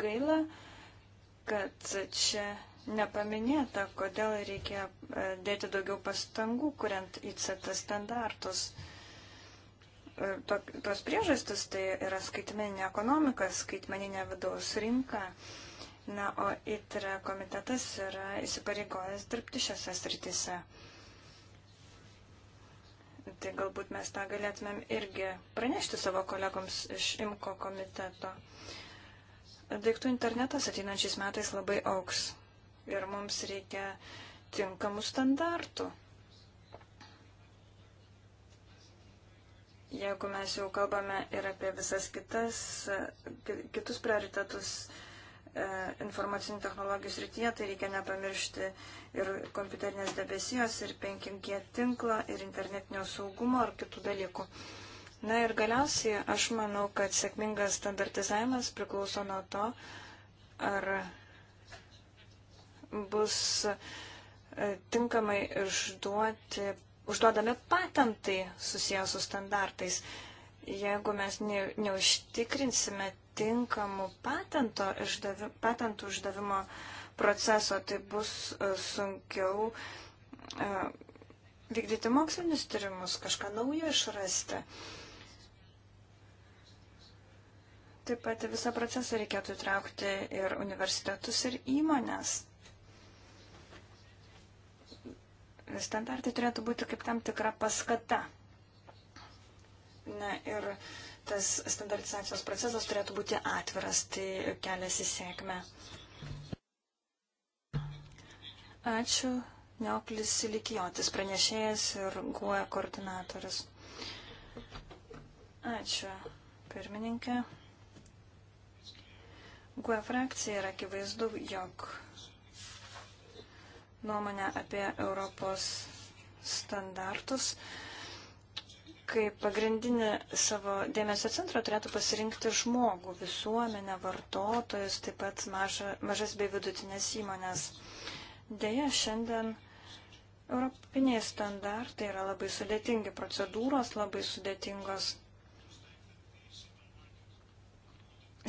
Gaila, kad čia nepaminėta, kodėl reikia e, dėti daugiau pastangų, kuriant ICT standartus. E, tos priežastis tai yra skaitmeninė ekonomika, skaitmeninė vidaus rinka. Na, o ITRE komitetas yra įsipareigojęs dirbti šiose srityse. Tai galbūt mes tą galėtumėm irgi pranešti savo kolegoms iš IMKO komiteto. Daiktų internetas ateinančiais metais labai auks ir mums reikia tinkamų standartų. Jeigu mes jau kalbame ir apie visas kitas, kitus prioritetus, E, informacinių technologijų srityje, tai reikia nepamiršti ir kompiuterinės debesijos, ir 5G tinklo, ir internetinio saugumo, ir kitų dalykų. Na ir galiausiai aš manau, kad sėkmingas standartizavimas priklauso nuo to, ar bus e, tinkamai išduoti, užduodami patentai susijęs su standartais. Jeigu mes neužtikrinsime tinkamų patento išdavi, patentų išdavimo proceso, tai bus e, sunkiau e, vykdyti mokslinius tyrimus, kažką naujo išrasti. Taip pat visą procesą reikėtų įtraukti ir universitetus, ir įmonės. Standartai turėtų būti kaip tam tikra paskata. Na ir uh, tas standartizacijos procesas turėtų būti atviras, tai kelias į sėkmę. Ačiū, Neoklis Likijotis, pranešėjas ir GUE koordinatorius. Ačiū, pirmininkė. GUE frakcija yra akivaizdu, jog nuomonę apie Europos standartus uh, kaip pagrindinį savo dėmesio centrą turėtų pasirinkti žmogų, visuomenę, vartotojus, taip pat maža, mažas bei vidutinės įmonės. Deja, šiandien europiniai standartai yra labai sudėtingi, procedūros labai sudėtingos.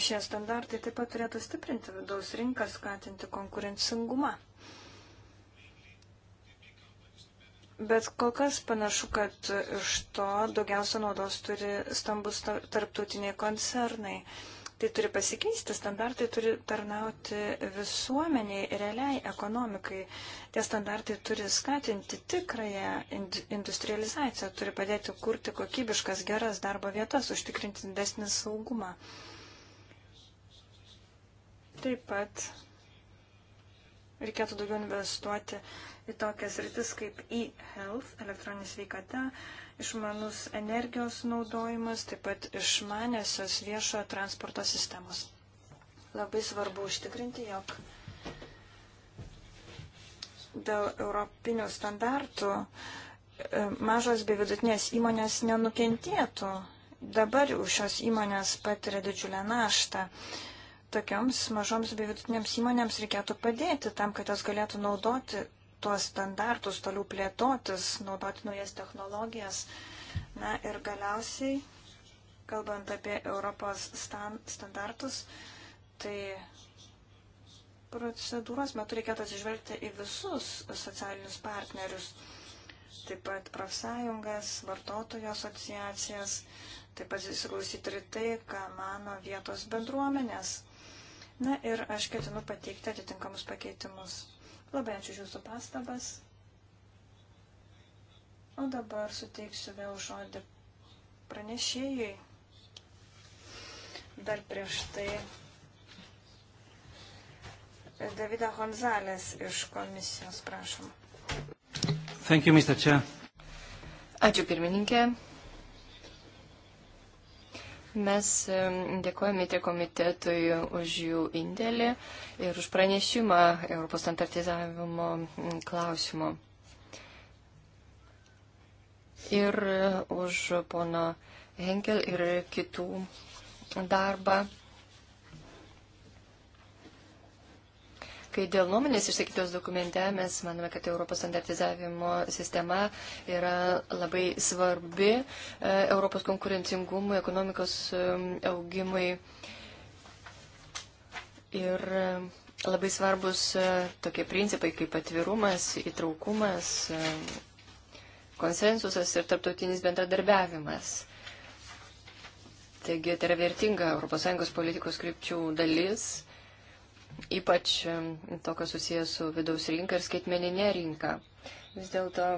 Šie standartai taip pat turėtų stiprinti vidaus rinką, skatinti konkurencingumą. Bet kol kas panašu, kad iš to daugiausia naudos turi stambus tarptautiniai koncernai. Tai turi pasikeisti, standartai turi tarnauti visuomeniai, realiai ekonomikai. Tie standartai turi skatinti tikrąją industrializaciją, turi padėti kurti kokybiškas geras darbo vietas, užtikrinti didesnį saugumą. Taip pat reikėtų daugiau investuoti į tokias rytis kaip e-health, elektroninė sveikata, išmanus energijos naudojimas, taip pat išmanėsios viešojo transporto sistemos. Labai svarbu užtikrinti, jog dėl europinių standartų e, mažos bei vidutinės įmonės nenukentėtų. Dabar jau šios įmonės patiria didžiulę naštą. Tokioms mažoms bei vidutinėms įmonėms reikėtų padėti tam, kad jos galėtų naudoti tuos standartus toliau plėtotis, naudoti naujas technologijas. Na ir galiausiai, kalbant apie Europos standartus, tai procedūros metu reikėtų atsižvelgti į visus socialinius partnerius, taip pat profsąjungas, vartotojų asociacijas, taip pat įsiklausyti ir tai, ką mano vietos bendruomenės. Na ir aš ketinu pateikti atitinkamus pakeitimus. Labai ačiū Jūsų pastabas. O dabar suteiksiu vėl žodį pranešėjai. Dar prieš tai Davida Gonzalės iš komisijos, prašom. Thank you, Mr. Chair. Ačiū pirmininkė. Mes dėkojame tiek komitetui už jų indėlį ir už pranešimą Europos standartizavimo klausimo. Ir e, už pono Henkel ir kitų darbą. Kai dėl nuomonės išsakytos dokumente mes manome, kad Europos standartizavimo sistema yra labai svarbi e, Europos konkurencingumui, ekonomikos e, augimui. Ir e, labai svarbus tokie principai kaip atvirumas, įtraukumas, konsensusas ir tarptautinis bendradarbiavimas. Taigi tai yra vertinga ES politikos krypčių dalis ypač to, kas susijęs su vidaus rinka ir skaitmeninė rinka. Vis dėlto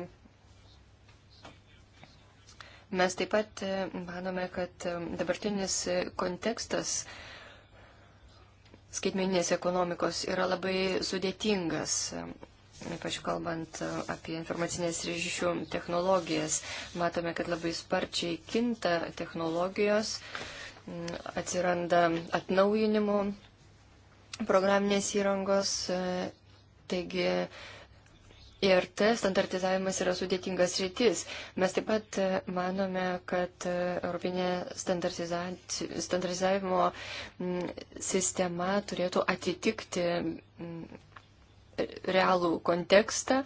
mes taip pat manome, kad dabartinis kontekstas skaitmeninės ekonomikos yra labai sudėtingas, ypač kalbant e, apie informacinės ryšių technologijas. Matome, kad labai sparčiai kinta technologijos, atsiranda atnaujinimų programinės įrangos. E, taigi ir tas standartizavimas yra sudėtingas rytis. Mes taip pat e, manome, kad e, Europinė standartizavimo sistema turėtų atitikti realų kontekstą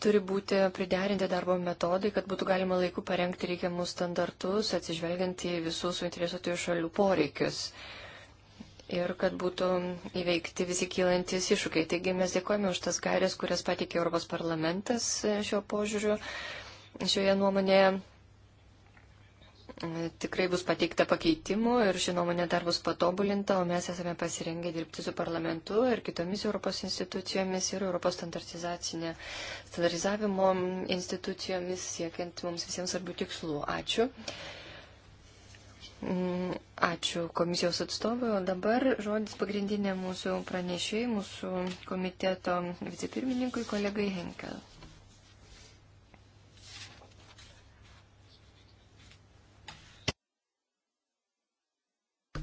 turi būti priderinti darbo metodai, kad būtų galima laiku parengti reikiamus standartus, atsižvelgiant į visus suinteresuotųjų šalių poreikius. Uh, ir kad būtų įveikti visi kylantis iššūkiai. Taigi mes dėkojame už tas gairias, kurias patikė Europos parlamentas e, šio požiūriu, šioje nuomonėje. E, tikrai bus pateikta pakeitimų ir ši nuomonė dar bus patobulinta, o mes esame pasirengę dirbti su parlamentu ir kitomis Europos institucijomis ir Europos standartizavimo institucijomis, siekiant mums visiems svarbių tikslų. Ačiū. Mm, ačiū komisijos atstovui. O dabar žodis pagrindinė mūsų pranešėjai, mūsų komiteto vicepirmininkui, kolegai Henkel.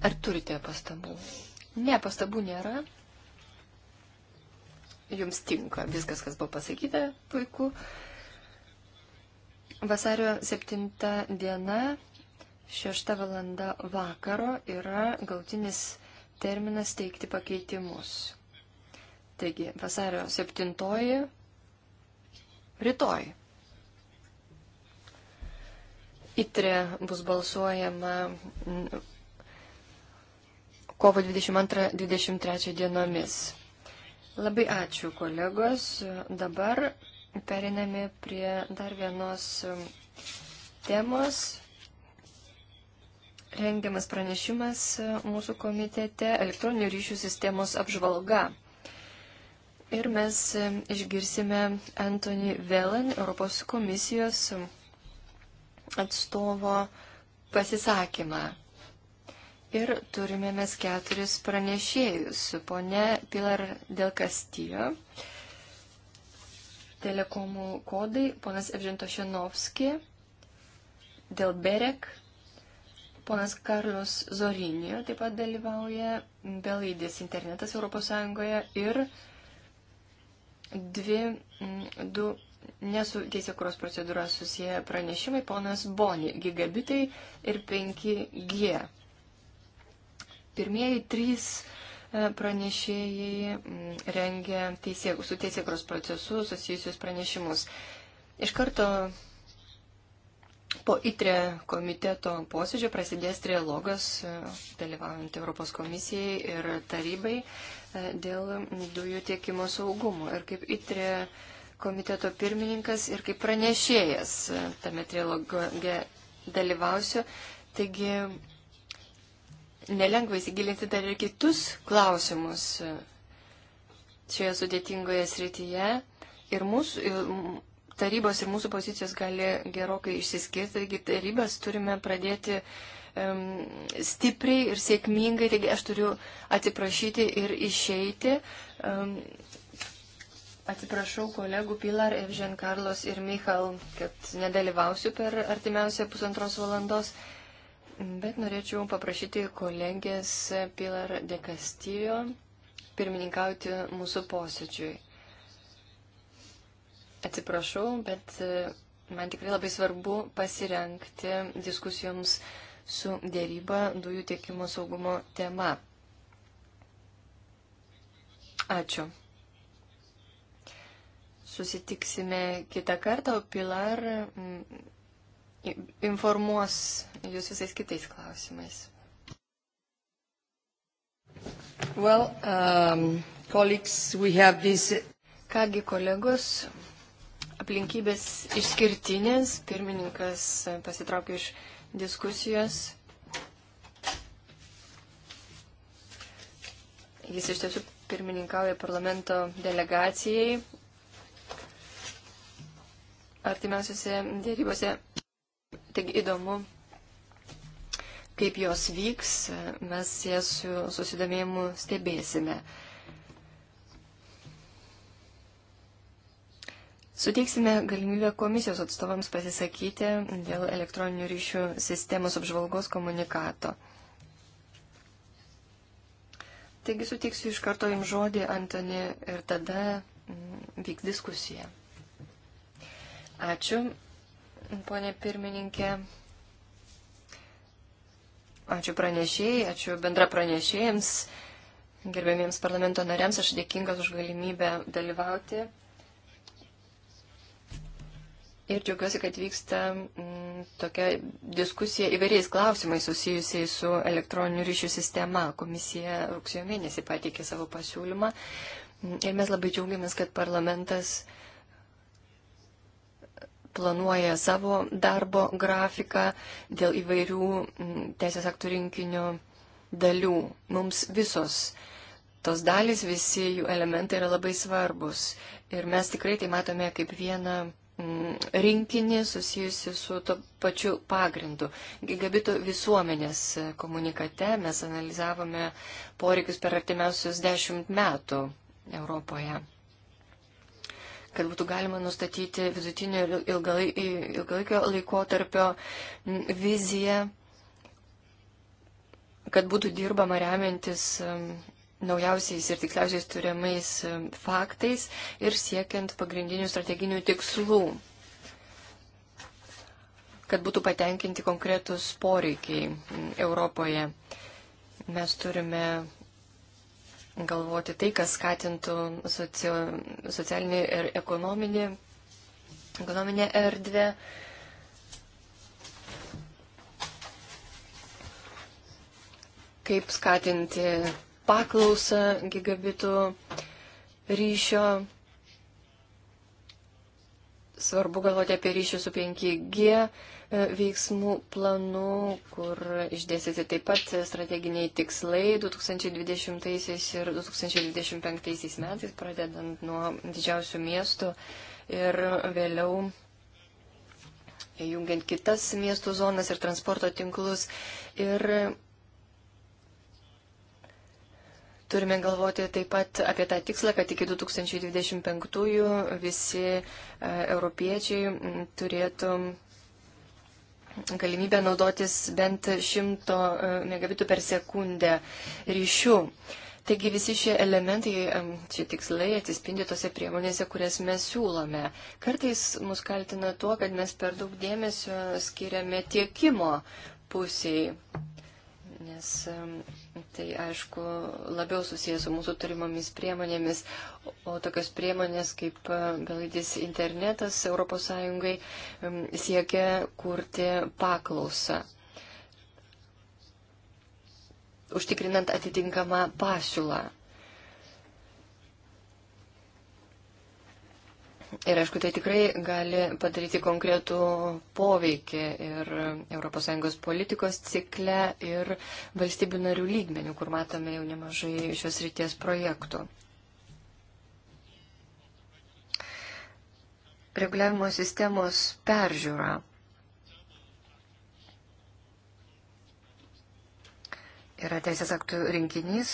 Ar turite pastabų? Ne, pastabų nėra. Jums tinka viskas, kas buvo pasakyta, puiku. Vasario 7 diena 6 valanda vakaro yra gautinis terminas teikti pakeitimus. Taigi, vasario 7 rytoj. Itre bus balsuojama kovo 22-23 dienomis. Labai ačiū, kolegos. Dabar periname prie dar vienos temos rengiamas pranešimas e, mūsų komitete elektroninių ryšių sistemos apžvalga. Ir mes e, išgirsime Antony Velen, Europos komisijos atstovo pasisakymą. Ir turime mes keturis pranešėjus. Pone Pilar Del Castillo, telekomų kodai, ponas Evžinto Šenovski, Del Berek Ponas Karlos Zorinio taip pat dalyvauja, belaidės internetas ES ir dvi, mm, du nesu teisėkuros procedūra susiję pranešimai, ponas Boni, gigabitai ir 5G. Pirmieji trys e, pranešėjai mm, rengia teisė, su teisėkuros procesu susijusius pranešimus. Iš karto Po ITRE komiteto posėdžio prasidės trialogas, e, dalyvaujant Europos komisijai ir tarybai, e, dėl dujų tiekimo saugumo. Ir kaip ITRE komiteto pirmininkas ir kaip pranešėjas e, tame trialoge dalyvausiu. Taigi nelengva įsigilinti dar ir kitus klausimus šioje sudėtingoje srityje. Ir mūsų, tarybos ir mūsų pozicijos gali gerokai išsiskirti, taigi tarybas turime pradėti um, stipriai ir sėkmingai, taigi aš turiu atsiprašyti ir išeiti. Um, Atsiprašau kolegų Pilar, Evžen, Karlos ir Michal, kad nedalyvausiu per artimiausią pusantros valandos, bet norėčiau paprašyti kolegės Pilar de Castillo pirmininkauti mūsų posėdžiui. Atsiprašau, bet e, man tikrai labai svarbu pasirenkti diskusijoms su dėryba dujų tiekimo saugumo tema. Ačiū. Susitiksime kitą kartą, o Pilar mm, informuos jūs visais kitais klausimais. Well, um, colleagues, we have this... Kągi kolegos, aplinkybės išskirtinės. Pirmininkas pasitraukė iš diskusijos. Jis iš tiesų pirmininkauja parlamento delegacijai. Artimiausiose dėrybose. Taigi įdomu, kaip jos vyks, mes jas su susidomėjimu stebėsime. Suteiksime galimybę komisijos atstovams pasisakyti dėl elektroninių ryšių sistemos apžvalgos komunikato. Taigi suteiksiu iš karto jums žodį, Antoni, ir tada mm, vyks diskusija. Ačiū, ponė pirmininkė. Ačiū pranešėjai, ačiū bendra pranešėjams, gerbėmiems parlamento nariams. Aš dėkingas už galimybę dalyvauti Ir džiaugiuosi, kad vyksta m, mm, tokia diskusija įvairiais klausimais susijusiai su elektroninių ryšių sistema. Komisija rugsėjo mėnesį pateikė savo pasiūlymą. Mm, ir mes labai džiaugiamės, kad parlamentas planuoja savo darbo grafiką dėl įvairių m, mm, teisės aktų rinkinio dalių. Mums visos tos dalys, visi jų elementai yra labai svarbus. Ir mes tikrai tai matome kaip vieną Mm, rinkinį susijusi su to pačiu pagrindu. Gigabito visuomenės komunikate mes analizavome poreikius per artimiausius dešimt metų Europoje kad būtų galima nustatyti vidutinio ir ilgalaikio laikotarpio mm, viziją, kad būtų dirbama remiantis mm, naujausiais ir tiksliausiais turimais e, faktais ir siekiant pagrindinių strateginių tikslų, kad būtų patenkinti konkretus poreikiai Europoje. Mes turime galvoti tai, kas skatintų socio, socialinį ir ekonominį, ekonominę erdvę. Kaip skatinti paklausą gigabitų ryšio. Svarbu galvoti apie ryšį su 5G e, veiksmų planu, kur išdėstyti taip pat strateginiai tikslai 2020 ir 2025 metais, pradedant nuo didžiausių miestų ir vėliau jungiant kitas miestų zonas ir transporto tinklus. Ir Turime galvoti taip pat apie tą tikslą, kad iki 2025-ųjų visi e, europiečiai turėtų galimybę naudotis bent 100 e, megabitų per sekundę ryšių. Taigi visi šie elementai, e, šie tikslai atsispindi tose priemonėse, kurias mes siūlome. Kartais mus kaltina tuo, kad mes per daug dėmesio skiriame tiekimo pusiai nes tai, aišku, labiau susijęs su mūsų turimomis priemonėmis, o tokios priemonės kaip e, belaidys internetas ES siekia kurti paklausą, užtikrinant atitinkamą pasiūlą. Ir aišku, tai tikrai gali padaryti konkretų poveikį ir ES politikos cikle, ir valstybių narių lygmenių, kur matome jau nemažai šios ryties projektų. Reguliavimo sistemos peržiūra. Yra teisės aktų rinkinys,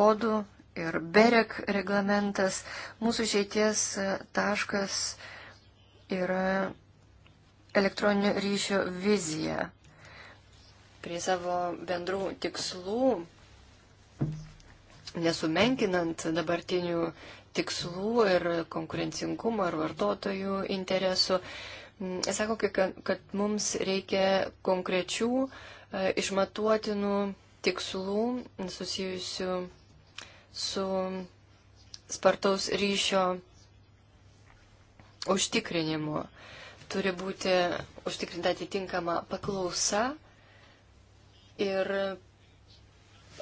kodų ir BEREK reglamentas. Mūsų išeities e, taškas yra elektroninio ryšio vizija. Prie savo bendrų tikslų, nesumenkinant dabartinių tikslų ir konkurencingumo ar vartotojų interesų, sako, kad mums reikia konkrečių, e, išmatuotinų tikslų susijusių su spartaus ryšio užtikrinimu. Turi būti užtikrinta atitinkama paklausa ir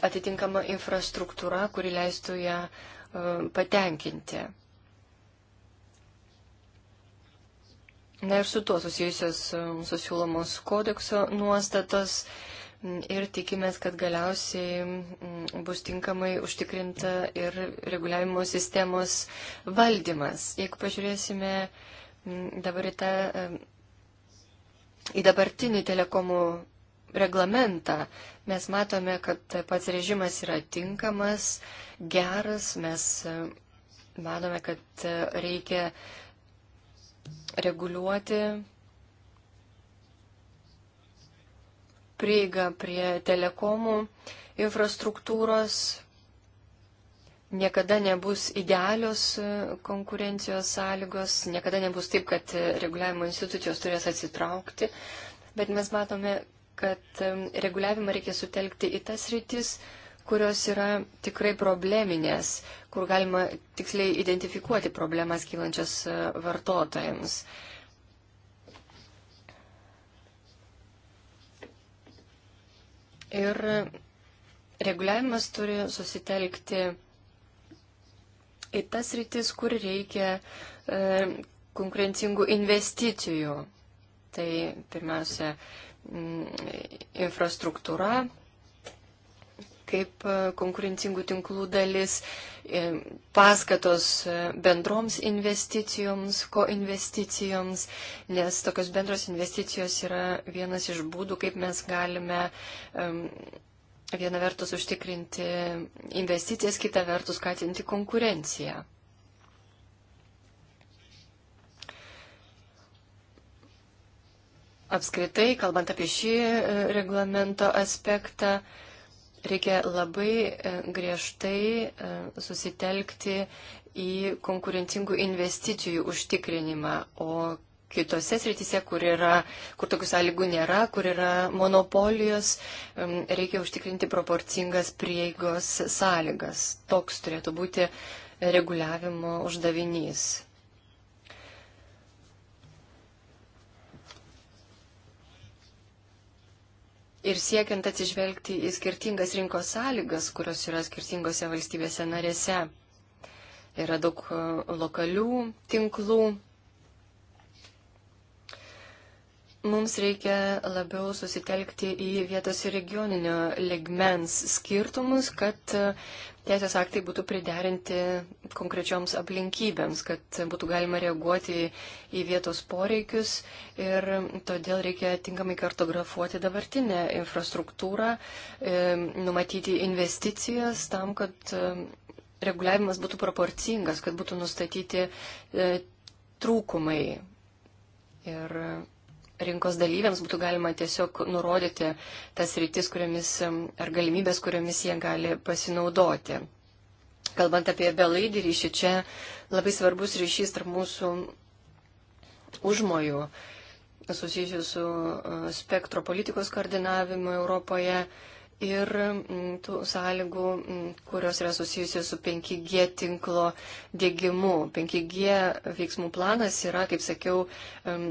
atitinkama infrastruktūra, kuri leistų ją e, patenkinti. Na ir su tuo susijusios e, susiūlomos kodekso nuostatos ir tikimės, kad galiausiai mm, bus tinkamai užtikrinta ir reguliavimo sistemos valdymas. Jeigu pažiūrėsime mm, dabar į, tą, e, į dabartinį telekomų reglamentą, mes matome, kad tai pats režimas yra tinkamas, geras, mes e, manome, kad e, reikia reguliuoti prieigą prie telekomų infrastruktūros. Niekada nebus idealios e, konkurencijos sąlygos, niekada nebus taip, kad e, reguliavimo institucijos turės atsitraukti, bet mes matome, kad e, reguliavimą reikia sutelkti į tas rytis, kurios yra tikrai probleminės, kur galima tiksliai identifikuoti problemas kylančias vartotojams. Uh, Ir reguliavimas turi susitelkti į tas rytis, kur reikia e, konkurencingų investicijų. Tai pirmiausia, infrastruktūra, kaip e, konkurencingų tinklų dalis, e, paskatos e, bendroms investicijoms, koinvesticijoms, nes tokios bendros investicijos yra vienas iš būdų, kaip mes galime viena vertus užtikrinti investicijas, kita vertus skatinti konkurenciją. Apskritai, kalbant apie šį reglamento aspektą, Reikia labai e, griežtai e, susitelkti į konkurencingų investicijų užtikrinimą, o kitose srityse, kur, yra, kur tokių sąlygų nėra, kur yra monopolijos, reikia užtikrinti proporcingas prieigos sąlygas. Toks turėtų būti reguliavimo uždavinys. Ir siekiant atsižvelgti į skirtingas rinkos sąlygas, kurios yra skirtingose valstybėse narėse, yra daug e, lokalių tinklų, Mums reikia labiau susitelkti į vietos ir regioninio ligmens skirtumus, kad e, teisės aktai būtų priderinti konkrečioms aplinkybėms, kad būtų galima reaguoti į vietos poreikius ir todėl reikia tinkamai kartografuoti dabartinę infrastruktūrą, e, numatyti investicijas tam, kad e, reguliavimas būtų proporcingas, kad būtų nustatyti trūkumai. Ir rinkos dalyviams būtų galima tiesiog nurodyti tas rytis, kuriomis ar galimybės, kuriomis jie gali pasinaudoti. Kalbant apie belaidį ryšį, čia labai svarbus ryšys tarp mūsų užmojų susijusių su e, spektro politikos koordinavimu Europoje, uh, ir mm, tų sąlygų, mm, kurios yra susijusios su 5G tinklo dėgymu. 5G veiksmų planas yra, kaip sakiau, mm,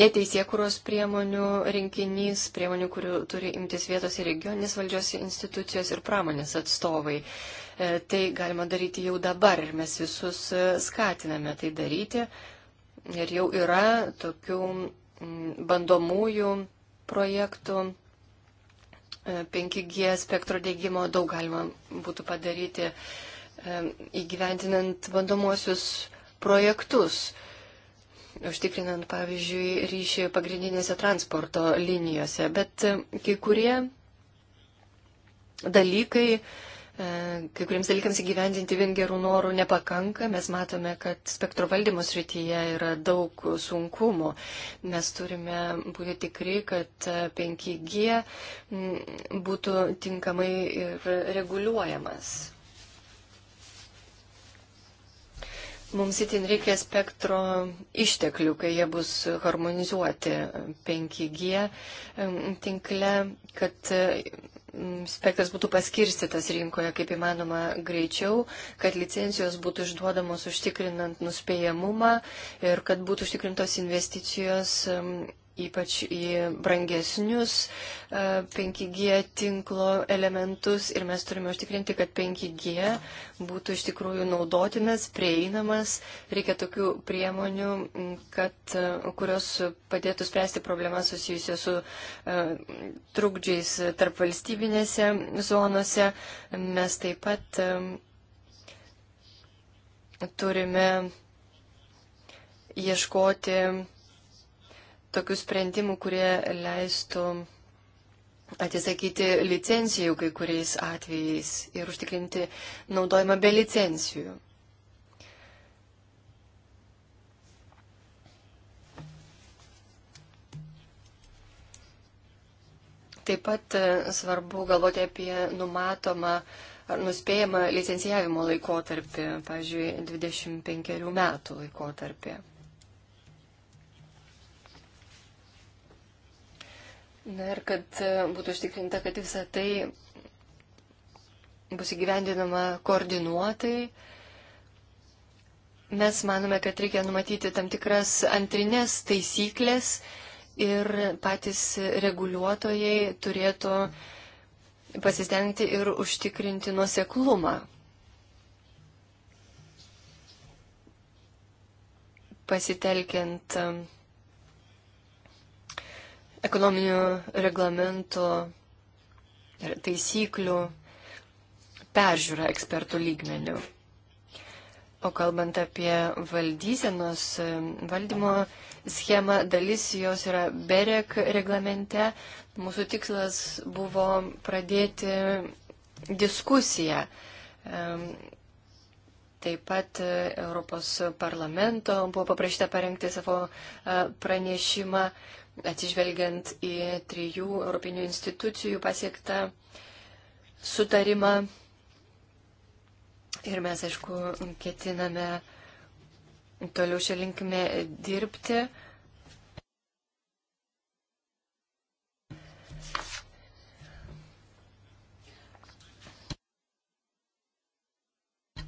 neteisėkuros priemonių rinkinys, priemonių, kurių turi imtis vietos ir regioninės valdžios institucijos ir pramonės atstovai. E, tai galima daryti jau dabar ir mes visus e, skatiname tai daryti. Ir jau yra tokių bandomųjų projektų 5G spektro dėgymo daug galima būtų padaryti e, įgyventinant bandomuosius projektus, užtikrinant, pavyzdžiui, ryšį pagrindinėse transporto linijose. Bet e, kai kurie dalykai E, kai kuriems dalykams įgyvendinti vien gerų norų nepakanka. Mes matome, kad spektro valdymo srityje yra daug sunkumų. Mes turime būti tikri, kad 5G būtų tinkamai ir reguliuojamas. Mums itin reikia spektro išteklių, kai jie bus harmonizuoti 5G tinkle, kad Mm, spektras būtų paskirstytas rinkoje kaip įmanoma greičiau, kad licencijos būtų išduodamos užtikrinant nuspėjamumą ir kad būtų užtikrintos investicijos mm, ypač į brangesnius 5G e, tinklo elementus ir mes turime užtikrinti, kad 5G būtų iš tikrųjų naudotinas, prieinamas. Reikia tokių priemonių, kad, e, kurios padėtų spręsti problemas susijusios su e, trukdžiais tarp valstybinėse zonose. Mes taip pat turime ieškoti tokių sprendimų, kurie leistų atsisakyti licencijų kai kuriais atvejais ir užtikrinti naudojimą be licencijų. Taip pat e, svarbu galvoti apie numatomą ar nuspėjamą licencijavimo laikotarpį, pavyzdžiui, 25 metų laikotarpį. Na ir kad e, būtų užtikrinta, kad visa tai bus įgyvendinama koordinuotai. Mes manome, kad reikia numatyti tam tikras antrinės taisyklės ir patys reguliuotojai turėtų pasistengti ir užtikrinti nuoseklumą. Pasitelkiant ekonominių reglamentų ir taisyklių peržiūra ekspertų lygmenių. O kalbant apie valdysenos valdymo schemą, dalis jos yra BEREK reglamente. Mūsų tikslas buvo pradėti diskusiją. Taip pat Europos parlamento buvo paprašyta parengti savo e, pranešimą, atsižvelgiant į trijų europinių institucijų pasiektą sutarimą. Ir mes, aišku, ketiname toliau šią linkmę dirbti.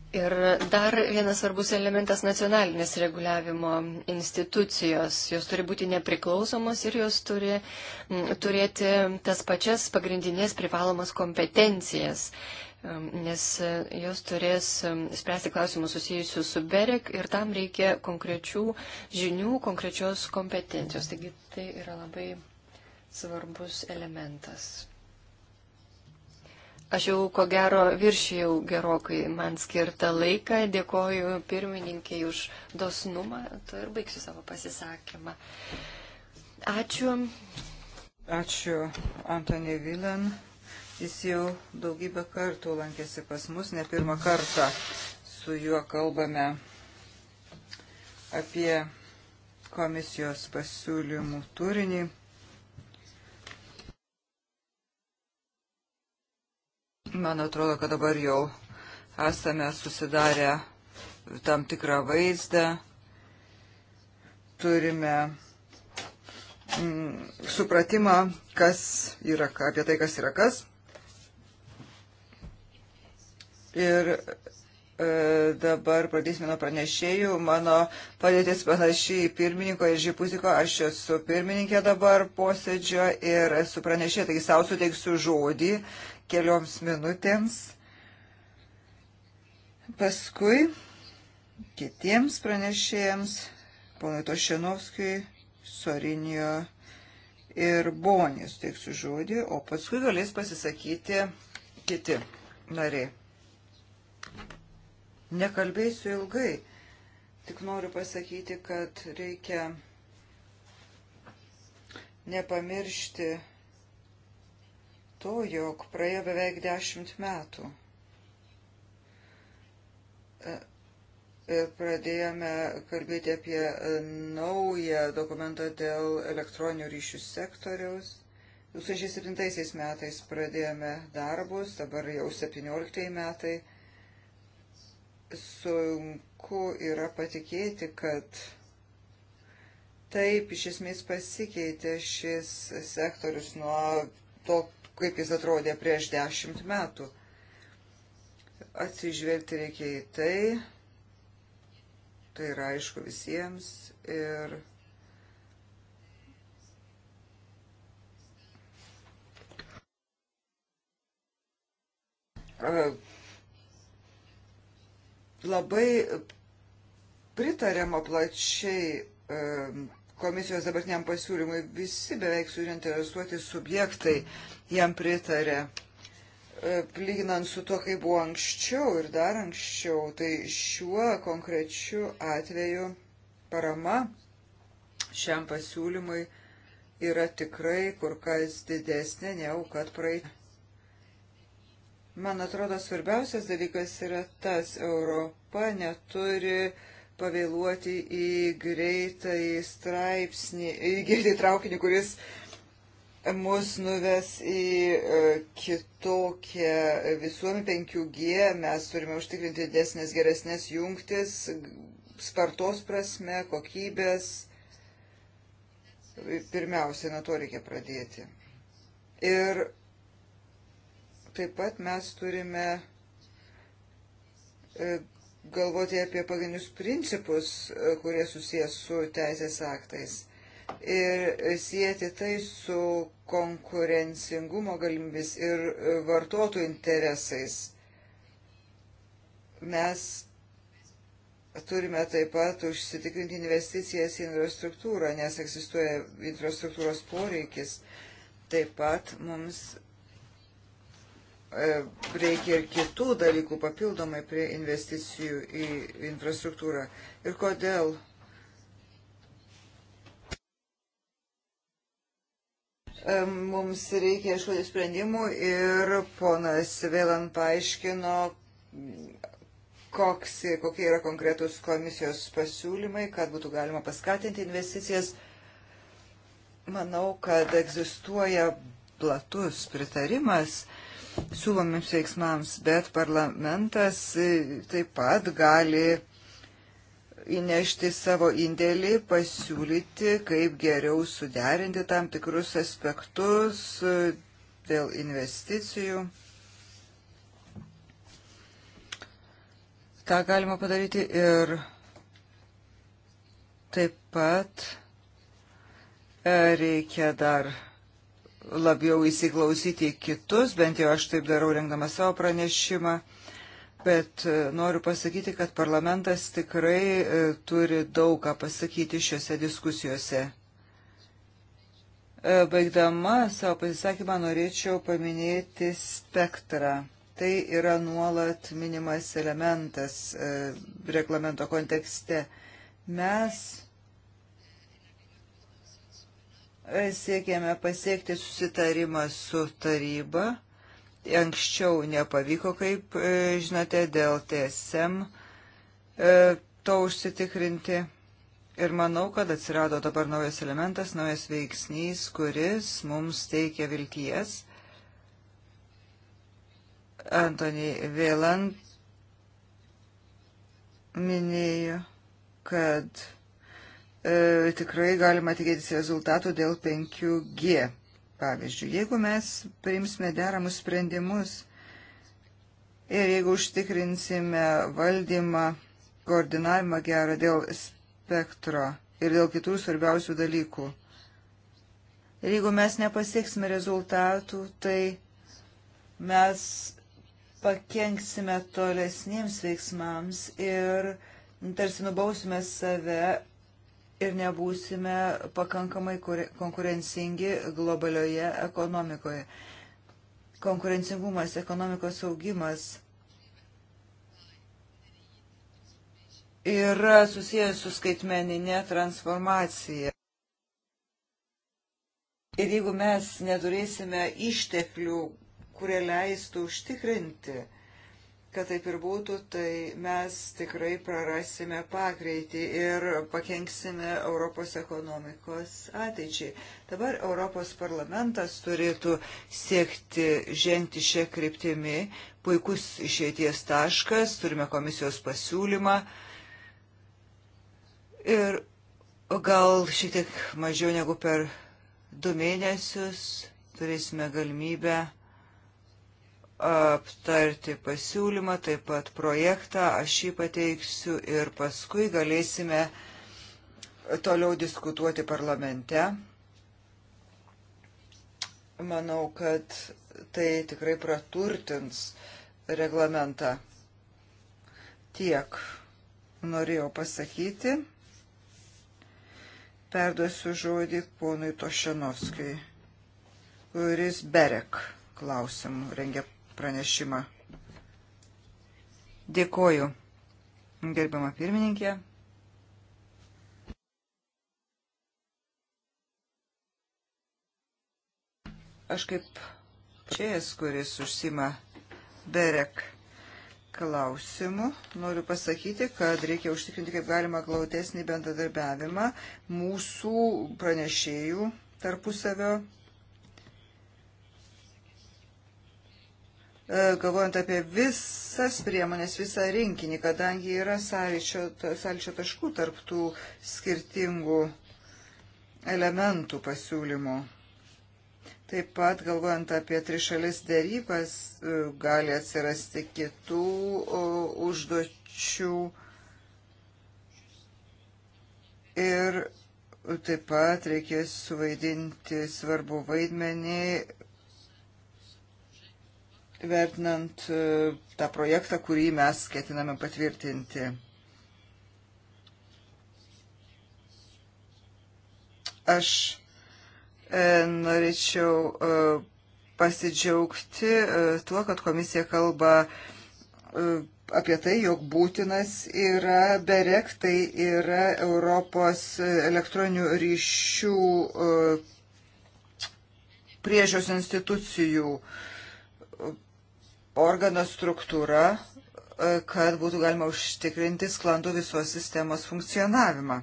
Ir dar vienas svarbus elementas nacionalinės reguliavimo institucijos. Jos turi būti nepriklausomos ir jos turi turėti tas pačias pagrindinės privalomas kompetencijas, nes e, jos turės spręsti klausimus susijusius su BEREK ir tam reikia konkrečių žinių, konkrečios kompetencijos. Taigi tai yra labai svarbus elementas. Aš jau ko gero viršijau gerokai man skirtą laiką. Dėkoju pirmininkiai už dosnumą. To ir baigsiu savo pasisakymą. Ačiū. Ačiū Antonė Vilen. Jis jau daugybę kartų lankėsi pas mus, ne pirmą kartą su juo kalbame apie komisijos pasiūlymų turinį. Man atrodo, kad dabar jau esame susidarę tam tikrą vaizdą. Turime mm, supratimą, kas yra, apie tai, kas yra kas. Ir e, dabar pradėsime nuo pranešėjų. Mano padėtis panaši į pirmininko ir žypuziko. Aš esu pirmininkė dabar posėdžio ir esu pranešė, taigi savo suteiksiu žodį kelioms minutėms, paskui kitiems pranešėjams, ponui Tošenovskijui, Sorinio ir Bonis teiksiu žodį, o paskui galės pasisakyti kiti nariai. Nekalbėsiu ilgai, tik noriu pasakyti, kad reikia nepamiršti to, jog praėjo beveik dešimt metų. E, pradėjome kalbėti apie e, naują dokumentą dėl elektroninių ryšių sektoriaus. 2007 metais pradėjome darbus, dabar jau 17 metai. Sunku yra patikėti, kad taip iš esmės pasikeitė šis sektorius nuo to kaip jis atrodė prieš dešimt metų. Atsižvelgti reikia į tai, tai yra aišku visiems ir labai pritariama plačiai komisijos dabartiniam pasiūlymui visi beveik suinteresuoti subjektai jam pritarė. E, lyginant su to, kai buvo anksčiau ir dar anksčiau, tai šiuo konkrečiu atveju parama šiam pasiūlymui yra tikrai kur kas didesnė, negu kad praeit. Man atrodo, svarbiausias dalykas yra tas, Europa neturi pavėluoti į greitą į straipsnį, į greitą traukinį, kuris uh, mus nuves į e, kitokią visuomenę 5G, mes turime užtikrinti didesnės, geresnės jungtis, spartos prasme, kokybės. Pirmiausia, nuo to reikia pradėti. Ir taip pat mes turime e, galvoti apie pagrindinius principus, e, kurie susijęs su teisės aktais ir sieti tai su konkurencingumo galimybės ir vartotojų interesais. Mes turime taip pat užsitikrinti investicijas į infrastruktūrą, nes egzistuoja infrastruktūros poreikis. Taip pat mums e, reikia ir kitų dalykų papildomai prie investicijų į infrastruktūrą. Ir kodėl Mums reikia išvadyti sprendimų ir ponas Vėlan paaiškino, koks, kokie yra konkretus komisijos pasiūlymai, kad būtų galima paskatinti investicijas. Manau, kad egzistuoja platus pritarimas siūlomiams veiksmams, bet parlamentas taip pat gali įnešti savo indėlį, pasiūlyti, kaip geriau suderinti tam tikrus aspektus e, dėl investicijų. Ta galima padaryti ir taip pat e, reikia dar labiau įsiklausyti į kitus, bent jau aš taip darau rengdama savo pranešimą. Bet e, noriu pasakyti, kad parlamentas tikrai e, turi daug ką pasakyti šiuose diskusijose. E, baigdama savo pasisakymą norėčiau paminėti spektrą. Tai yra nuolat minimas elementas reglamento kontekste. Mes siekėme pasiekti susitarimą su taryba anksčiau nepavyko, kaip e, žinote, dėl TSM e, to užsitikrinti. Ir manau, kad atsirado dabar naujas elementas, naujas veiksnys, kuris mums teikia vilties. Antony Vėland minėjo, kad e, tikrai galima tikėtis rezultatų dėl 5G Pavyzdžiui, jeigu mes priimsime deramus sprendimus ir jeigu užtikrinsime valdymą, koordinavimą gerą dėl spektro ir dėl kitų svarbiausių dalykų. Ir jeigu mes nepasieksime rezultatų, tai mes pakenksime tolesniems veiksmams ir tarsi nubausime save ir nebūsime pakankamai konkurencingi globalioje ekonomikoje. Konkurencingumas, ekonomikos augimas yra susijęs su skaitmeninė transformacija. Ir jeigu mes neturėsime išteklių, kurie leistų užtikrinti kad taip ir būtų, tai mes tikrai prarasime pakreitį ir pakenksime Europos ekonomikos ateičiai. Dabar Europos parlamentas turėtų siekti žengti šią kryptimį. Puikus išeities taškas, turime komisijos pasiūlymą. Ir gal šiek tiek mažiau negu per du mėnesius turėsime galimybę aptarti pasiūlymą, taip pat projektą, aš jį pateiksiu ir paskui galėsime toliau diskutuoti parlamente. Manau, kad tai tikrai praturtins reglamentą. Tiek norėjau pasakyti. Perduosiu žodį ponui Tošenovskijui, kuris Berek klausimų rengia pranešimą. Dėkoju, gerbiama pirmininkė. Aš kaip šėjas, kuris užsima berek klausimų, noriu pasakyti, kad reikia užtikrinti kaip galima glautesnį bendradarbiavimą mūsų pranešėjų tarpusavio E, galvojant apie visas priemonės, visą rinkinį, kadangi yra sąlyčio, sąlyčio taškų tarptų skirtingų elementų pasiūlymų. Taip pat, galvojant apie trišalis dėrybas, e, gali atsirasti kitų užduočių. Ir taip pat reikės suvaidinti svarbu vaidmenį vertinant e, tą projektą, kurį mes ketiname patvirtinti. Aš e, norėčiau e, pasidžiaugti tuo, kad komisija kalba apie tai, jog būtinas yra BEREK, tai yra Europos elektroninių ryšių priežios institucijų uh, organo struktūra, e, kad būtų galima užtikrinti sklandų visos sistemos funkcionavimą.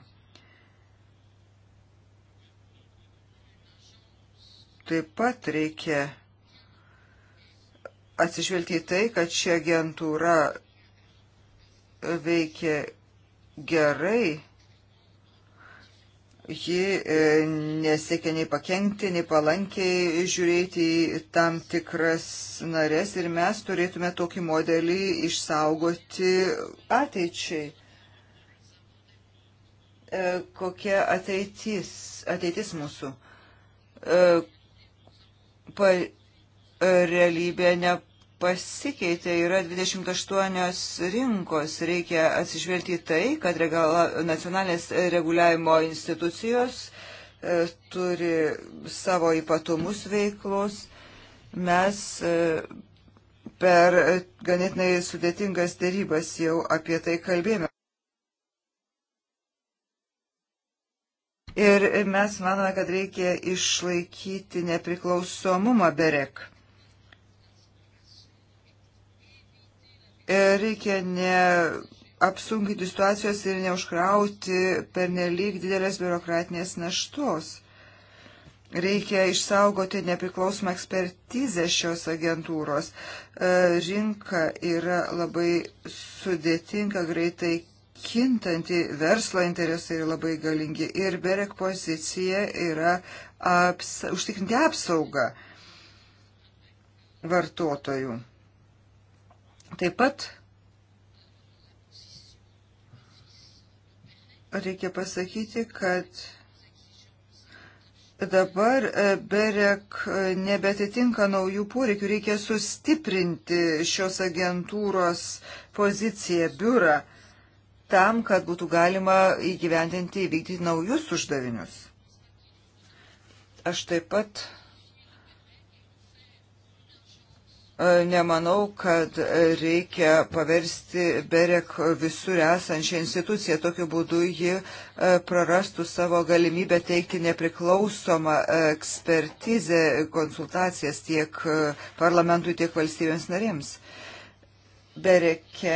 Taip pat reikia atsižvelgti į tai, kad ši agentūra veikia gerai ji e, nesiekia nei pakengti, nei palankiai žiūrėti į tam tikras narės ir mes turėtume tokį modelį išsaugoti ateičiai. E, kokia ateitis, ateitis mūsų? E, pa, realybė ne pasikeitė, yra 28 rinkos, reikia atsižvelgti į tai, kad regala, nacionalinės reguliavimo institucijos e, turi savo ypatumus veiklos. Mes e, per ganėtinai sudėtingas dėrybas jau apie tai kalbėjome. Ir mes manome, kad reikia išlaikyti nepriklausomumą berek E, reikia ne apsunkinti situacijos ir neužkrauti per nelik didelės biurokratinės naštos. Reikia išsaugoti nepriklausomą ekspertizę šios agentūros. E, rinka yra labai sudėtinga, greitai kintanti, verslo interesai yra labai galingi ir berek pozicija yra aps, užtikrinti apsaugą vartotojų. Taip pat reikia pasakyti, kad dabar e, BEREK e, nebetitinka naujų poreikių, reikia sustiprinti šios agentūros poziciją, biurą, tam, kad būtų galima įgyvendinti įvykdyti naujus uždavinius. Aš taip pat E, nemanau, kad reikia paversti Berek visur esančią instituciją. Tokiu būdu ji e, prarastų savo galimybę teikti nepriklausomą ekspertizę, konsultacijas tiek e, parlamentui, tiek valstybėms narėms. Bereke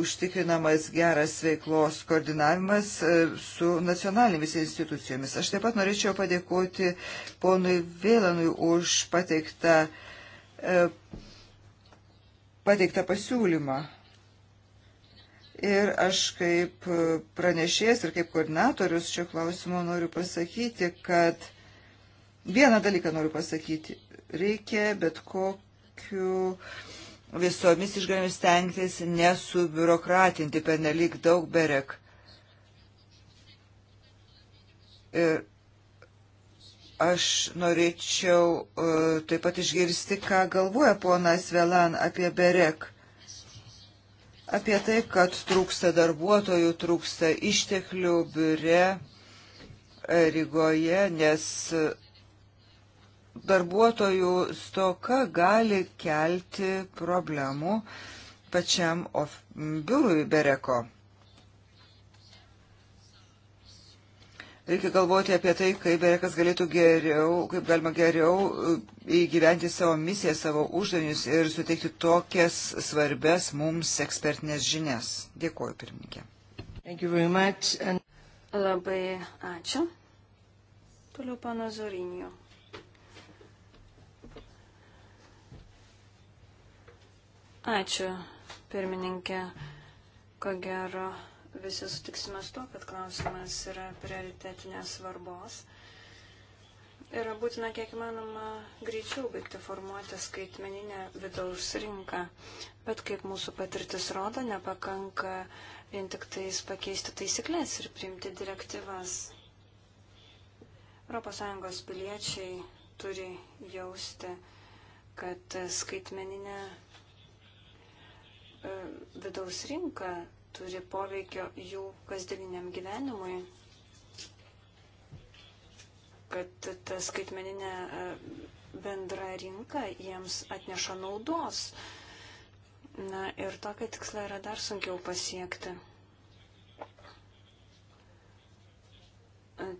užtikrinamas geras veiklos koordinavimas su nacionalinėmis institucijomis. Aš taip pat norėčiau padėkoti ponui Vėlanui už pateiktą uh, E, pateiktą pasiūlymą. Ir aš kaip pranešėjas ir kaip koordinatorius šio klausimo noriu pasakyti, kad vieną dalyką noriu pasakyti. Reikia bet kokiu visomis išgalėmis stengtis nesubiurokratinti per nelik daug berek. Ir Aš norėčiau e, taip pat išgirsti, ką galvoja ponas Velan apie Berek. Apie tai, kad trūksta darbuotojų, trūksta išteklių biure e, Rygoje, nes darbuotojų stoka gali kelti problemų pačiam biurui Bereko. Reikia galvoti apie tai, kaip Berekas galėtų geriau, kaip galima geriau e, įgyventi savo misiją, savo uždavinius ir suteikti tokias svarbes mums ekspertinės žinias. Dėkuoju, pirmininkė. And... Labai ačiū. Toliau pana Zorinio. Ačiū, pirmininkė. Ko gero, visi sutiksime su to, kad klausimas yra prioritetinės svarbos. Yra būtina kiek įmanoma greičiau baigti formuoti skaitmeninę vidaus rinką, bet kaip mūsų patirtis rodo, nepakanka vien tik tais pakeisti taisyklės ir priimti direktyvas. ES piliečiai turi jausti, kad skaitmeninė e, vidaus rinka turi poveikio jų kasdieniniam gyvenimui, kad ta skaitmeninė e, bendra rinka jiems atneša naudos. Na ir tokia tiksla yra dar sunkiau pasiekti.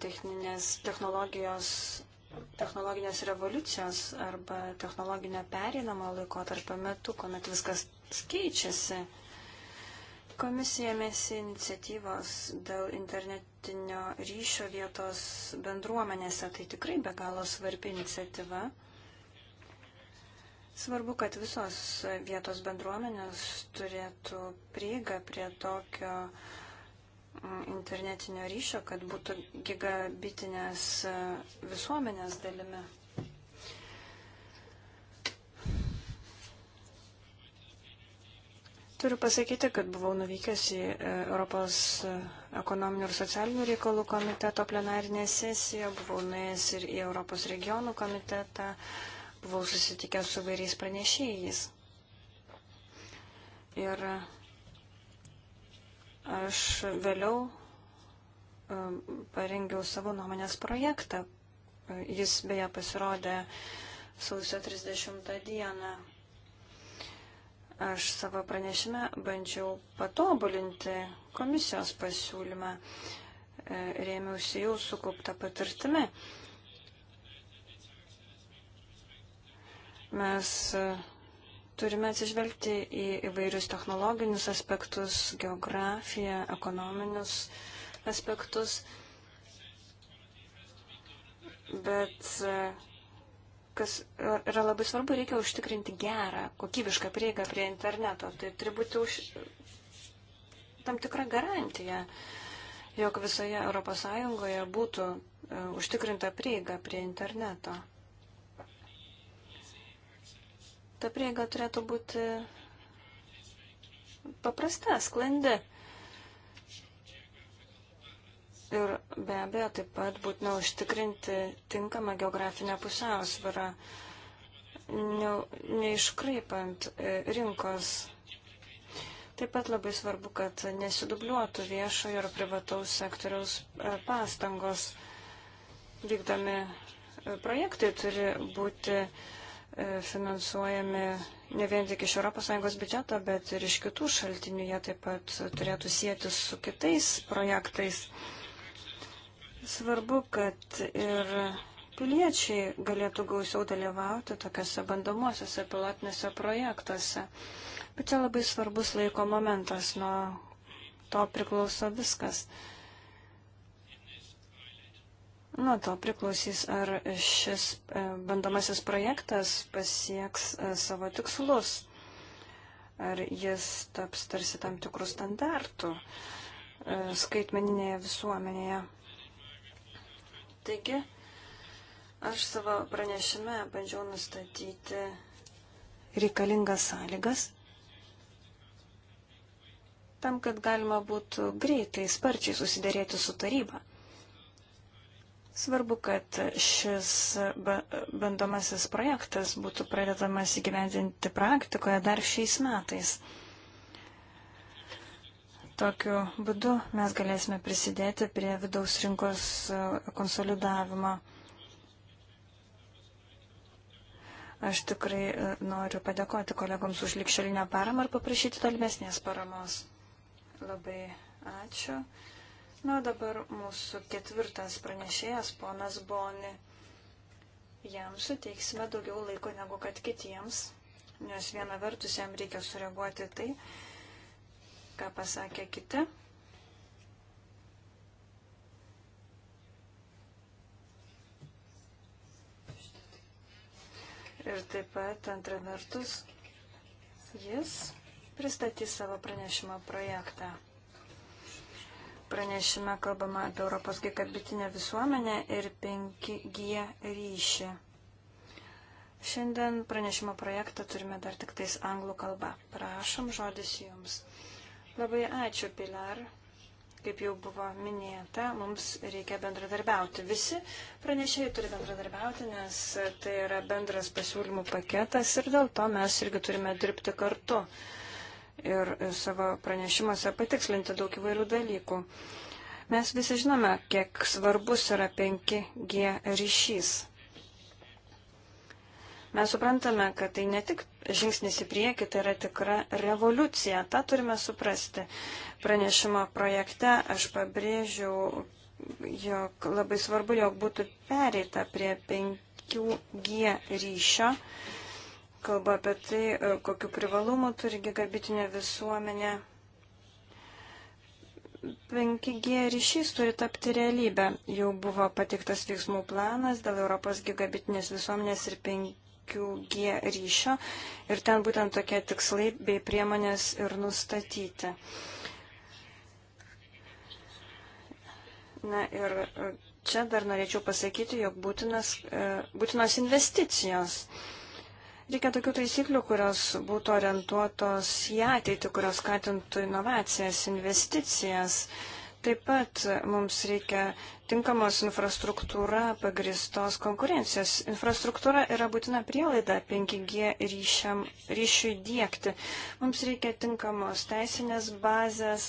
Techninės technologijos, technologinės revoliucijos arba technologinio pereinamo laiko tarp metų, kuomet viskas keičiasi. Komisija mėsi iniciatyvos dėl internetinio ryšio vietos bendruomenėse. Tai tikrai be galo svarbi iniciatyva. Svarbu, kad visos vietos bendruomenės turėtų prieigą prie tokio mm, internetinio ryšio, kad būtų gigabitinės e, visuomenės dalimi. Turiu pasakyti, kad buvau nuvykęs į e, Europos e, ekonominių ir socialinių reikalų komiteto plenarinę sesiją, buvau nuėjęs ir į Europos regionų komitetą, buvau susitikęs su vairiais pranešėjais. Ir e, aš vėliau parengiau savo nuomonės projektą. Jis beje pasirodė sausio 30 dieną Aš savo pranešime bandžiau patobulinti komisijos pasiūlymą, e, rėmiausi jau sukauptą patirtimi. Mes e, turime atsižvelgti į įvairius technologinius aspektus, geografiją, ekonominius aspektus, bet e, kas yra labai svarbu, reikia užtikrinti gerą, kokybišką prieigą prie interneto. Tai turi būti už tam tikrą garantiją, jog visoje ES būtų e, užtikrinta prieiga prie interneto. Ta prieiga turėtų būti paprasta, sklandi ir be abejo taip pat būtina užtikrinti tinkamą geografinę pusiausvyrą, ne, neiškraipant e, rinkos. Taip pat labai svarbu, kad nesidubliuotų viešojo ir privataus sektoriaus e, pastangos. Vykdami e, projektai turi būti finansuojami ne vien tik iš ES biudžeto, bet ir iš kitų šaltinių. Jie taip pat turėtų sėti su kitais projektais. Svarbu, kad ir piliečiai galėtų gausiau dalyvauti tokiuose bandomuosiuose pilotinėse projektuose. Bet čia labai svarbus laiko momentas, nuo to priklauso viskas. Nuo to priklausys, ar šis e, bandomasis projektas pasieks e, savo tikslus, ar jis taps tarsi tam tikrų standartų e, skaitmeninėje visuomenėje. Taigi, aš savo pranešime bandžiau nustatyti reikalingas sąlygas tam, kad galima būtų greitai, sparčiai susidėrėti su taryba. Svarbu, kad šis bandomasis projektas būtų pradedamas įgyvendinti praktikoje dar šiais metais. Tokiu būdu mes galėsime prisidėti prie vidaus rinkos e, konsolidavimo. Aš tikrai e, noriu padėkoti kolegoms už likšelinę paramą ir paprašyti tolimesnės paramos. Labai ačiū. Na, dabar mūsų ketvirtas pranešėjas, ponas Boni. Jam suteiksime daugiau laiko negu kad kitiems, nes viena vertus jam reikia sureaguoti tai, ką pasakė kiti. Ir taip pat antra vertus, jis pristatys savo pranešimo projektą. Pranešime kalbama apie Europos gigabitinę visuomenę ir 5G ryšį. Šiandien pranešimo projektą turime dar tik tais anglų kalba. Prašom, žodis jums. Labai ačiū, Pilar. Kaip jau buvo minėta, mums reikia bendradarbiauti. Visi pranešėjai turi bendradarbiauti, nes tai yra bendras pasiūlymų paketas ir dėl to mes irgi turime dirbti kartu ir savo pranešimuose patikslinti daug įvairių dalykų. Mes visi žinome, kiek svarbus yra 5G ryšys. Mes suprantame, kad tai ne tik žingsnis į priekį, tai yra tikra revoliucija. Ta turime suprasti. Pranešimo projekte aš pabrėžiau, jog labai svarbu, jog būtų pereita prie 5G ryšio. Kalba apie tai, kokiu privalumu turi gigabitinė visuomenė. 5G ryšys turi tapti realybę. Jau buvo patiktas veiksmų planas dėl Europos gigabitinės visuomenės ir 5 5G ryšio ir ten būtent tokie tikslai bei priemonės ir nustatyti. Na ir e, čia dar norėčiau pasakyti, jog būtinas, e, būtinos investicijos. Reikia tokių taisyklių, kurios būtų orientuotos į ateitį, kurios skatintų inovacijas, investicijas. investicijas Taip pat mums reikia tinkamos infrastruktūra pagristos konkurencijos. Infrastruktūra yra būtina prielaida 5G ryšiam, ryšiui dėkti. Mums reikia tinkamos teisinės bazės,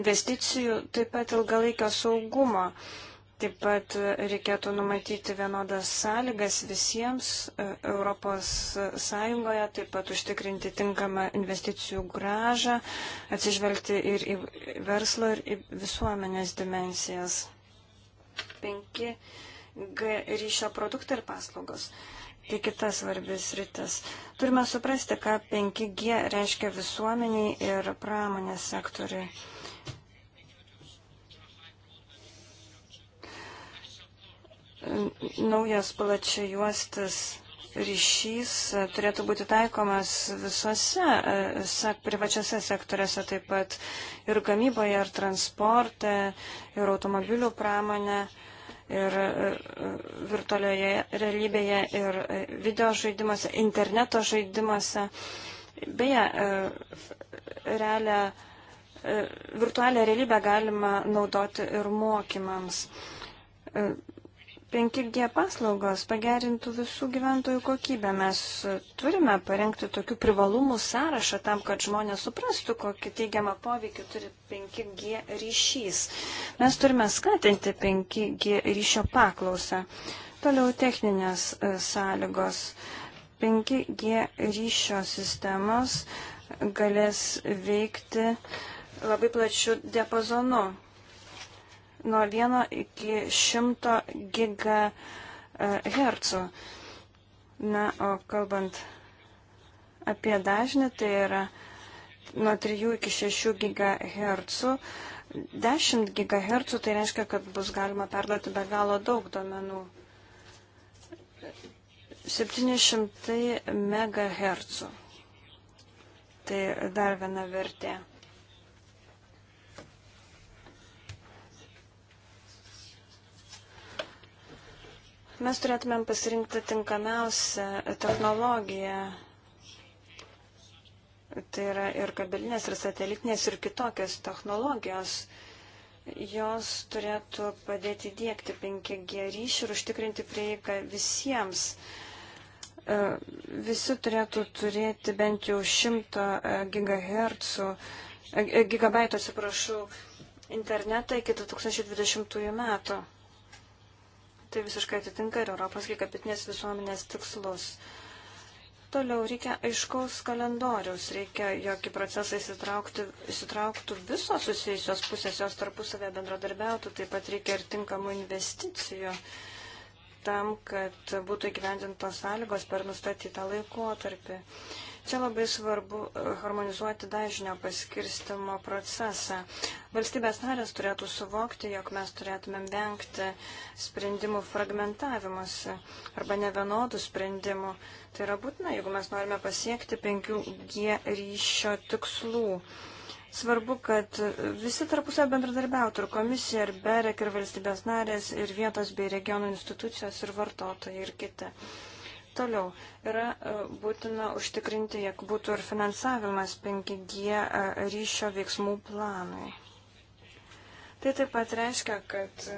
investicijų, taip pat ilgalaikio saugumo. Uh, Taip pat reikėtų numatyti vienodas sąlygas visiems e, Europos Sąjungoje, taip pat užtikrinti tinkamą investicijų gražą, atsižvelgti ir į verslo, ir į visuomenės dimensijas. 5G ryšio produktai ir paslaugos. Tai kitas svarbis rytis. Turime suprasti, ką 5G reiškia visuomeniai ir pramonės sektoriai. naujas plačia juostas ryšys e, turėtų būti taikomas visose e, sek, privačiose sektoriuose, taip pat ir gamyboje, ir transporte, ir automobilių pramonė, ir e, virtualioje realybėje, ir video žaidimuose, interneto žaidimuose. Beje, realią, virtualią realybę galima naudoti ir mokymams 5G paslaugos pagerintų visų gyventojų kokybę. Mes turime parengti tokių privalumų sąrašą tam, kad žmonės suprastų, kokį teigiamą poveikį turi 5G ryšys. Mes turime skatinti 5G ryšio paklausą. Toliau techninės e, sąlygos. 5G ryšio sistemos galės veikti labai plačiu diapazonu nuo 1 iki 100 GHz. Na, o kalbant apie dažnį, tai yra nuo 3 iki 6 GHz. 10 GHz tai reiškia, kad bus galima perduoti be galo daug duomenų. 700 MHz. Tai dar viena vertė. Mes turėtumėm pasirinkti tinkamiausią technologiją. Tai yra ir kabelinės, ir satelitinės, ir kitokios technologijos. Jos turėtų padėti dėkti 5G ryšį ir užtikrinti prieigą visiems e, visi turėtų turėti bent jau 100 e, GHz, e, gigabaitų, atsiprašau, internetą iki 2020 metų. Tai visiškai atitinka ir Europos gigabitinės visuomenės tikslus. Toliau reikia aiškaus kalendoriaus, reikia, jog į procesą įsitrauktų visos susijusios pusės, jos tarpusavę bendradarbiautų, taip pat reikia ir tinkamų investicijų tam, kad būtų įgyvendintos sąlygos per nustatytą laikotarpį. tarpį. Čia labai svarbu e, harmonizuoti dažnio paskirstimo procesą. Valstybės narės turėtų suvokti, jog mes turėtumėm vengti sprendimų fragmentavimuose arba nevienodų sprendimų. Tai yra būtina, jeigu mes norime pasiekti 5G ryšio tikslų. Svarbu, kad visi tarpusio bendradarbiautų ir komisija, ir BEREK, ir valstybės narės, ir vietos bei regionų institucijos, ir vartotojai, ir kiti toliau. Yra e, būtina užtikrinti, jog būtų ir finansavimas 5G e, ryšio veiksmų planui. Tai taip pat reiškia, kad e,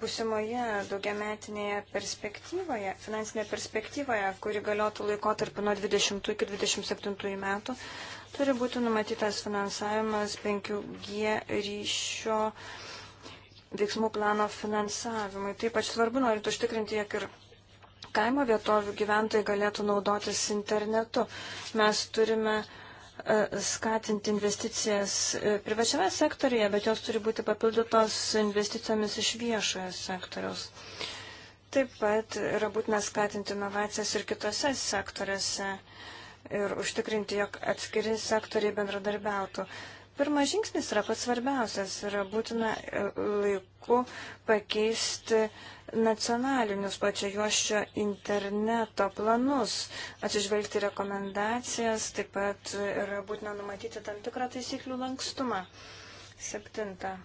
busimoje daugiametinėje perspektyvoje, finansinėje perspektyvoje, kuri galiotų laikotarpiu nuo 20 iki 27 metų, turi būti numatytas finansavimas 5G ryšio uh, veiksmų plano finansavimui. Taip pat svarbu, norint užtikrinti, jog ir kaimo vietovių gyventojai galėtų naudotis internetu. Mes turime e, skatinti investicijas e, privačiame sektorėje, bet jos turi būti papildytos investicijomis iš viešojo sektoriaus. Taip pat yra būtina skatinti inovacijas ir kitose sektoriuose ir užtikrinti, jog atskiri sektoriai bendradarbiautų. Pirmas žingsnis yra pats svarbiausias, yra būtina e, laiku pakeisti nacionalinius pačio juoščio interneto planus, atsižvelgti rekomendacijas, taip pat yra būtina numatyti tam tikrą taisyklių lankstumą. Septinta.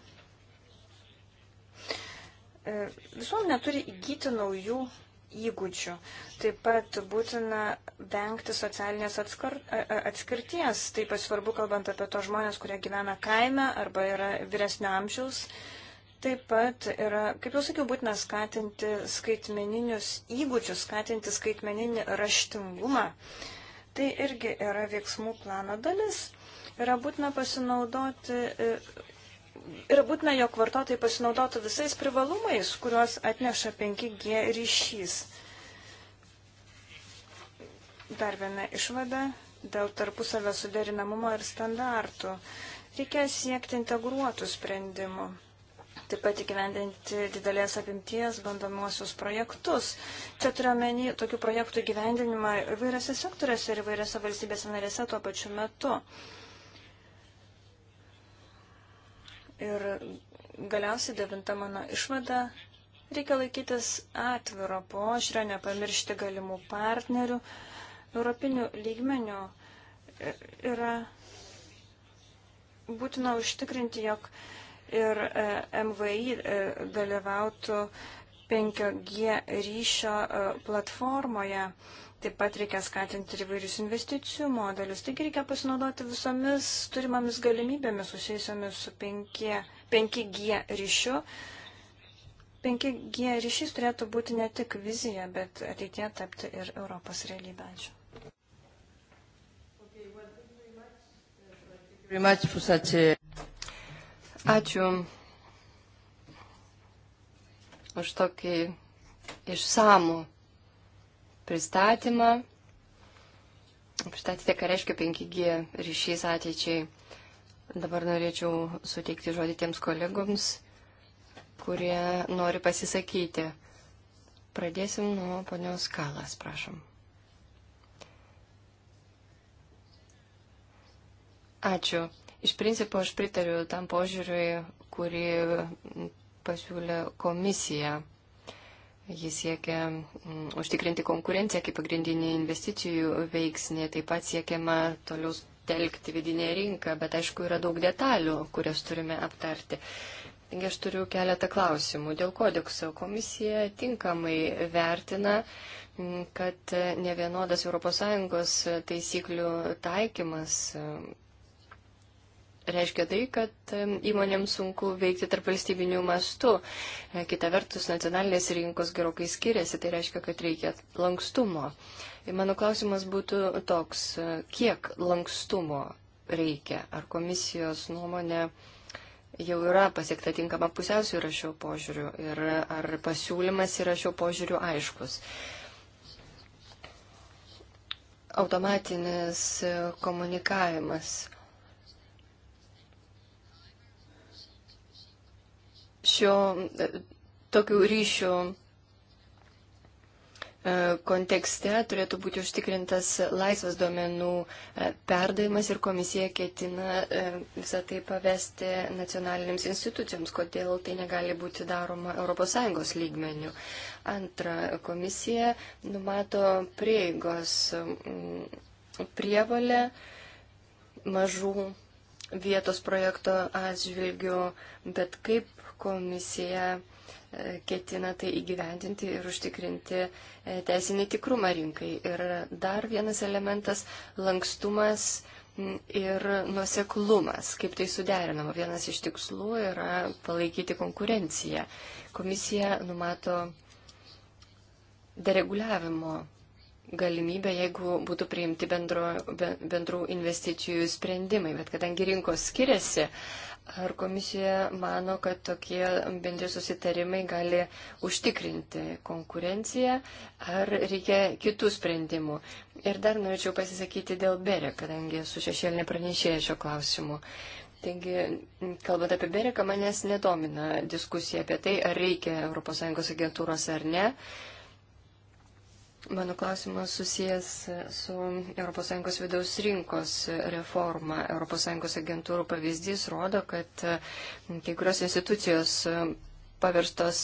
E, visuomenė turi įgyti naujų įgūdžių. Taip pat būtina vengti socialinės atskar, atskirties, taip pat svarbu kalbant apie to žmonės, kurie gyvena kaime arba yra vyresnio amžiaus. Taip pat yra, kaip jau sakiau, būtina skatinti skaitmeninius įgūdžius, skatinti skaitmeninį raštingumą. Tai irgi yra veiksmų plano dalis. Yra būtina pasinaudoti e, ir būtina, jog vartotojai pasinaudotų visais privalumais, kuriuos atneša 5G ryšys. Dar viena išvada dėl tarpusavio suderinamumo ir standartų. Reikia siekti integruotų sprendimų. Taip pat įgyvendinti didelės apimties bandomuosius projektus. Čia turiuomenį tokių projektų įgyvendinimą įvairiose sektoriuose ir įvairiose valstybėse narėse tuo pačiu metu. Uh, Ir galiausiai devinta mano išvada - reikia laikytis atviro požiūrio, nepamiršti galimų partnerių. Europinių lygmenių yra būtina užtikrinti, jog ir e, MVI e, dalyvautų 5G ryšio e, platformoje. Taip pat reikia skatinti ir įvairius investicijų modelius. Taigi reikia pasinaudoti visomis turimamis galimybėmis susijusiamis su 5, 5G ryšiu. 5G ryšys turėtų būti ne tik vizija, bet ateitie tapti ir Europos realybę. Ačiū. Ačiū už tokį išsamų pristatymą. Pristatėte, ką reiškia 5G ryšys ateičiai. Dabar norėčiau suteikti žodį tiems kolegoms, kurie nori pasisakyti. Pradėsim nuo ponios Kalas, prašom. Ačiū. Iš principo aš pritariu tam požiūriui, kurį pasiūlė komisija. Jis siekia mm, užtikrinti konkurenciją kaip pagrindinį investicijų veiksnį, taip pat siekiama toliau telkti vidinę rinką, bet aišku yra daug detalių, kurias turime aptarti. Taigi aš turiu keletą klausimų. Dėl kodekso komisija tinkamai vertina, mm, kad ne vienodas ES taisyklių taikymas reiškia tai, kad įmonėms sunku veikti tarp valstybinių mastų. E, kita vertus, nacionalinės rinkos gerokai skiriasi, tai reiškia, kad reikia lankstumo. Ir e, mano klausimas būtų toks, e, kiek lankstumo reikia? Ar komisijos nuomonė jau yra pasiekta tinkama pusiausvyrą šio požiūriu ir ar pasiūlymas yra šio požiūriu aiškus? Automatinis komunikavimas šio e, tokių ryšių e, kontekste turėtų būti užtikrintas laisvas duomenų e, perdavimas ir komisija ketina visą tai pavesti nacionalinėms institucijoms, kodėl tai negali būti daroma ES lygmenių. Antra, komisija numato prieigos prievalę mažų vietos projekto atžvilgių, bet kaip komisija e, ketina tai įgyvendinti ir užtikrinti e, teisinį tikrumą rinkai. Ir dar vienas elementas - lankstumas ir nuseklumas. Kaip tai suderinama? Vienas iš tikslų yra palaikyti konkurenciją. Komisija numato dereguliavimo galimybę, jeigu būtų priimti bendro, bendrų investicijų sprendimai. Bet kadangi rinkos skiriasi, Ar komisija mano, kad tokie bendri susitarimai gali užtikrinti konkurenciją, ar reikia kitų sprendimų? Ir dar norėčiau pasisakyti dėl Berė, kadangi su šešėlinė pranešėja šio klausimu. Taigi, kalbant apie Bereką, manęs nedomina diskusija apie tai, ar reikia ES agentūros ar ne. Uh, Mano klausimas susijęs su ES vidaus rinkos reforma. ES agentūrų pavyzdys rodo, kad kai kurios institucijos paverstos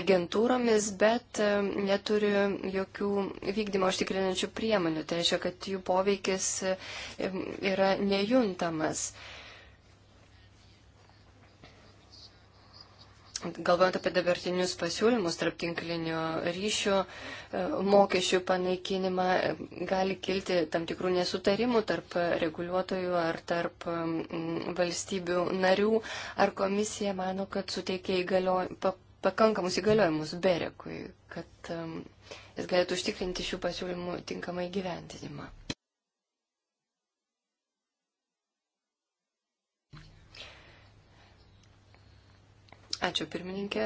agentūromis, bet neturi jokių vykdymo užtikrinančių priemonių. Tai reiškia, kad jų poveikis yra nejuntamas. galvojant apie dabartinius pasiūlymus tarp tinklinio ryšio, e, mokesčių panaikinimą, e, gali kilti tam tikrų nesutarimų tarp reguliuotojų ar tarp valstybių narių. Ar komisija mano, kad suteikia įgalio, pa, pakankamus įgaliojimus Berekui, kad um, jis galėtų užtikrinti šių pasiūlymų tinkamą įgyvendinimą? Ačiū pirmininkė.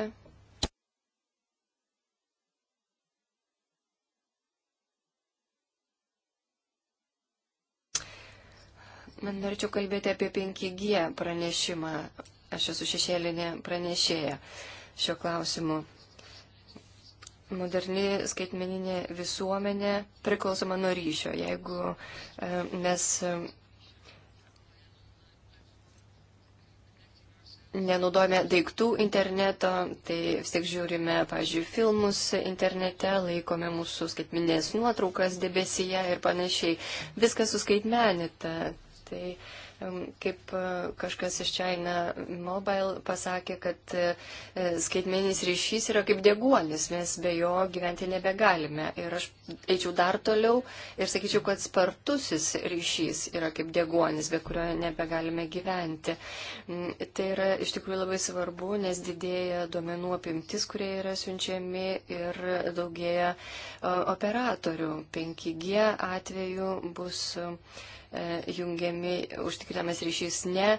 Man norėčiau kalbėti apie 5G pranešimą. Aš esu šešėlinė pranešėja šio klausimu. Moderni skaitmeninė visuomenė priklausoma nuo ryšio. Jeigu e, mes nenaudojame daiktų interneto, tai vis tiek žiūrime, pavyzdžiui, filmus internete, laikome mūsų skaitminės nuotraukas debesyje ir panašiai. Viskas suskaitmenita. Tai, uh, kaip e, kažkas iš China Mobile pasakė, kad e, e, skaitmeninis ryšys yra kaip deguonis, mes be jo gyventi nebegalime. Ir aš eičiau dar toliau ir sakyčiau, kad spartusis ryšys yra kaip deguonis, be kurio nebegalime gyventi. Mm, tai yra iš tikrųjų labai svarbu, nes didėja duomenų apimtis, kurie yra siunčiami ir daugėja operatorių. 5G atveju bus. Uh, E, jungiami, užtikrinamas ryšys ne e,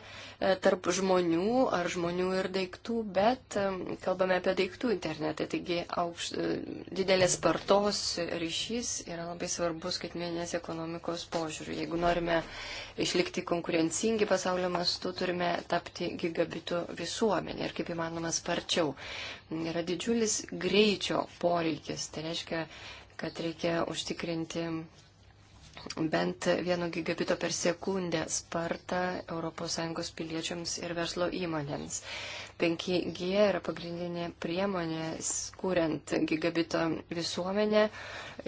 tarp žmonių ar žmonių ir daiktų, bet e, kalbame apie daiktų internetą. Taigi aukš, didelės spartos ryšys yra labai svarbus skaitmeninės ekonomikos požiūrių. Jeigu norime išlikti konkurencingi pasaulio mastu, turime tapti gigabitų visuomenė ir kaip įmanoma sparčiau. Yra didžiulis greičio poreikis. Tai reiškia, kad reikia užtikrinti bent 1 gigabito per sekundę spartą ES piliečiams ir verslo įmonėms. 5G yra pagrindinė priemonė, kuriant gigabito visuomenę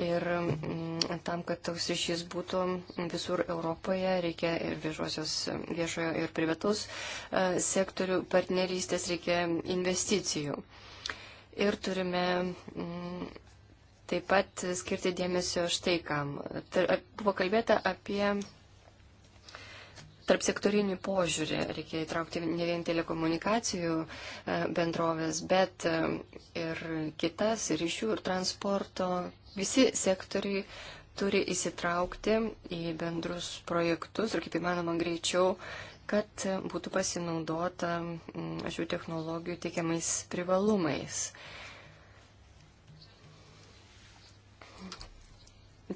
ir mm, tam, kad toks ryšys būtų visur Europoje, reikia ir viešosios, viešojo ir privataus e, sektorių partnerystės, reikia investicijų. Ir turime mm, taip pat skirti dėmesio štai kam. Buvo kalbėta apie tarp sektorinį požiūrį. Reikia įtraukti ne vien telekomunikacijų e, bendrovės, bet e, ir kitas, ir iš jų, ir transporto. Visi sektoriai turi įsitraukti į bendrus projektus ir kaip įmanoma greičiau kad būtų pasinaudota šių technologijų teikiamais privalumais. Uh,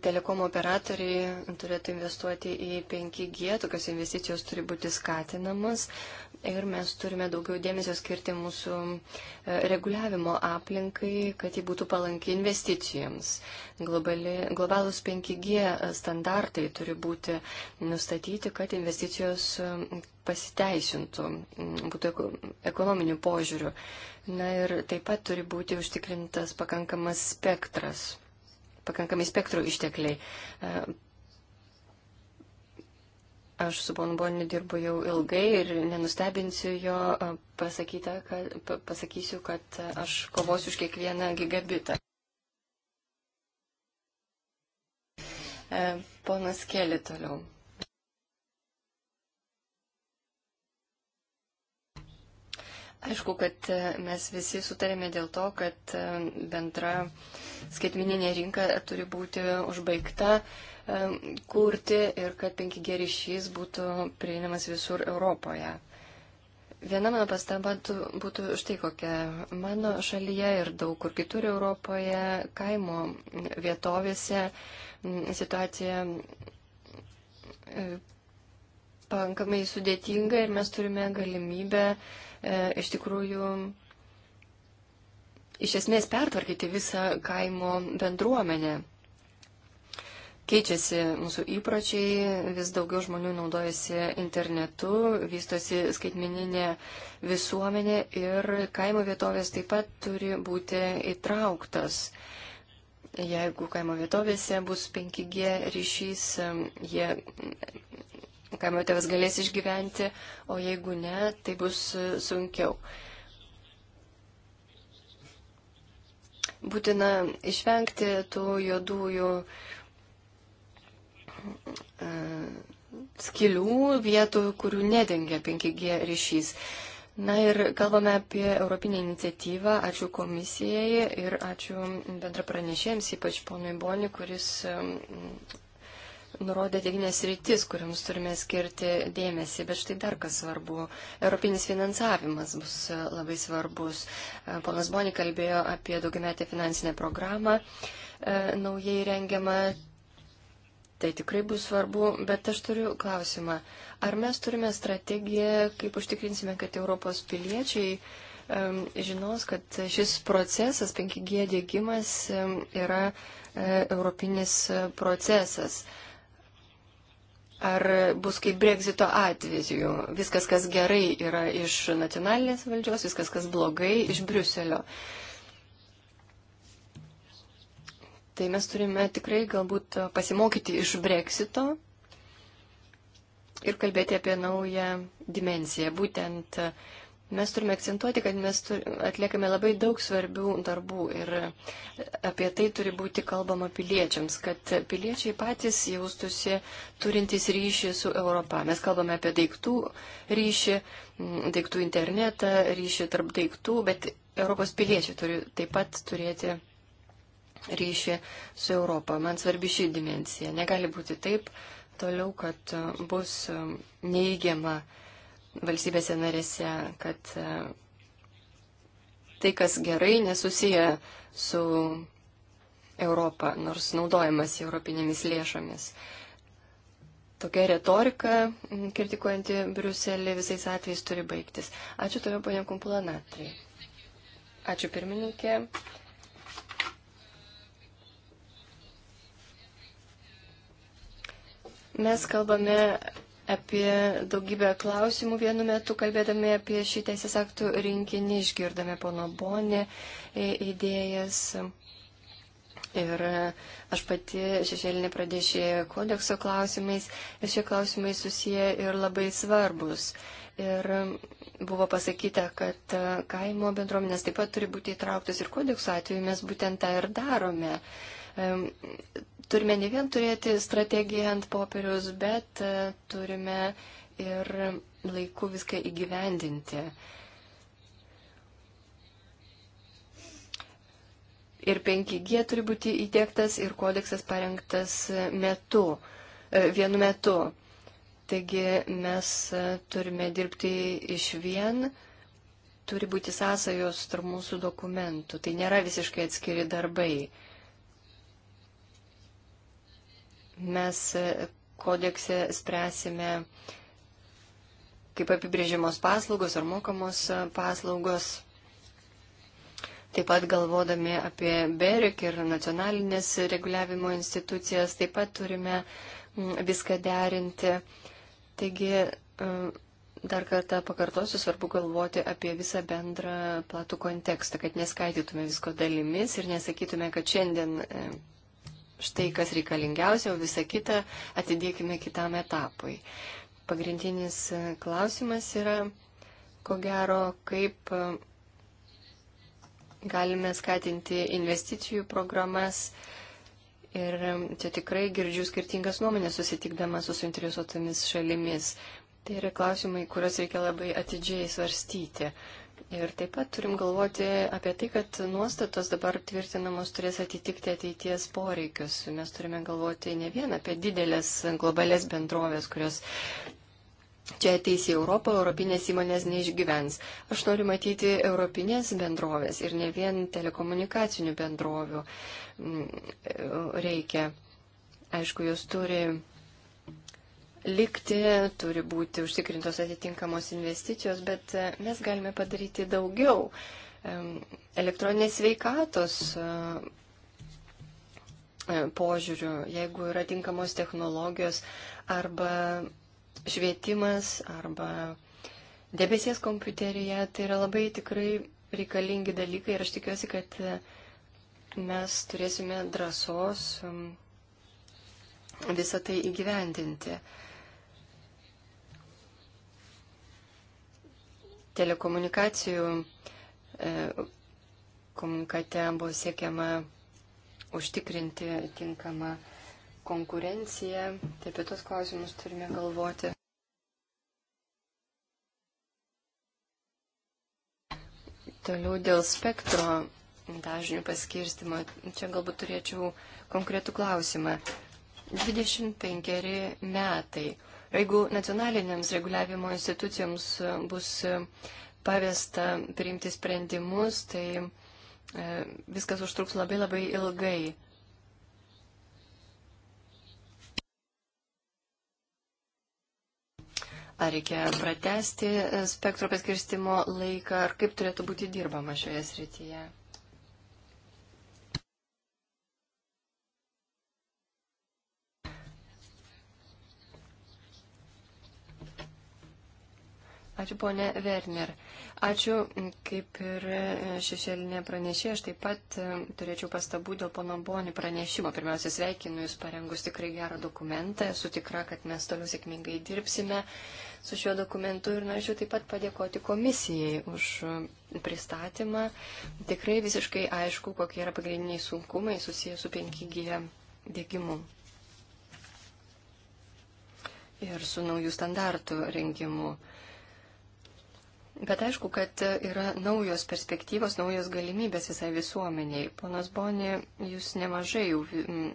telekomo operatoriai turėtų investuoti į 5G, tokios investicijos turi būti skatinamas ir mes turime daugiau dėmesio skirti mūsų e, reguliavimo aplinkai, kad ji būtų palanki investicijoms. Globali, globalus 5G e, standartai turi būti nustatyti, kad investicijos e, pasiteisintų, būtų ekonominių požiūrių. Na ir taip pat turi būti užtikrintas pakankamas spektras pakankami spektrų ištekliai. E, aš su ponu Boniu dirbu jau ilgai ir nenustebinsiu jo, e, pasakyta, kad, pasakysiu, kad e, aš kovosiu už kiekvieną gigabitą. Ponas Keli toliau. Aišku, kad e, mes visi sutarėme dėl to, kad e, bendra skaitmininė rinka turi būti užbaigta e, kurti ir kad 5G ryšys būtų prieinamas visur Europoje. Viena mano pastaba būtų štai kokia. Mano šalyje ir daug kur kitur Europoje, kaimo vietovėse situacija pakankamai sudėtinga ir mes turime galimybę uh, E, iš tikrųjų iš esmės pertvarkyti visą kaimo bendruomenę. Keičiasi mūsų įpročiai, vis daugiau žmonių naudojasi internetu, vystosi skaitmeninė visuomenė ir kaimo vietovės taip pat turi būti įtrauktas. Jeigu kaimo vietovėse bus 5G ryšys, jie kaimo tėvas galės išgyventi, o jeigu ne, tai bus e, sunkiau. Būtina išvengti tų juodųjų e, skilių vietų, kurių nedengia 5G ryšys. Na ir kalbame apie Europinę iniciatyvą. Ačiū komisijai ir ačiū bendra pranešėjams, ypač ponui Boni, kuris nurodė devynes rytis, kuriams turime skirti dėmesį, bet štai dar kas svarbu. Europinis finansavimas bus labai svarbus. Ponas Boni kalbėjo apie daugiametę finansinę programą e, naujai rengiamą. Tai tikrai bus svarbu, bet aš turiu klausimą. Ar mes turime strategiją, kaip užtikrinsime, kad Europos piliečiai e, žinos, kad šis procesas, 5G dėgymas, e, yra europinis procesas. Ar bus kaip Brexito atveju? Viskas, kas gerai, yra iš nacionalinės valdžios, viskas, kas blogai, iš Briuselio. Tai mes turime tikrai galbūt pasimokyti iš breksito ir kalbėti apie naują dimensiją, būtent Mes turime akcentuoti, kad mes atliekame labai daug svarbių darbų ir apie tai turi būti kalbama piliečiams, kad piliečiai patys jaustųsi turintys ryšį su Europa. Mes kalbame apie daiktų ryšį, daiktų internetą, ryšį tarp daiktų, bet Europos piliečiai turi taip pat turėti ryšį su Europa. Man svarbi ši dimensija. Negali būti taip toliau, kad bus neįgiama valstybėse narėse, kad e, tai, kas gerai, nesusiję su Europa, nors naudojamas europinėmis lėšomis. Tokia retorika, kritikuojanti Briuselį, visais atvejais turi baigtis. Ačiū toliau, ponia Kumpulanatrai. Ačiū pirmininkė. Mes kalbame apie daugybę klausimų vienu metu, kalbėdami apie šį teisės aktų rinkinį, išgirdome pono Bonė e, idėjas. Ir aš pati šešėlinė pradėšė kodekso klausimais ir šie klausimai susiję ir labai svarbus. Ir buvo pasakyta, kad kaimo bendruomenės taip pat turi būti įtrauktos ir kodekso atveju mes būtent tą ir darome turime ne vien turėti strategiją ant popieriaus, bet e, turime ir laiku viską įgyvendinti. Ir 5G turi būti įdėktas ir kodeksas parengtas metu, e, vienu metu. Taigi mes e, turime dirbti iš vien, turi būti sąsajos tarp mūsų dokumentų. Tai nėra visiškai atskiri darbai. Mes e, kodekse spręsime, kaip apibrėžimos paslaugos ar mokamos e, paslaugos. Taip pat galvodami apie BERIK ir nacionalinės reguliavimo institucijas, taip pat turime viską derinti. Taigi, e, dar kartą pakartosiu, svarbu galvoti apie visą bendrą platų kontekstą, kad neskaitytume visko dalimis ir nesakytume, kad šiandien štai kas reikalingiausia, o visą kitą atidėkime kitam etapui. Pagrindinis e, klausimas yra, ko gero, kaip e, galime skatinti investicijų programas. Ir e, čia tikrai girdžiu skirtingas nuomonės susitikdama su suinteresuotomis šalimis. Tai yra klausimai, kuriuos reikia labai atidžiai svarstyti. Ir taip pat turim galvoti apie tai, kad nuostatos dabar tvirtinamos turės atitikti ateities poreikius. Mes turime galvoti ne vien apie didelės globalės bendrovės, kurios čia ateis į Europą, europinės įmonės neišgyvens. Aš noriu matyti europinės bendrovės ir ne vien telekomunikacinių bendrovių mm, reikia. Aišku, jos turi likti, turi būti užtikrintos atitinkamos investicijos, bet e, mes galime padaryti daugiau. Elektroninės veikatos e, e, požiūrių, jeigu yra tinkamos technologijos arba švietimas arba debesies kompiuterija, tai yra labai tikrai reikalingi dalykai ir aš tikiuosi, kad mes turėsime drąsos visą tai įgyvendinti. telekomunikacijų e, komunikate buvo siekiama užtikrinti tinkamą konkurenciją. Taip pat tos klausimus turime galvoti. Toliau dėl spektro dažnių paskirstimo. Čia galbūt turėčiau konkretų klausimą. 25 metai. Jeigu nacionalinėms reguliavimo institucijoms e, bus e, pavesta priimti sprendimus, tai e, viskas užtruks labai labai ilgai. Ar reikia pratesti spektro paskirstimo laiką, ar kaip turėtų būti dirbama šioje srityje? Ačiū ponė Werner. Ačiū, kaip ir e, šešėlinė pranešė, aš taip pat e, turėčiau pastabų dėl pono Boni pranešimo. Pirmiausia, sveikinu Jūs parengus tikrai gerą dokumentą. Esu tikra, kad mes toliau sėkmingai dirbsime su šiuo dokumentu ir norėčiau taip pat padėkoti komisijai už e, pristatymą. Tikrai visiškai aišku, kokie yra pagrindiniai sunkumai susijęs su 5G dėgymu ir su naujų standartų rengimu. Bet aišku, kad yra naujos perspektyvos, naujos galimybės visai visuomeniai. Ponas Boni, jūs nemažai jau mm,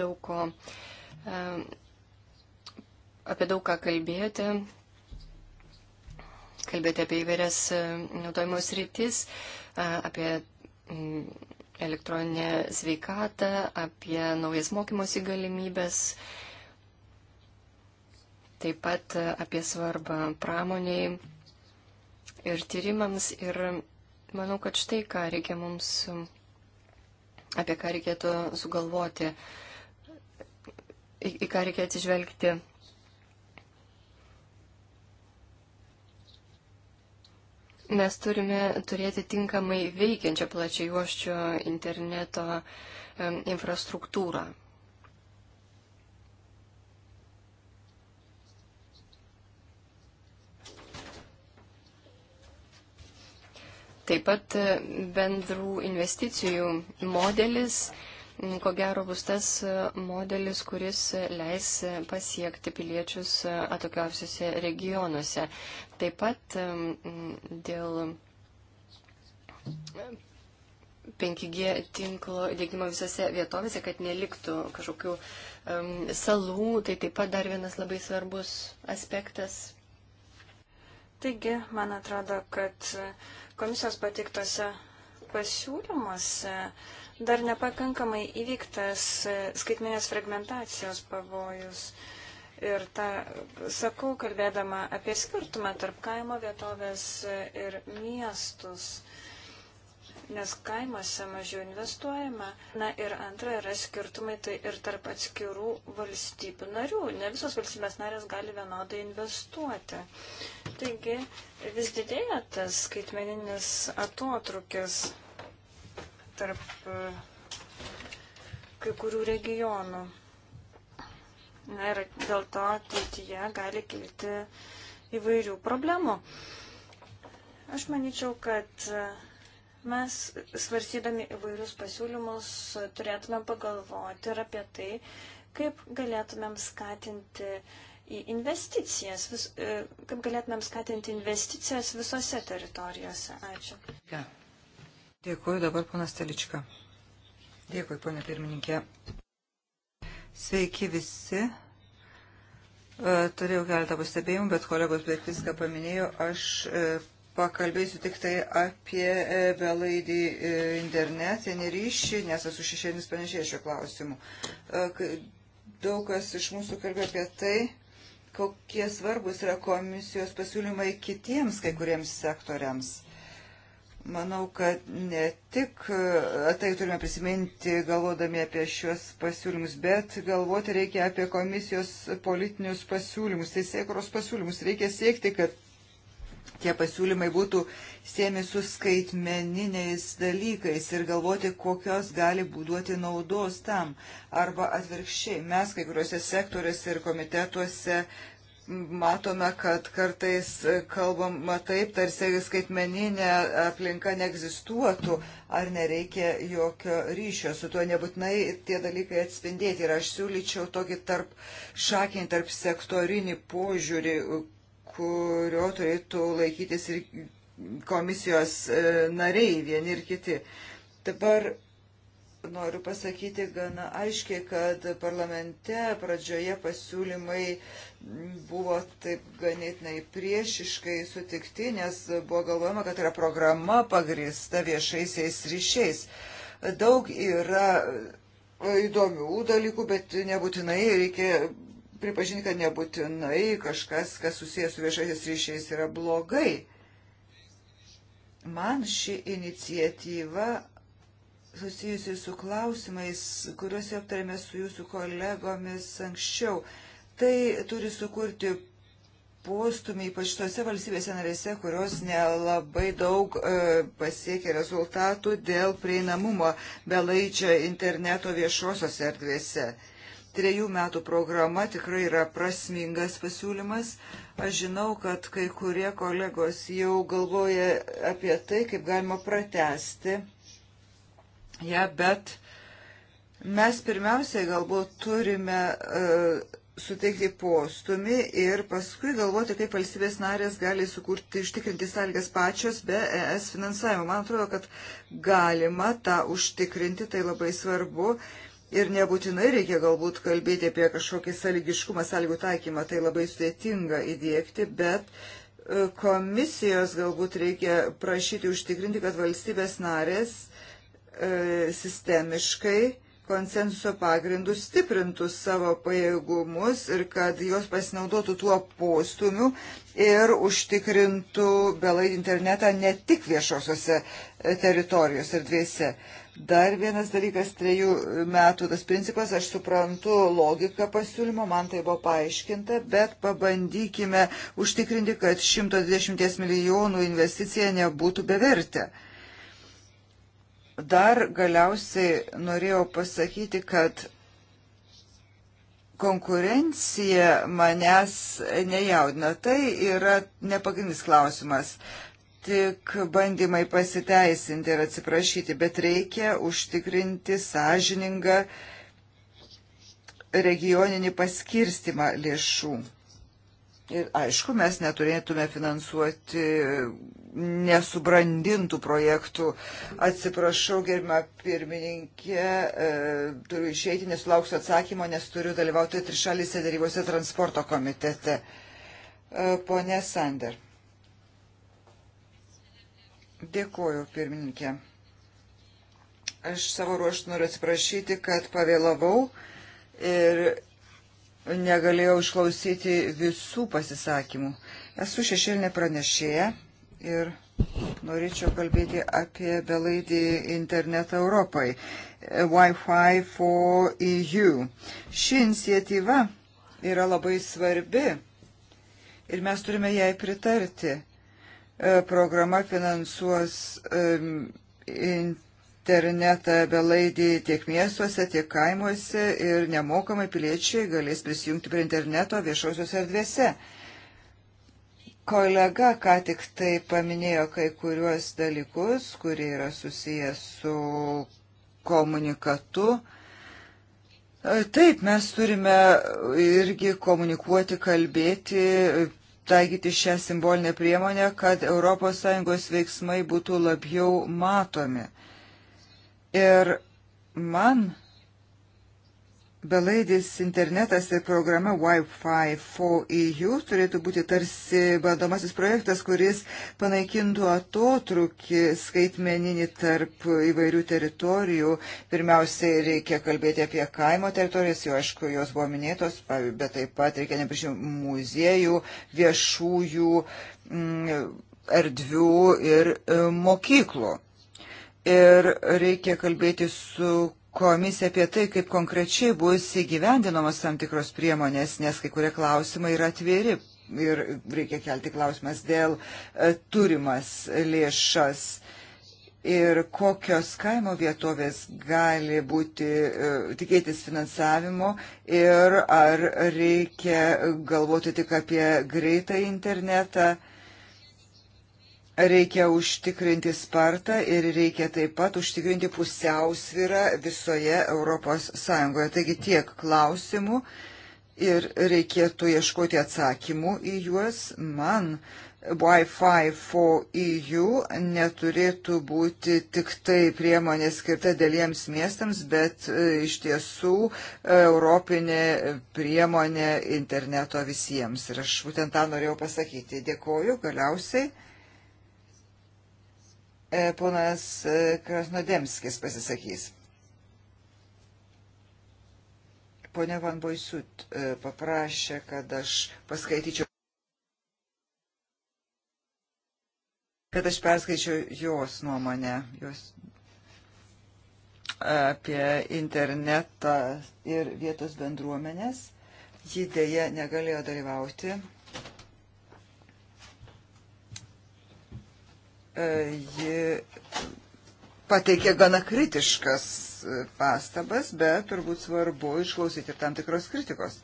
daug ko, e, apie daug ką kalbėjote, kalbėjote apie įvairias e, naudojimos rytis, e, apie mm, elektroninę sveikatą, apie naujas mokymosi galimybės taip pat apie svarbą pramoniai, ir tyrimams. Ir manau, kad štai ką reikia mums, apie ką reikėtų sugalvoti, į, į ką reikia atsižvelgti. Mes turime turėti tinkamai veikiančią plačiai juoščio interneto infrastruktūrą. Taip pat e, bendrų investicijų modelis, ko gero, bus tas e, modelis, kuris leis pasiekti piliečius e, atokiausiuose regionuose. Taip pat dėl 5G tinklo dėgymo visose vietovėse, kad neliktų kažkokių um, salų, tai taip pat dar vienas labai svarbus aspektas Taigi, man atrodo, kad komisijos patiktose pasiūlymuose dar nepakankamai įvyktas skaitminės fragmentacijos pavojus. Ir tą sakau, kalbėdama apie skirtumą tarp kaimo vietovės ir miestus. Uh, nes kaimuose mažiau investuojama. Na ir antra yra skirtumai tai ir tarp atskirų valstybių narių. Ne visos valstybės narės gali vienodai investuoti. Taigi vis didėja tas skaitmeninis atotrukis tarp e, kai kurių regionų. Na ir dėl to ateityje gali kilti įvairių problemų. Aš manyčiau, kad e, Mes, svarstydami įvairius pasiūlymus, turėtume pagalvoti ir apie tai, kaip galėtumėm skatinti į investicijas, vis, e, kaip galėtumėm skatinti investicijas visose teritorijose. Ačiū. Ja. Dėkuoju dabar, ponas Telička. Dėkui, ponė pirmininkė. Sveiki visi. E, turėjau keletą pastebėjimų, bet kolegos beveik viską paminėjo. Aš e, pakalbėsiu tik tai apie e, belaidį e, internetinį ryšį, nes esu šešėlis panašiai šio klausimu. E, daug kas iš mūsų kalbėjo apie tai, kokie svarbus yra komisijos pasiūlymai kitiems kai kuriems sektoriams. Manau, kad ne tik tai turime prisiminti galvodami apie šios pasiūlymus, bet galvoti reikia apie komisijos politinius pasiūlymus, teisėkuros tai pasiūlymus. Reikia siekti, kad tie pasiūlymai būtų siemi su skaitmeniniais dalykais ir galvoti, kokios gali duoti naudos tam. Arba atvirkščiai, mes kai kuriuose sektoriuose ir komitetuose matome, kad kartais kalbama taip, tarsi skaitmeninė aplinka neegzistuotų, ar nereikia jokio ryšio. Su tuo nebūtinai tie dalykai atspindėti. Ir aš siūlyčiau tokį tarp šakinį, tarp sektorinį požiūrį, kurio turėtų laikytis ir komisijos e, nariai vieni ir kiti. Dabar noriu pasakyti gana aiškiai, kad parlamente pradžioje pasiūlymai buvo taip ganėtinai priešiškai sutikti, nes buvo galvojama, kad tai yra programa pagrįsta viešaisiais ryšiais. Daug yra įdomių dalykų, bet nebūtinai reikia pripažinti, kad nebūtinai kažkas, kas susijęs su viešaisiais ryšiais, yra blogai. Man ši iniciatyva susijusi su klausimais, kuriuos aptarėme su jūsų kolegomis anksčiau. Tai turi sukurti postumį, ypač tose valstybėse narėse, kurios nelabai daug e, pasiekė rezultatų dėl prieinamumo belaičio interneto viešosios erdvėse. E, trejų metų programa tikrai yra prasmingas pasiūlymas. Aš žinau, kad kai kurie kolegos jau galvoja apie tai, kaip galima pratesti ją, ja, bet mes pirmiausiai galbūt turime uh, suteikti postumį ir paskui galvoti, kaip valstybės narės gali sukurti, ištikrinti sąlygas pačios be ES finansavimo. Man atrodo, kad galima tą užtikrinti, tai labai svarbu. Uh, Ir nebūtinai reikia galbūt kalbėti apie kažkokį sąlygiškumą, sąlygų taikymą, tai labai sudėtinga įdėkti, bet e, komisijos galbūt reikia prašyti užtikrinti, kad valstybės narės e, sistemiškai konsensuso pagrindų stiprintų savo pajėgumus ir kad jos pasinaudotų tuo postumiu ir užtikrintų belai internetą ne tik viešosiose e, teritorijos erdvėse. Ir Dar vienas dalykas, trejų metų tas principas, aš suprantu logiką pasiūlymo, man tai buvo paaiškinta, bet pabandykime užtikrinti, kad 120 milijonų investicija nebūtų bevertė. Dar galiausiai norėjau pasakyti, kad konkurencija manęs nejaudina. Tai yra nepagrindinis klausimas tik bandymai pasiteisinti ir atsiprašyti, bet reikia užtikrinti sąžiningą regioninį paskirstimą lėšų. Ir aišku, mes neturėtume finansuoti nesubrandintų projektų. Atsiprašau, gerbima pirmininkė, e, turiu išeiti, nesulauksiu atsakymo, nes turiu dalyvauti trišalyse darybose transporto komitete. E, pone Sander. Dėkuoju, pirmininkė. Aš savo ruoštų noriu atsiprašyti, kad pavėlavau ir negalėjau išklausyti visų pasisakymų. Esu šešėlinė pranešėja ir norėčiau kalbėti apie belaidį internetą Europai. Wi-Fi for EU. Ši iniciatyva yra labai svarbi ir mes turime jai pritarti. E, programa finansuos e, internetą belaidį tiek miestuose, tiek kaimuose ir nemokamai piliečiai galės prisijungti prie interneto viešosios erdvėse. Kolega ką tik tai paminėjo kai kuriuos dalykus, kurie yra susijęs su komunikatu. E, taip, mes turime irgi komunikuoti, kalbėti, taikyti šią simbolinę priemonę, kad ES veiksmai būtų labiau matomi. Ir man Belaidis internetas ir programa Wi-Fi for EU turėtų būti tarsi bandomasis projektas, kuris panaikintų atotrukį skaitmeninį tarp įvairių teritorijų. Pirmiausiai reikia kalbėti apie kaimo teritorijas, jau aišku, jos buvo minėtos, bet taip pat reikia nepažinti muziejų, viešųjų m, mm, erdvių ir m, e, mokyklų. Ir reikia kalbėti su komisija apie tai, kaip konkrečiai bus įgyvendinamos tam tikros priemonės, nes kai kurie klausimai yra atviri ir reikia kelti klausimas dėl e, turimas lėšas ir kokios kaimo vietovės gali būti e, tikėtis finansavimo ir ar reikia galvoti tik apie greitą internetą Reikia užtikrinti spartą ir reikia taip pat užtikrinti pusiausvyrą visoje Europos Sąjungoje. Taigi tiek klausimų ir reikėtų ieškoti atsakymų į juos. Man Wi-Fi for EU neturėtų būti tik tai priemonė skirta dėliems miestams, bet e, iš tiesų e, europinė priemonė interneto visiems. Ir aš būtent tą norėjau pasakyti. Dėkoju galiausiai. E, ponas e, Krasnodemskis pasisakys. Pone Van Boisut e, paprašė, kad aš paskaityčiau kad aš perskaičiau jos nuomonę, jos apie internetą ir vietos bendruomenės. Ji dėja negalėjo dalyvauti E, ji pateikė gana kritiškas e, pastabas, bet turbūt svarbu išklausyti ir tam tikros kritikos.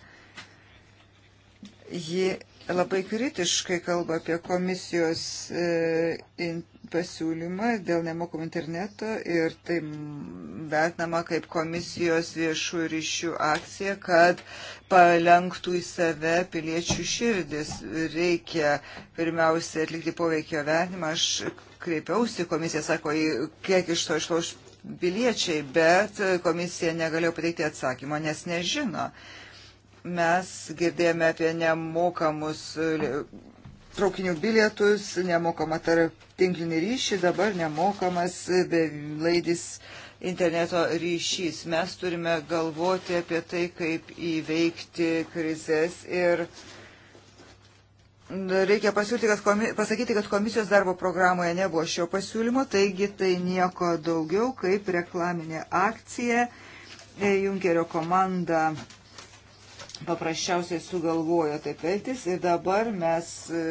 Ji labai kritiškai kalba apie komisijos e, pasiūlymą dėl nemokamų interneto ir tai vertinama kaip komisijos viešų ryšių akcija, kad palenktų į save piliečių širdis. Reikia pirmiausia atlikti poveikio vertinimą. Aš kreipiausi, komisija sako, kiek iš to išloš piliečiai, bet komisija negalėjo pateikti atsakymo, nes nežino. Mes girdėjome apie nemokamus traukinių bilietus, nemokamą tarp tinklinį ryšį, dabar nemokamas laidis interneto ryšys. Mes turime galvoti apie tai, kaip įveikti krizės ir reikia pasiūlyti, kad komi, pasakyti, kad komisijos darbo programoje nebuvo šio pasiūlymo, taigi tai nieko daugiau kaip reklaminė akcija. Junkerio komanda paprasčiausiai sugalvojo taip elgtis ir dabar mes e,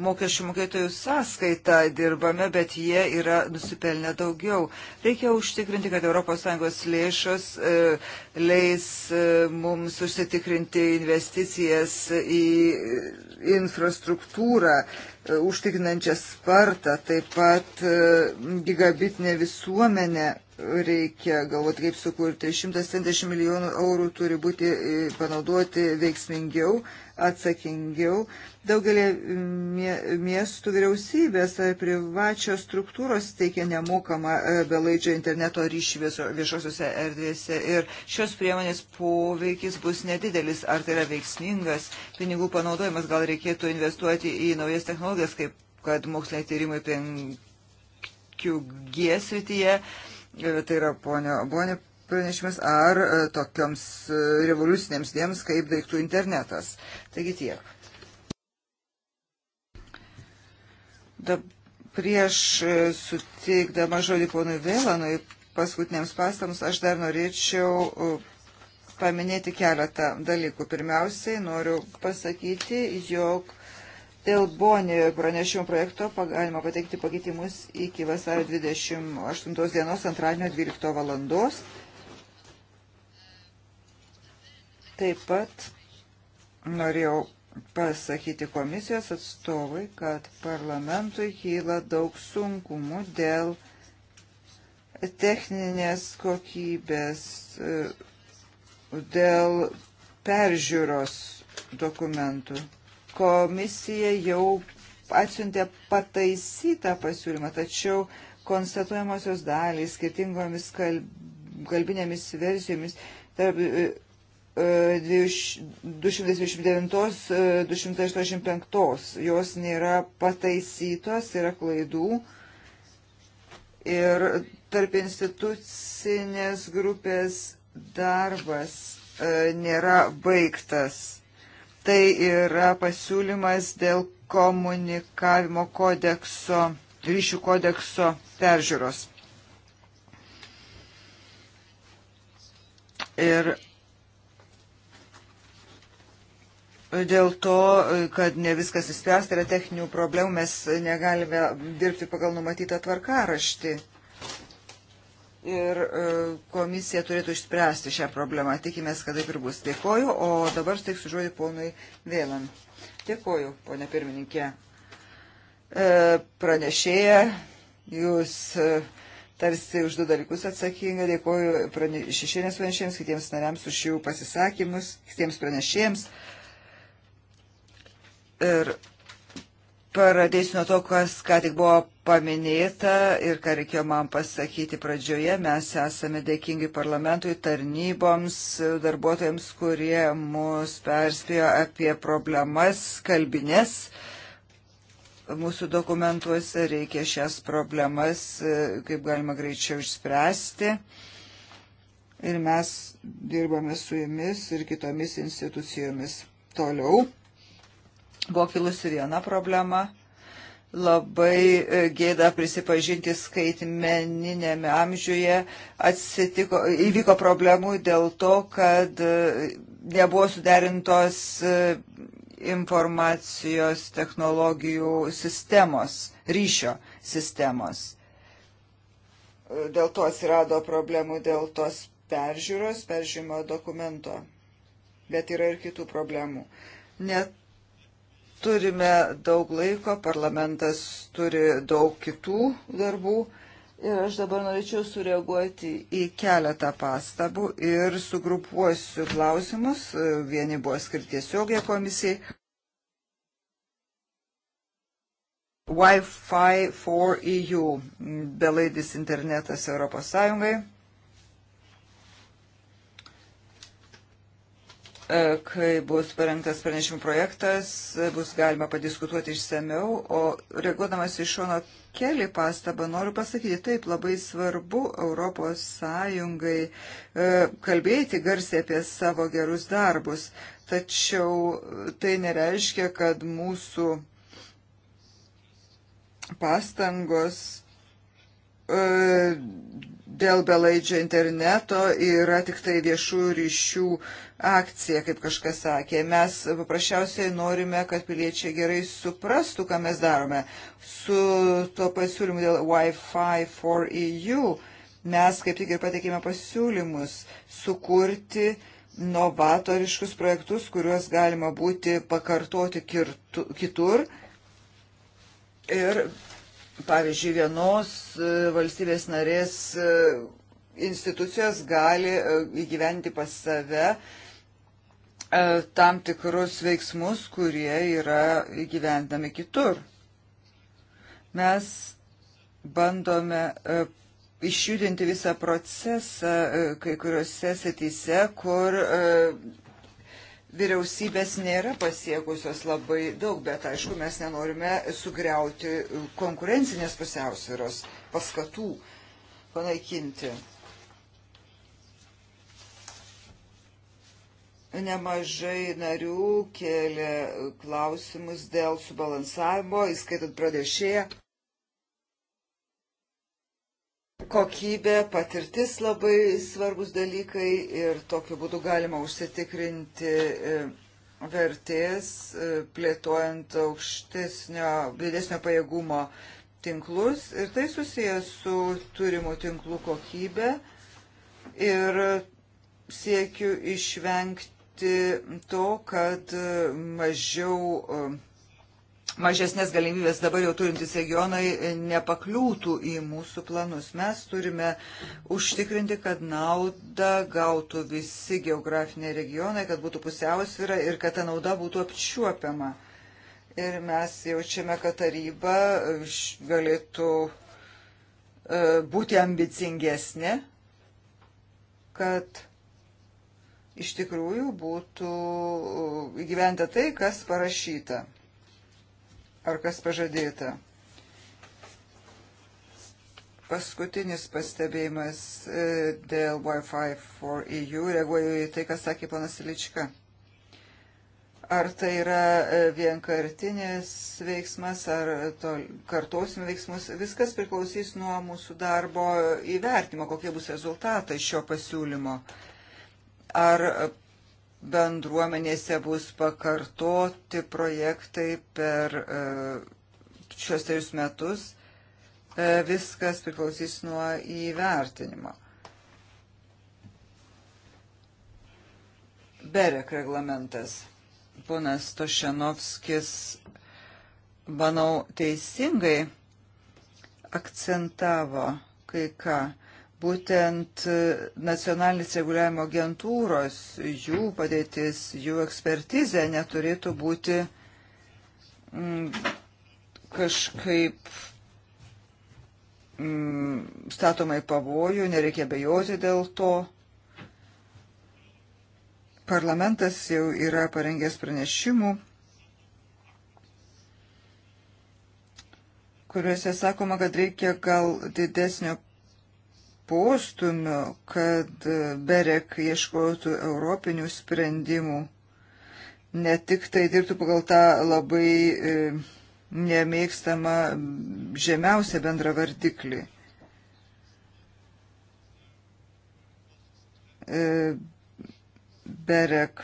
mokesčių mokėtojų sąskaitą dirbame, bet jie yra nusipelnę daugiau. Reikia užtikrinti, kad ES lėšos e, leis e, mums užsitikrinti investicijas į infrastruktūrą, užtikrinančią spartą, taip pat gigabitinę visuomenę reikia galvoti, kaip sukurti. 170 milijonų eurų turi būti e, panaudoti veiksmingiau, atsakingiau. Daugelį miestų vyriausybės ar privačios struktūros teikia nemokamą e, belaidžio interneto ryšį viešosiuose erdvėse ir šios priemonės poveikis bus nedidelis. Ar tai yra veiksmingas pinigų panaudojimas, gal reikėtų investuoti į naujas technologijas, kaip kad moksliniai tyrimai 5G srityje E, tai yra ponio Bonė pranešimas, ar e, tokioms e, revoliucinėms dėms kaip daiktų internetas. Taigi tiek. Dab, prieš suteikdama žodį ponui Vėlanui paskutiniams pastams, aš dar norėčiau paminėti keletą dalykų. Pirmiausiai noriu pasakyti, jog Dėl Boni pranešimo projekto galima pateikti pakeitimus iki vasario 28 dienos antradienio 12 valandos. Taip pat norėjau pasakyti komisijos atstovai, kad parlamentui kyla daug sunkumų dėl techninės kokybės, e, dėl peržiūros dokumentų komisija jau atsiuntė pataisytą pasiūlymą, tačiau konstatuojamosios dalys skirtingomis kalbinėmis versijomis tarp 229-285, e, e, e, jos nėra pataisytos, yra klaidų. Ir tarp institucinės grupės darbas nėra baigtas Tai yra pasiūlymas dėl komunikavimo kodekso, ryšių kodekso peržiūros. Ir dėl to, kad ne viskas įspręsta, yra techninių problemų, mes negalime dirbti pagal numatytą tvarkaraštį. raštį ir e, komisija turėtų išspręsti šią problemą. Tikimės, kad taip ir bus. Dėkoju, o dabar steiksiu žodį ponui Vėlan. Dėkoju, ponė pirmininkė. E, pranešėja, jūs e, tarsi už du dalykus atsakinga. Dėkoju šešienės pranešėjams, kitiems nariams už jų pasisakymus, kitiems pranešėjams. Ir Pradėsiu nuo to, kas ką tik buvo paminėta ir ką reikėjo man pasakyti pradžioje. Mes esame dėkingi parlamentui, tarnyboms, darbuotojams, kurie mus perspėjo apie problemas kalbinės. Mūsų dokumentuose reikia šias problemas e, kaip galima greičiau išspręsti. Ir mes dirbame su jumis ir kitomis institucijomis toliau buvo kilusi viena problema. Labai e, gėda prisipažinti skaitmeninėme amžiuje atsitiko, įvyko problemų dėl to, kad e, nebuvo suderintos e, informacijos technologijų sistemos, ryšio sistemos. Dėl to atsirado problemų dėl tos peržiūros, peržiūrimo dokumento. Bet yra ir kitų problemų. Net turime daug laiko, parlamentas turi daug kitų darbų. Ir aš dabar norėčiau sureaguoti į keletą pastabų ir sugrupuosiu klausimus. Vieni buvo skirti tiesiogiai komisijai. Wi-Fi for EU, belaidis internetas Europos Sąjungai. E, kai bus parengtas pranešimų projektas, e, bus galima padiskutuoti išsameu, o reaguodamas iš šono keli pastabą noriu pasakyti, taip labai svarbu Europos Sąjungai e, kalbėti garsiai apie savo gerus darbus, tačiau tai nereiškia, kad mūsų pastangos dėl belaidžio interneto yra tik tai viešų ryšių akcija, kaip kažkas sakė. Mes paprasčiausiai norime, kad piliečiai gerai suprastų, ką mes darome. Su to pasiūlymu dėl Wi-Fi for EU mes kaip tik ir pateikėme pasiūlymus sukurti novatoriškus projektus, kuriuos galima būti pakartoti kirtu, kitur. Ir pavyzdžiui, vienos e, valstybės narės e, institucijos gali e, įgyventi pas save tam tikrus veiksmus, kurie yra įgyvendami kitur. Mes bandome išjudinti visą procesą kai kuriuose setyse, kur vyriausybės nėra pasiekusios labai daug, bet aišku, mes nenorime sugriauti konkurencinės pusiausvėros paskatų panaikinti. Nemažai narių kėlė klausimus dėl subalansavimo, įskaitant pradėšėją. Kokybė, patirtis labai svarbus dalykai ir tokiu būdu galima užsitikrinti e, vertės, e, plėtojant aukštesnio, didesnio pajėgumo tinklus ir tai susijęs su turimų tinklų kokybė ir siekiu išvengti to, kad e, mažiau mažesnės galimybės dabar jau turintys regionai nepakliūtų į mūsų planus. Mes turime užtikrinti, kad naudą gautų visi geografiniai regionai, kad būtų pusiausvyra ir kad ta nauda būtų apčiuopiama. Ir mes jaučiame, kad taryba galėtų e, būti ambicingesnė, kad iš tikrųjų būtų e, įgyventa tai, kas parašyta ar kas pažadėta. Paskutinis pastebėjimas e, dėl Wi-Fi for EU, reaguoju į tai, kas sakė panas Ilička. Ar tai yra e, vienkartinis veiksmas, ar kartosime veiksmus, viskas priklausys nuo mūsų darbo įvertimo, kokie bus rezultatai šio pasiūlymo. Ar bendruomenėse bus pakartoti projektai per e, šios trejus metus. E, viskas priklausys nuo įvertinimo. BEREK reglamentas. Ponas Tošenovskis, manau, teisingai akcentavo kai ką būtent e, nacionalinės reguliavimo agentūros, jų padėtis, jų ekspertizė neturėtų būti mm, kažkaip mm, statomai pavojų, nereikia bejoti dėl to. Parlamentas jau yra parengęs pranešimų kuriuose sakoma, kad reikia gal didesnio postumio, kad Berek ieškotų europinių sprendimų, ne tik tai dirbtų pagal tą labai e, nemėgstamą žemiausią bendrą vardiklį. E, Berek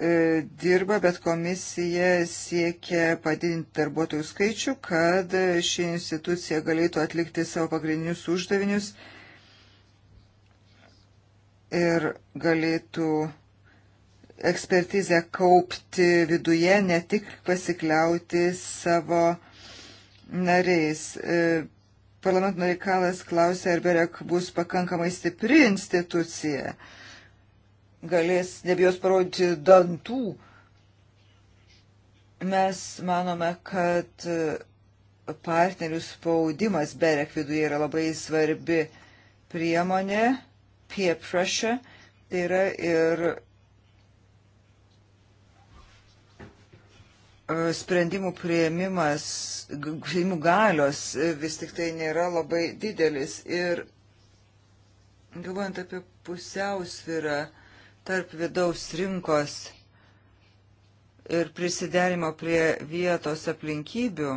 E, dirba, bet komisija siekia padidinti darbuotojų skaičių, kad ši institucija galėtų atlikti savo pagrindinius uždavinius ir galėtų ekspertizę kaupti viduje, ne tik pasikliauti savo nariais. E, parlamento narikalas klausė, ar Berek bus pakankamai stipri institucija. E, galės nebijos parodyti dantų. Mes manome, kad partnerių spaudimas berek viduje yra labai svarbi priemonė, peer pressure, tai yra ir e, sprendimų prieimimas, prieimimų galios e, vis tik tai nėra labai didelis. Ir galvojant apie pusiausvyrą, tarp vidaus rinkos ir prisiderimo prie vietos aplinkybių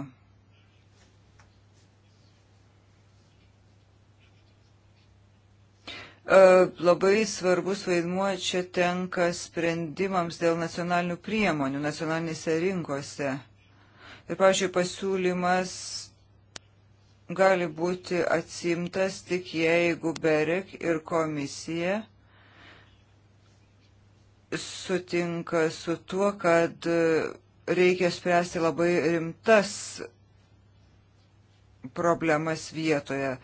e, labai svarbus vaidmuo čia tenka sprendimams dėl nacionalinių priemonių nacionalinėse rinkose. Ir, pavyzdžiui, pasiūlymas gali būti atsimtas tik jeigu BEREK ir komisija sutinka su tuo, kad reikia spręsti labai rimtas problemas vietoje.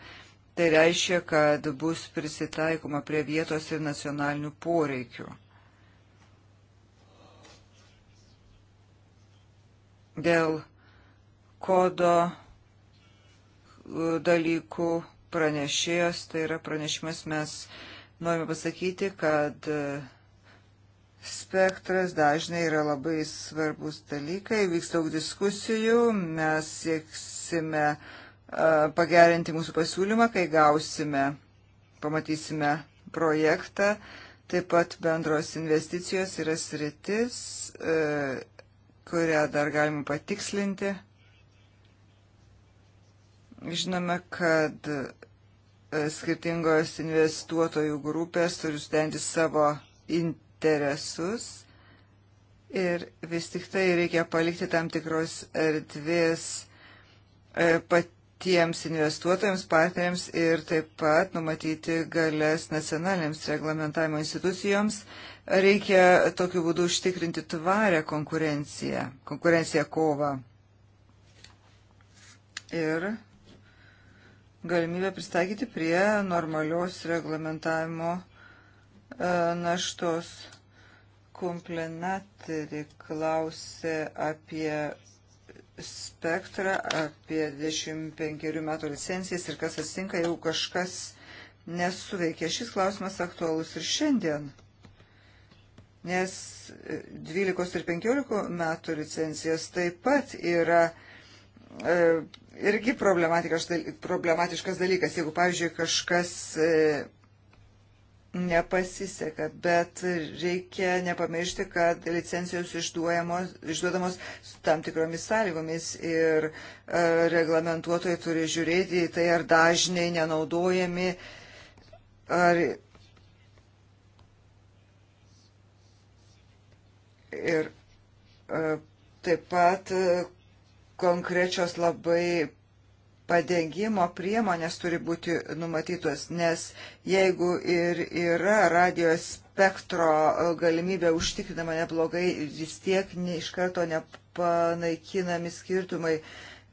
Tai reiškia, kad bus prisitaikoma prie vietos ir nacionalinių poreikių. Dėl kodo dalykų pranešėjos, tai yra pranešimas, mes norime pasakyti, kad spektras dažnai yra labai svarbus dalykai, vyks daug diskusijų, mes sieksime pagerinti mūsų pasiūlymą, kai gausime, pamatysime projektą. Taip pat bendros investicijos yra sritis, kurią dar galime patikslinti. Žinome, kad skirtingos investuotojų grupės turi stengti savo interesą interesus ir vis tik tai reikia palikti tam tikros erdvės e, patiems investuotojams, partneriams ir taip pat numatyti galės nacionalinėms reglamentavimo institucijoms. Reikia tokiu būdu užtikrinti tvarę konkurenciją, konkurenciją kovą. Ir galimybę pristaikyti prie normalios reglamentavimo E, naštos. Kumplinatri klausė apie spektrą, apie 25 metų licencijas ir kas atsinka, jeigu kažkas nesuveikia. Šis klausimas aktualus ir šiandien, nes 12 ir 15 metų licencijas taip pat yra e, irgi problematiškas dalykas. Jeigu, pavyzdžiui, kažkas e, nepasiseka, bet reikia nepamiršti, kad licencijos išduodamos su tam tikromis sąlygomis ir e, reglamentuotojai turi žiūrėti į tai, ar dažniai nenaudojami, ar ir e, taip pat e, konkrečios labai padengimo priemonės turi būti numatytos, nes jeigu ir yra radio spektro galimybė užtikrinama neblogai, vis tiek iš karto nepanaikinami skirtumai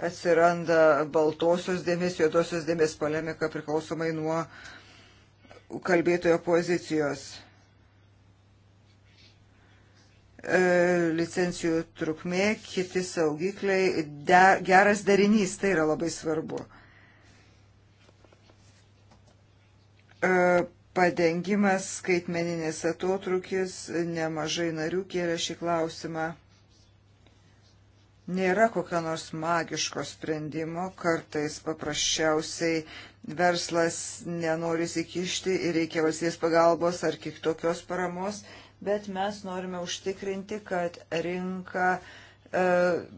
atsiranda baltosios dėmes, juodosios dėmes polemika priklausomai nuo kalbėtojo pozicijos. E, licencijų trukmė, kiti saugikliai, de, geras darinys, tai yra labai svarbu. E, padengimas, skaitmeninės atotrukis, nemažai narių kėlė šį klausimą. Nėra kokio nors magiško sprendimo, kartais paprasčiausiai verslas nenori įsikišti ir reikia valstybės pagalbos ar kitokios paramos. Uh, bet mes norime užtikrinti, kad rinka e,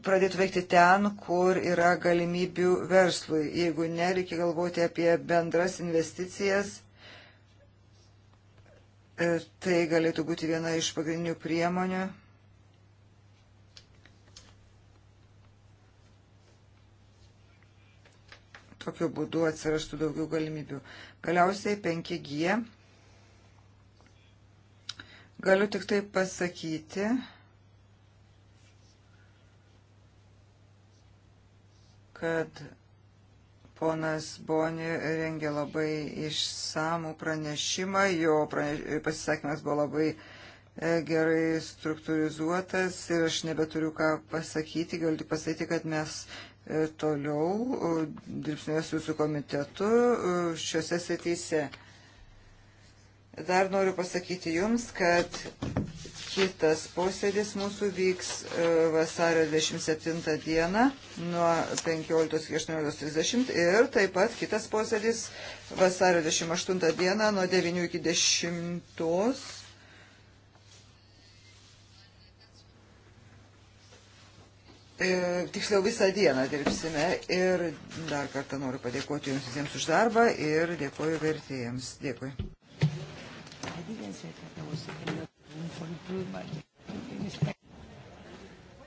pradėtų veikti ten, kur yra galimybių verslui. Jeigu ne, reikia galvoti apie bendras investicijas. E, tai galėtų būti viena iš pagrindinių priemonių. Tokiu būdu atsirastų daugiau galimybių. Galiausiai 5G Galiu tik tai pasakyti, kad ponas Boni rengė labai išsamų pranešimą, jo pasisakymas buvo labai e, gerai struktūrizuotas ir aš nebeturiu ką pasakyti, galiu tik pasakyti, kad mes e, toliau e, dirbsime su jūsų komitetu šiuose srityse. Dar noriu pasakyti Jums, kad kitas posėdis mūsų vyks e, vasario 27 dieną nuo 15 iki 18.30 ir taip pat kitas posėdis vasario 28 dieną nuo 9 iki 10. E, tiksliau visą dieną dirbsime ir dar kartą noriu padėkoti Jums visiems už darbą ir dėkoju vertėjams. Dėkui fíjense que acabo de ser un for improvement.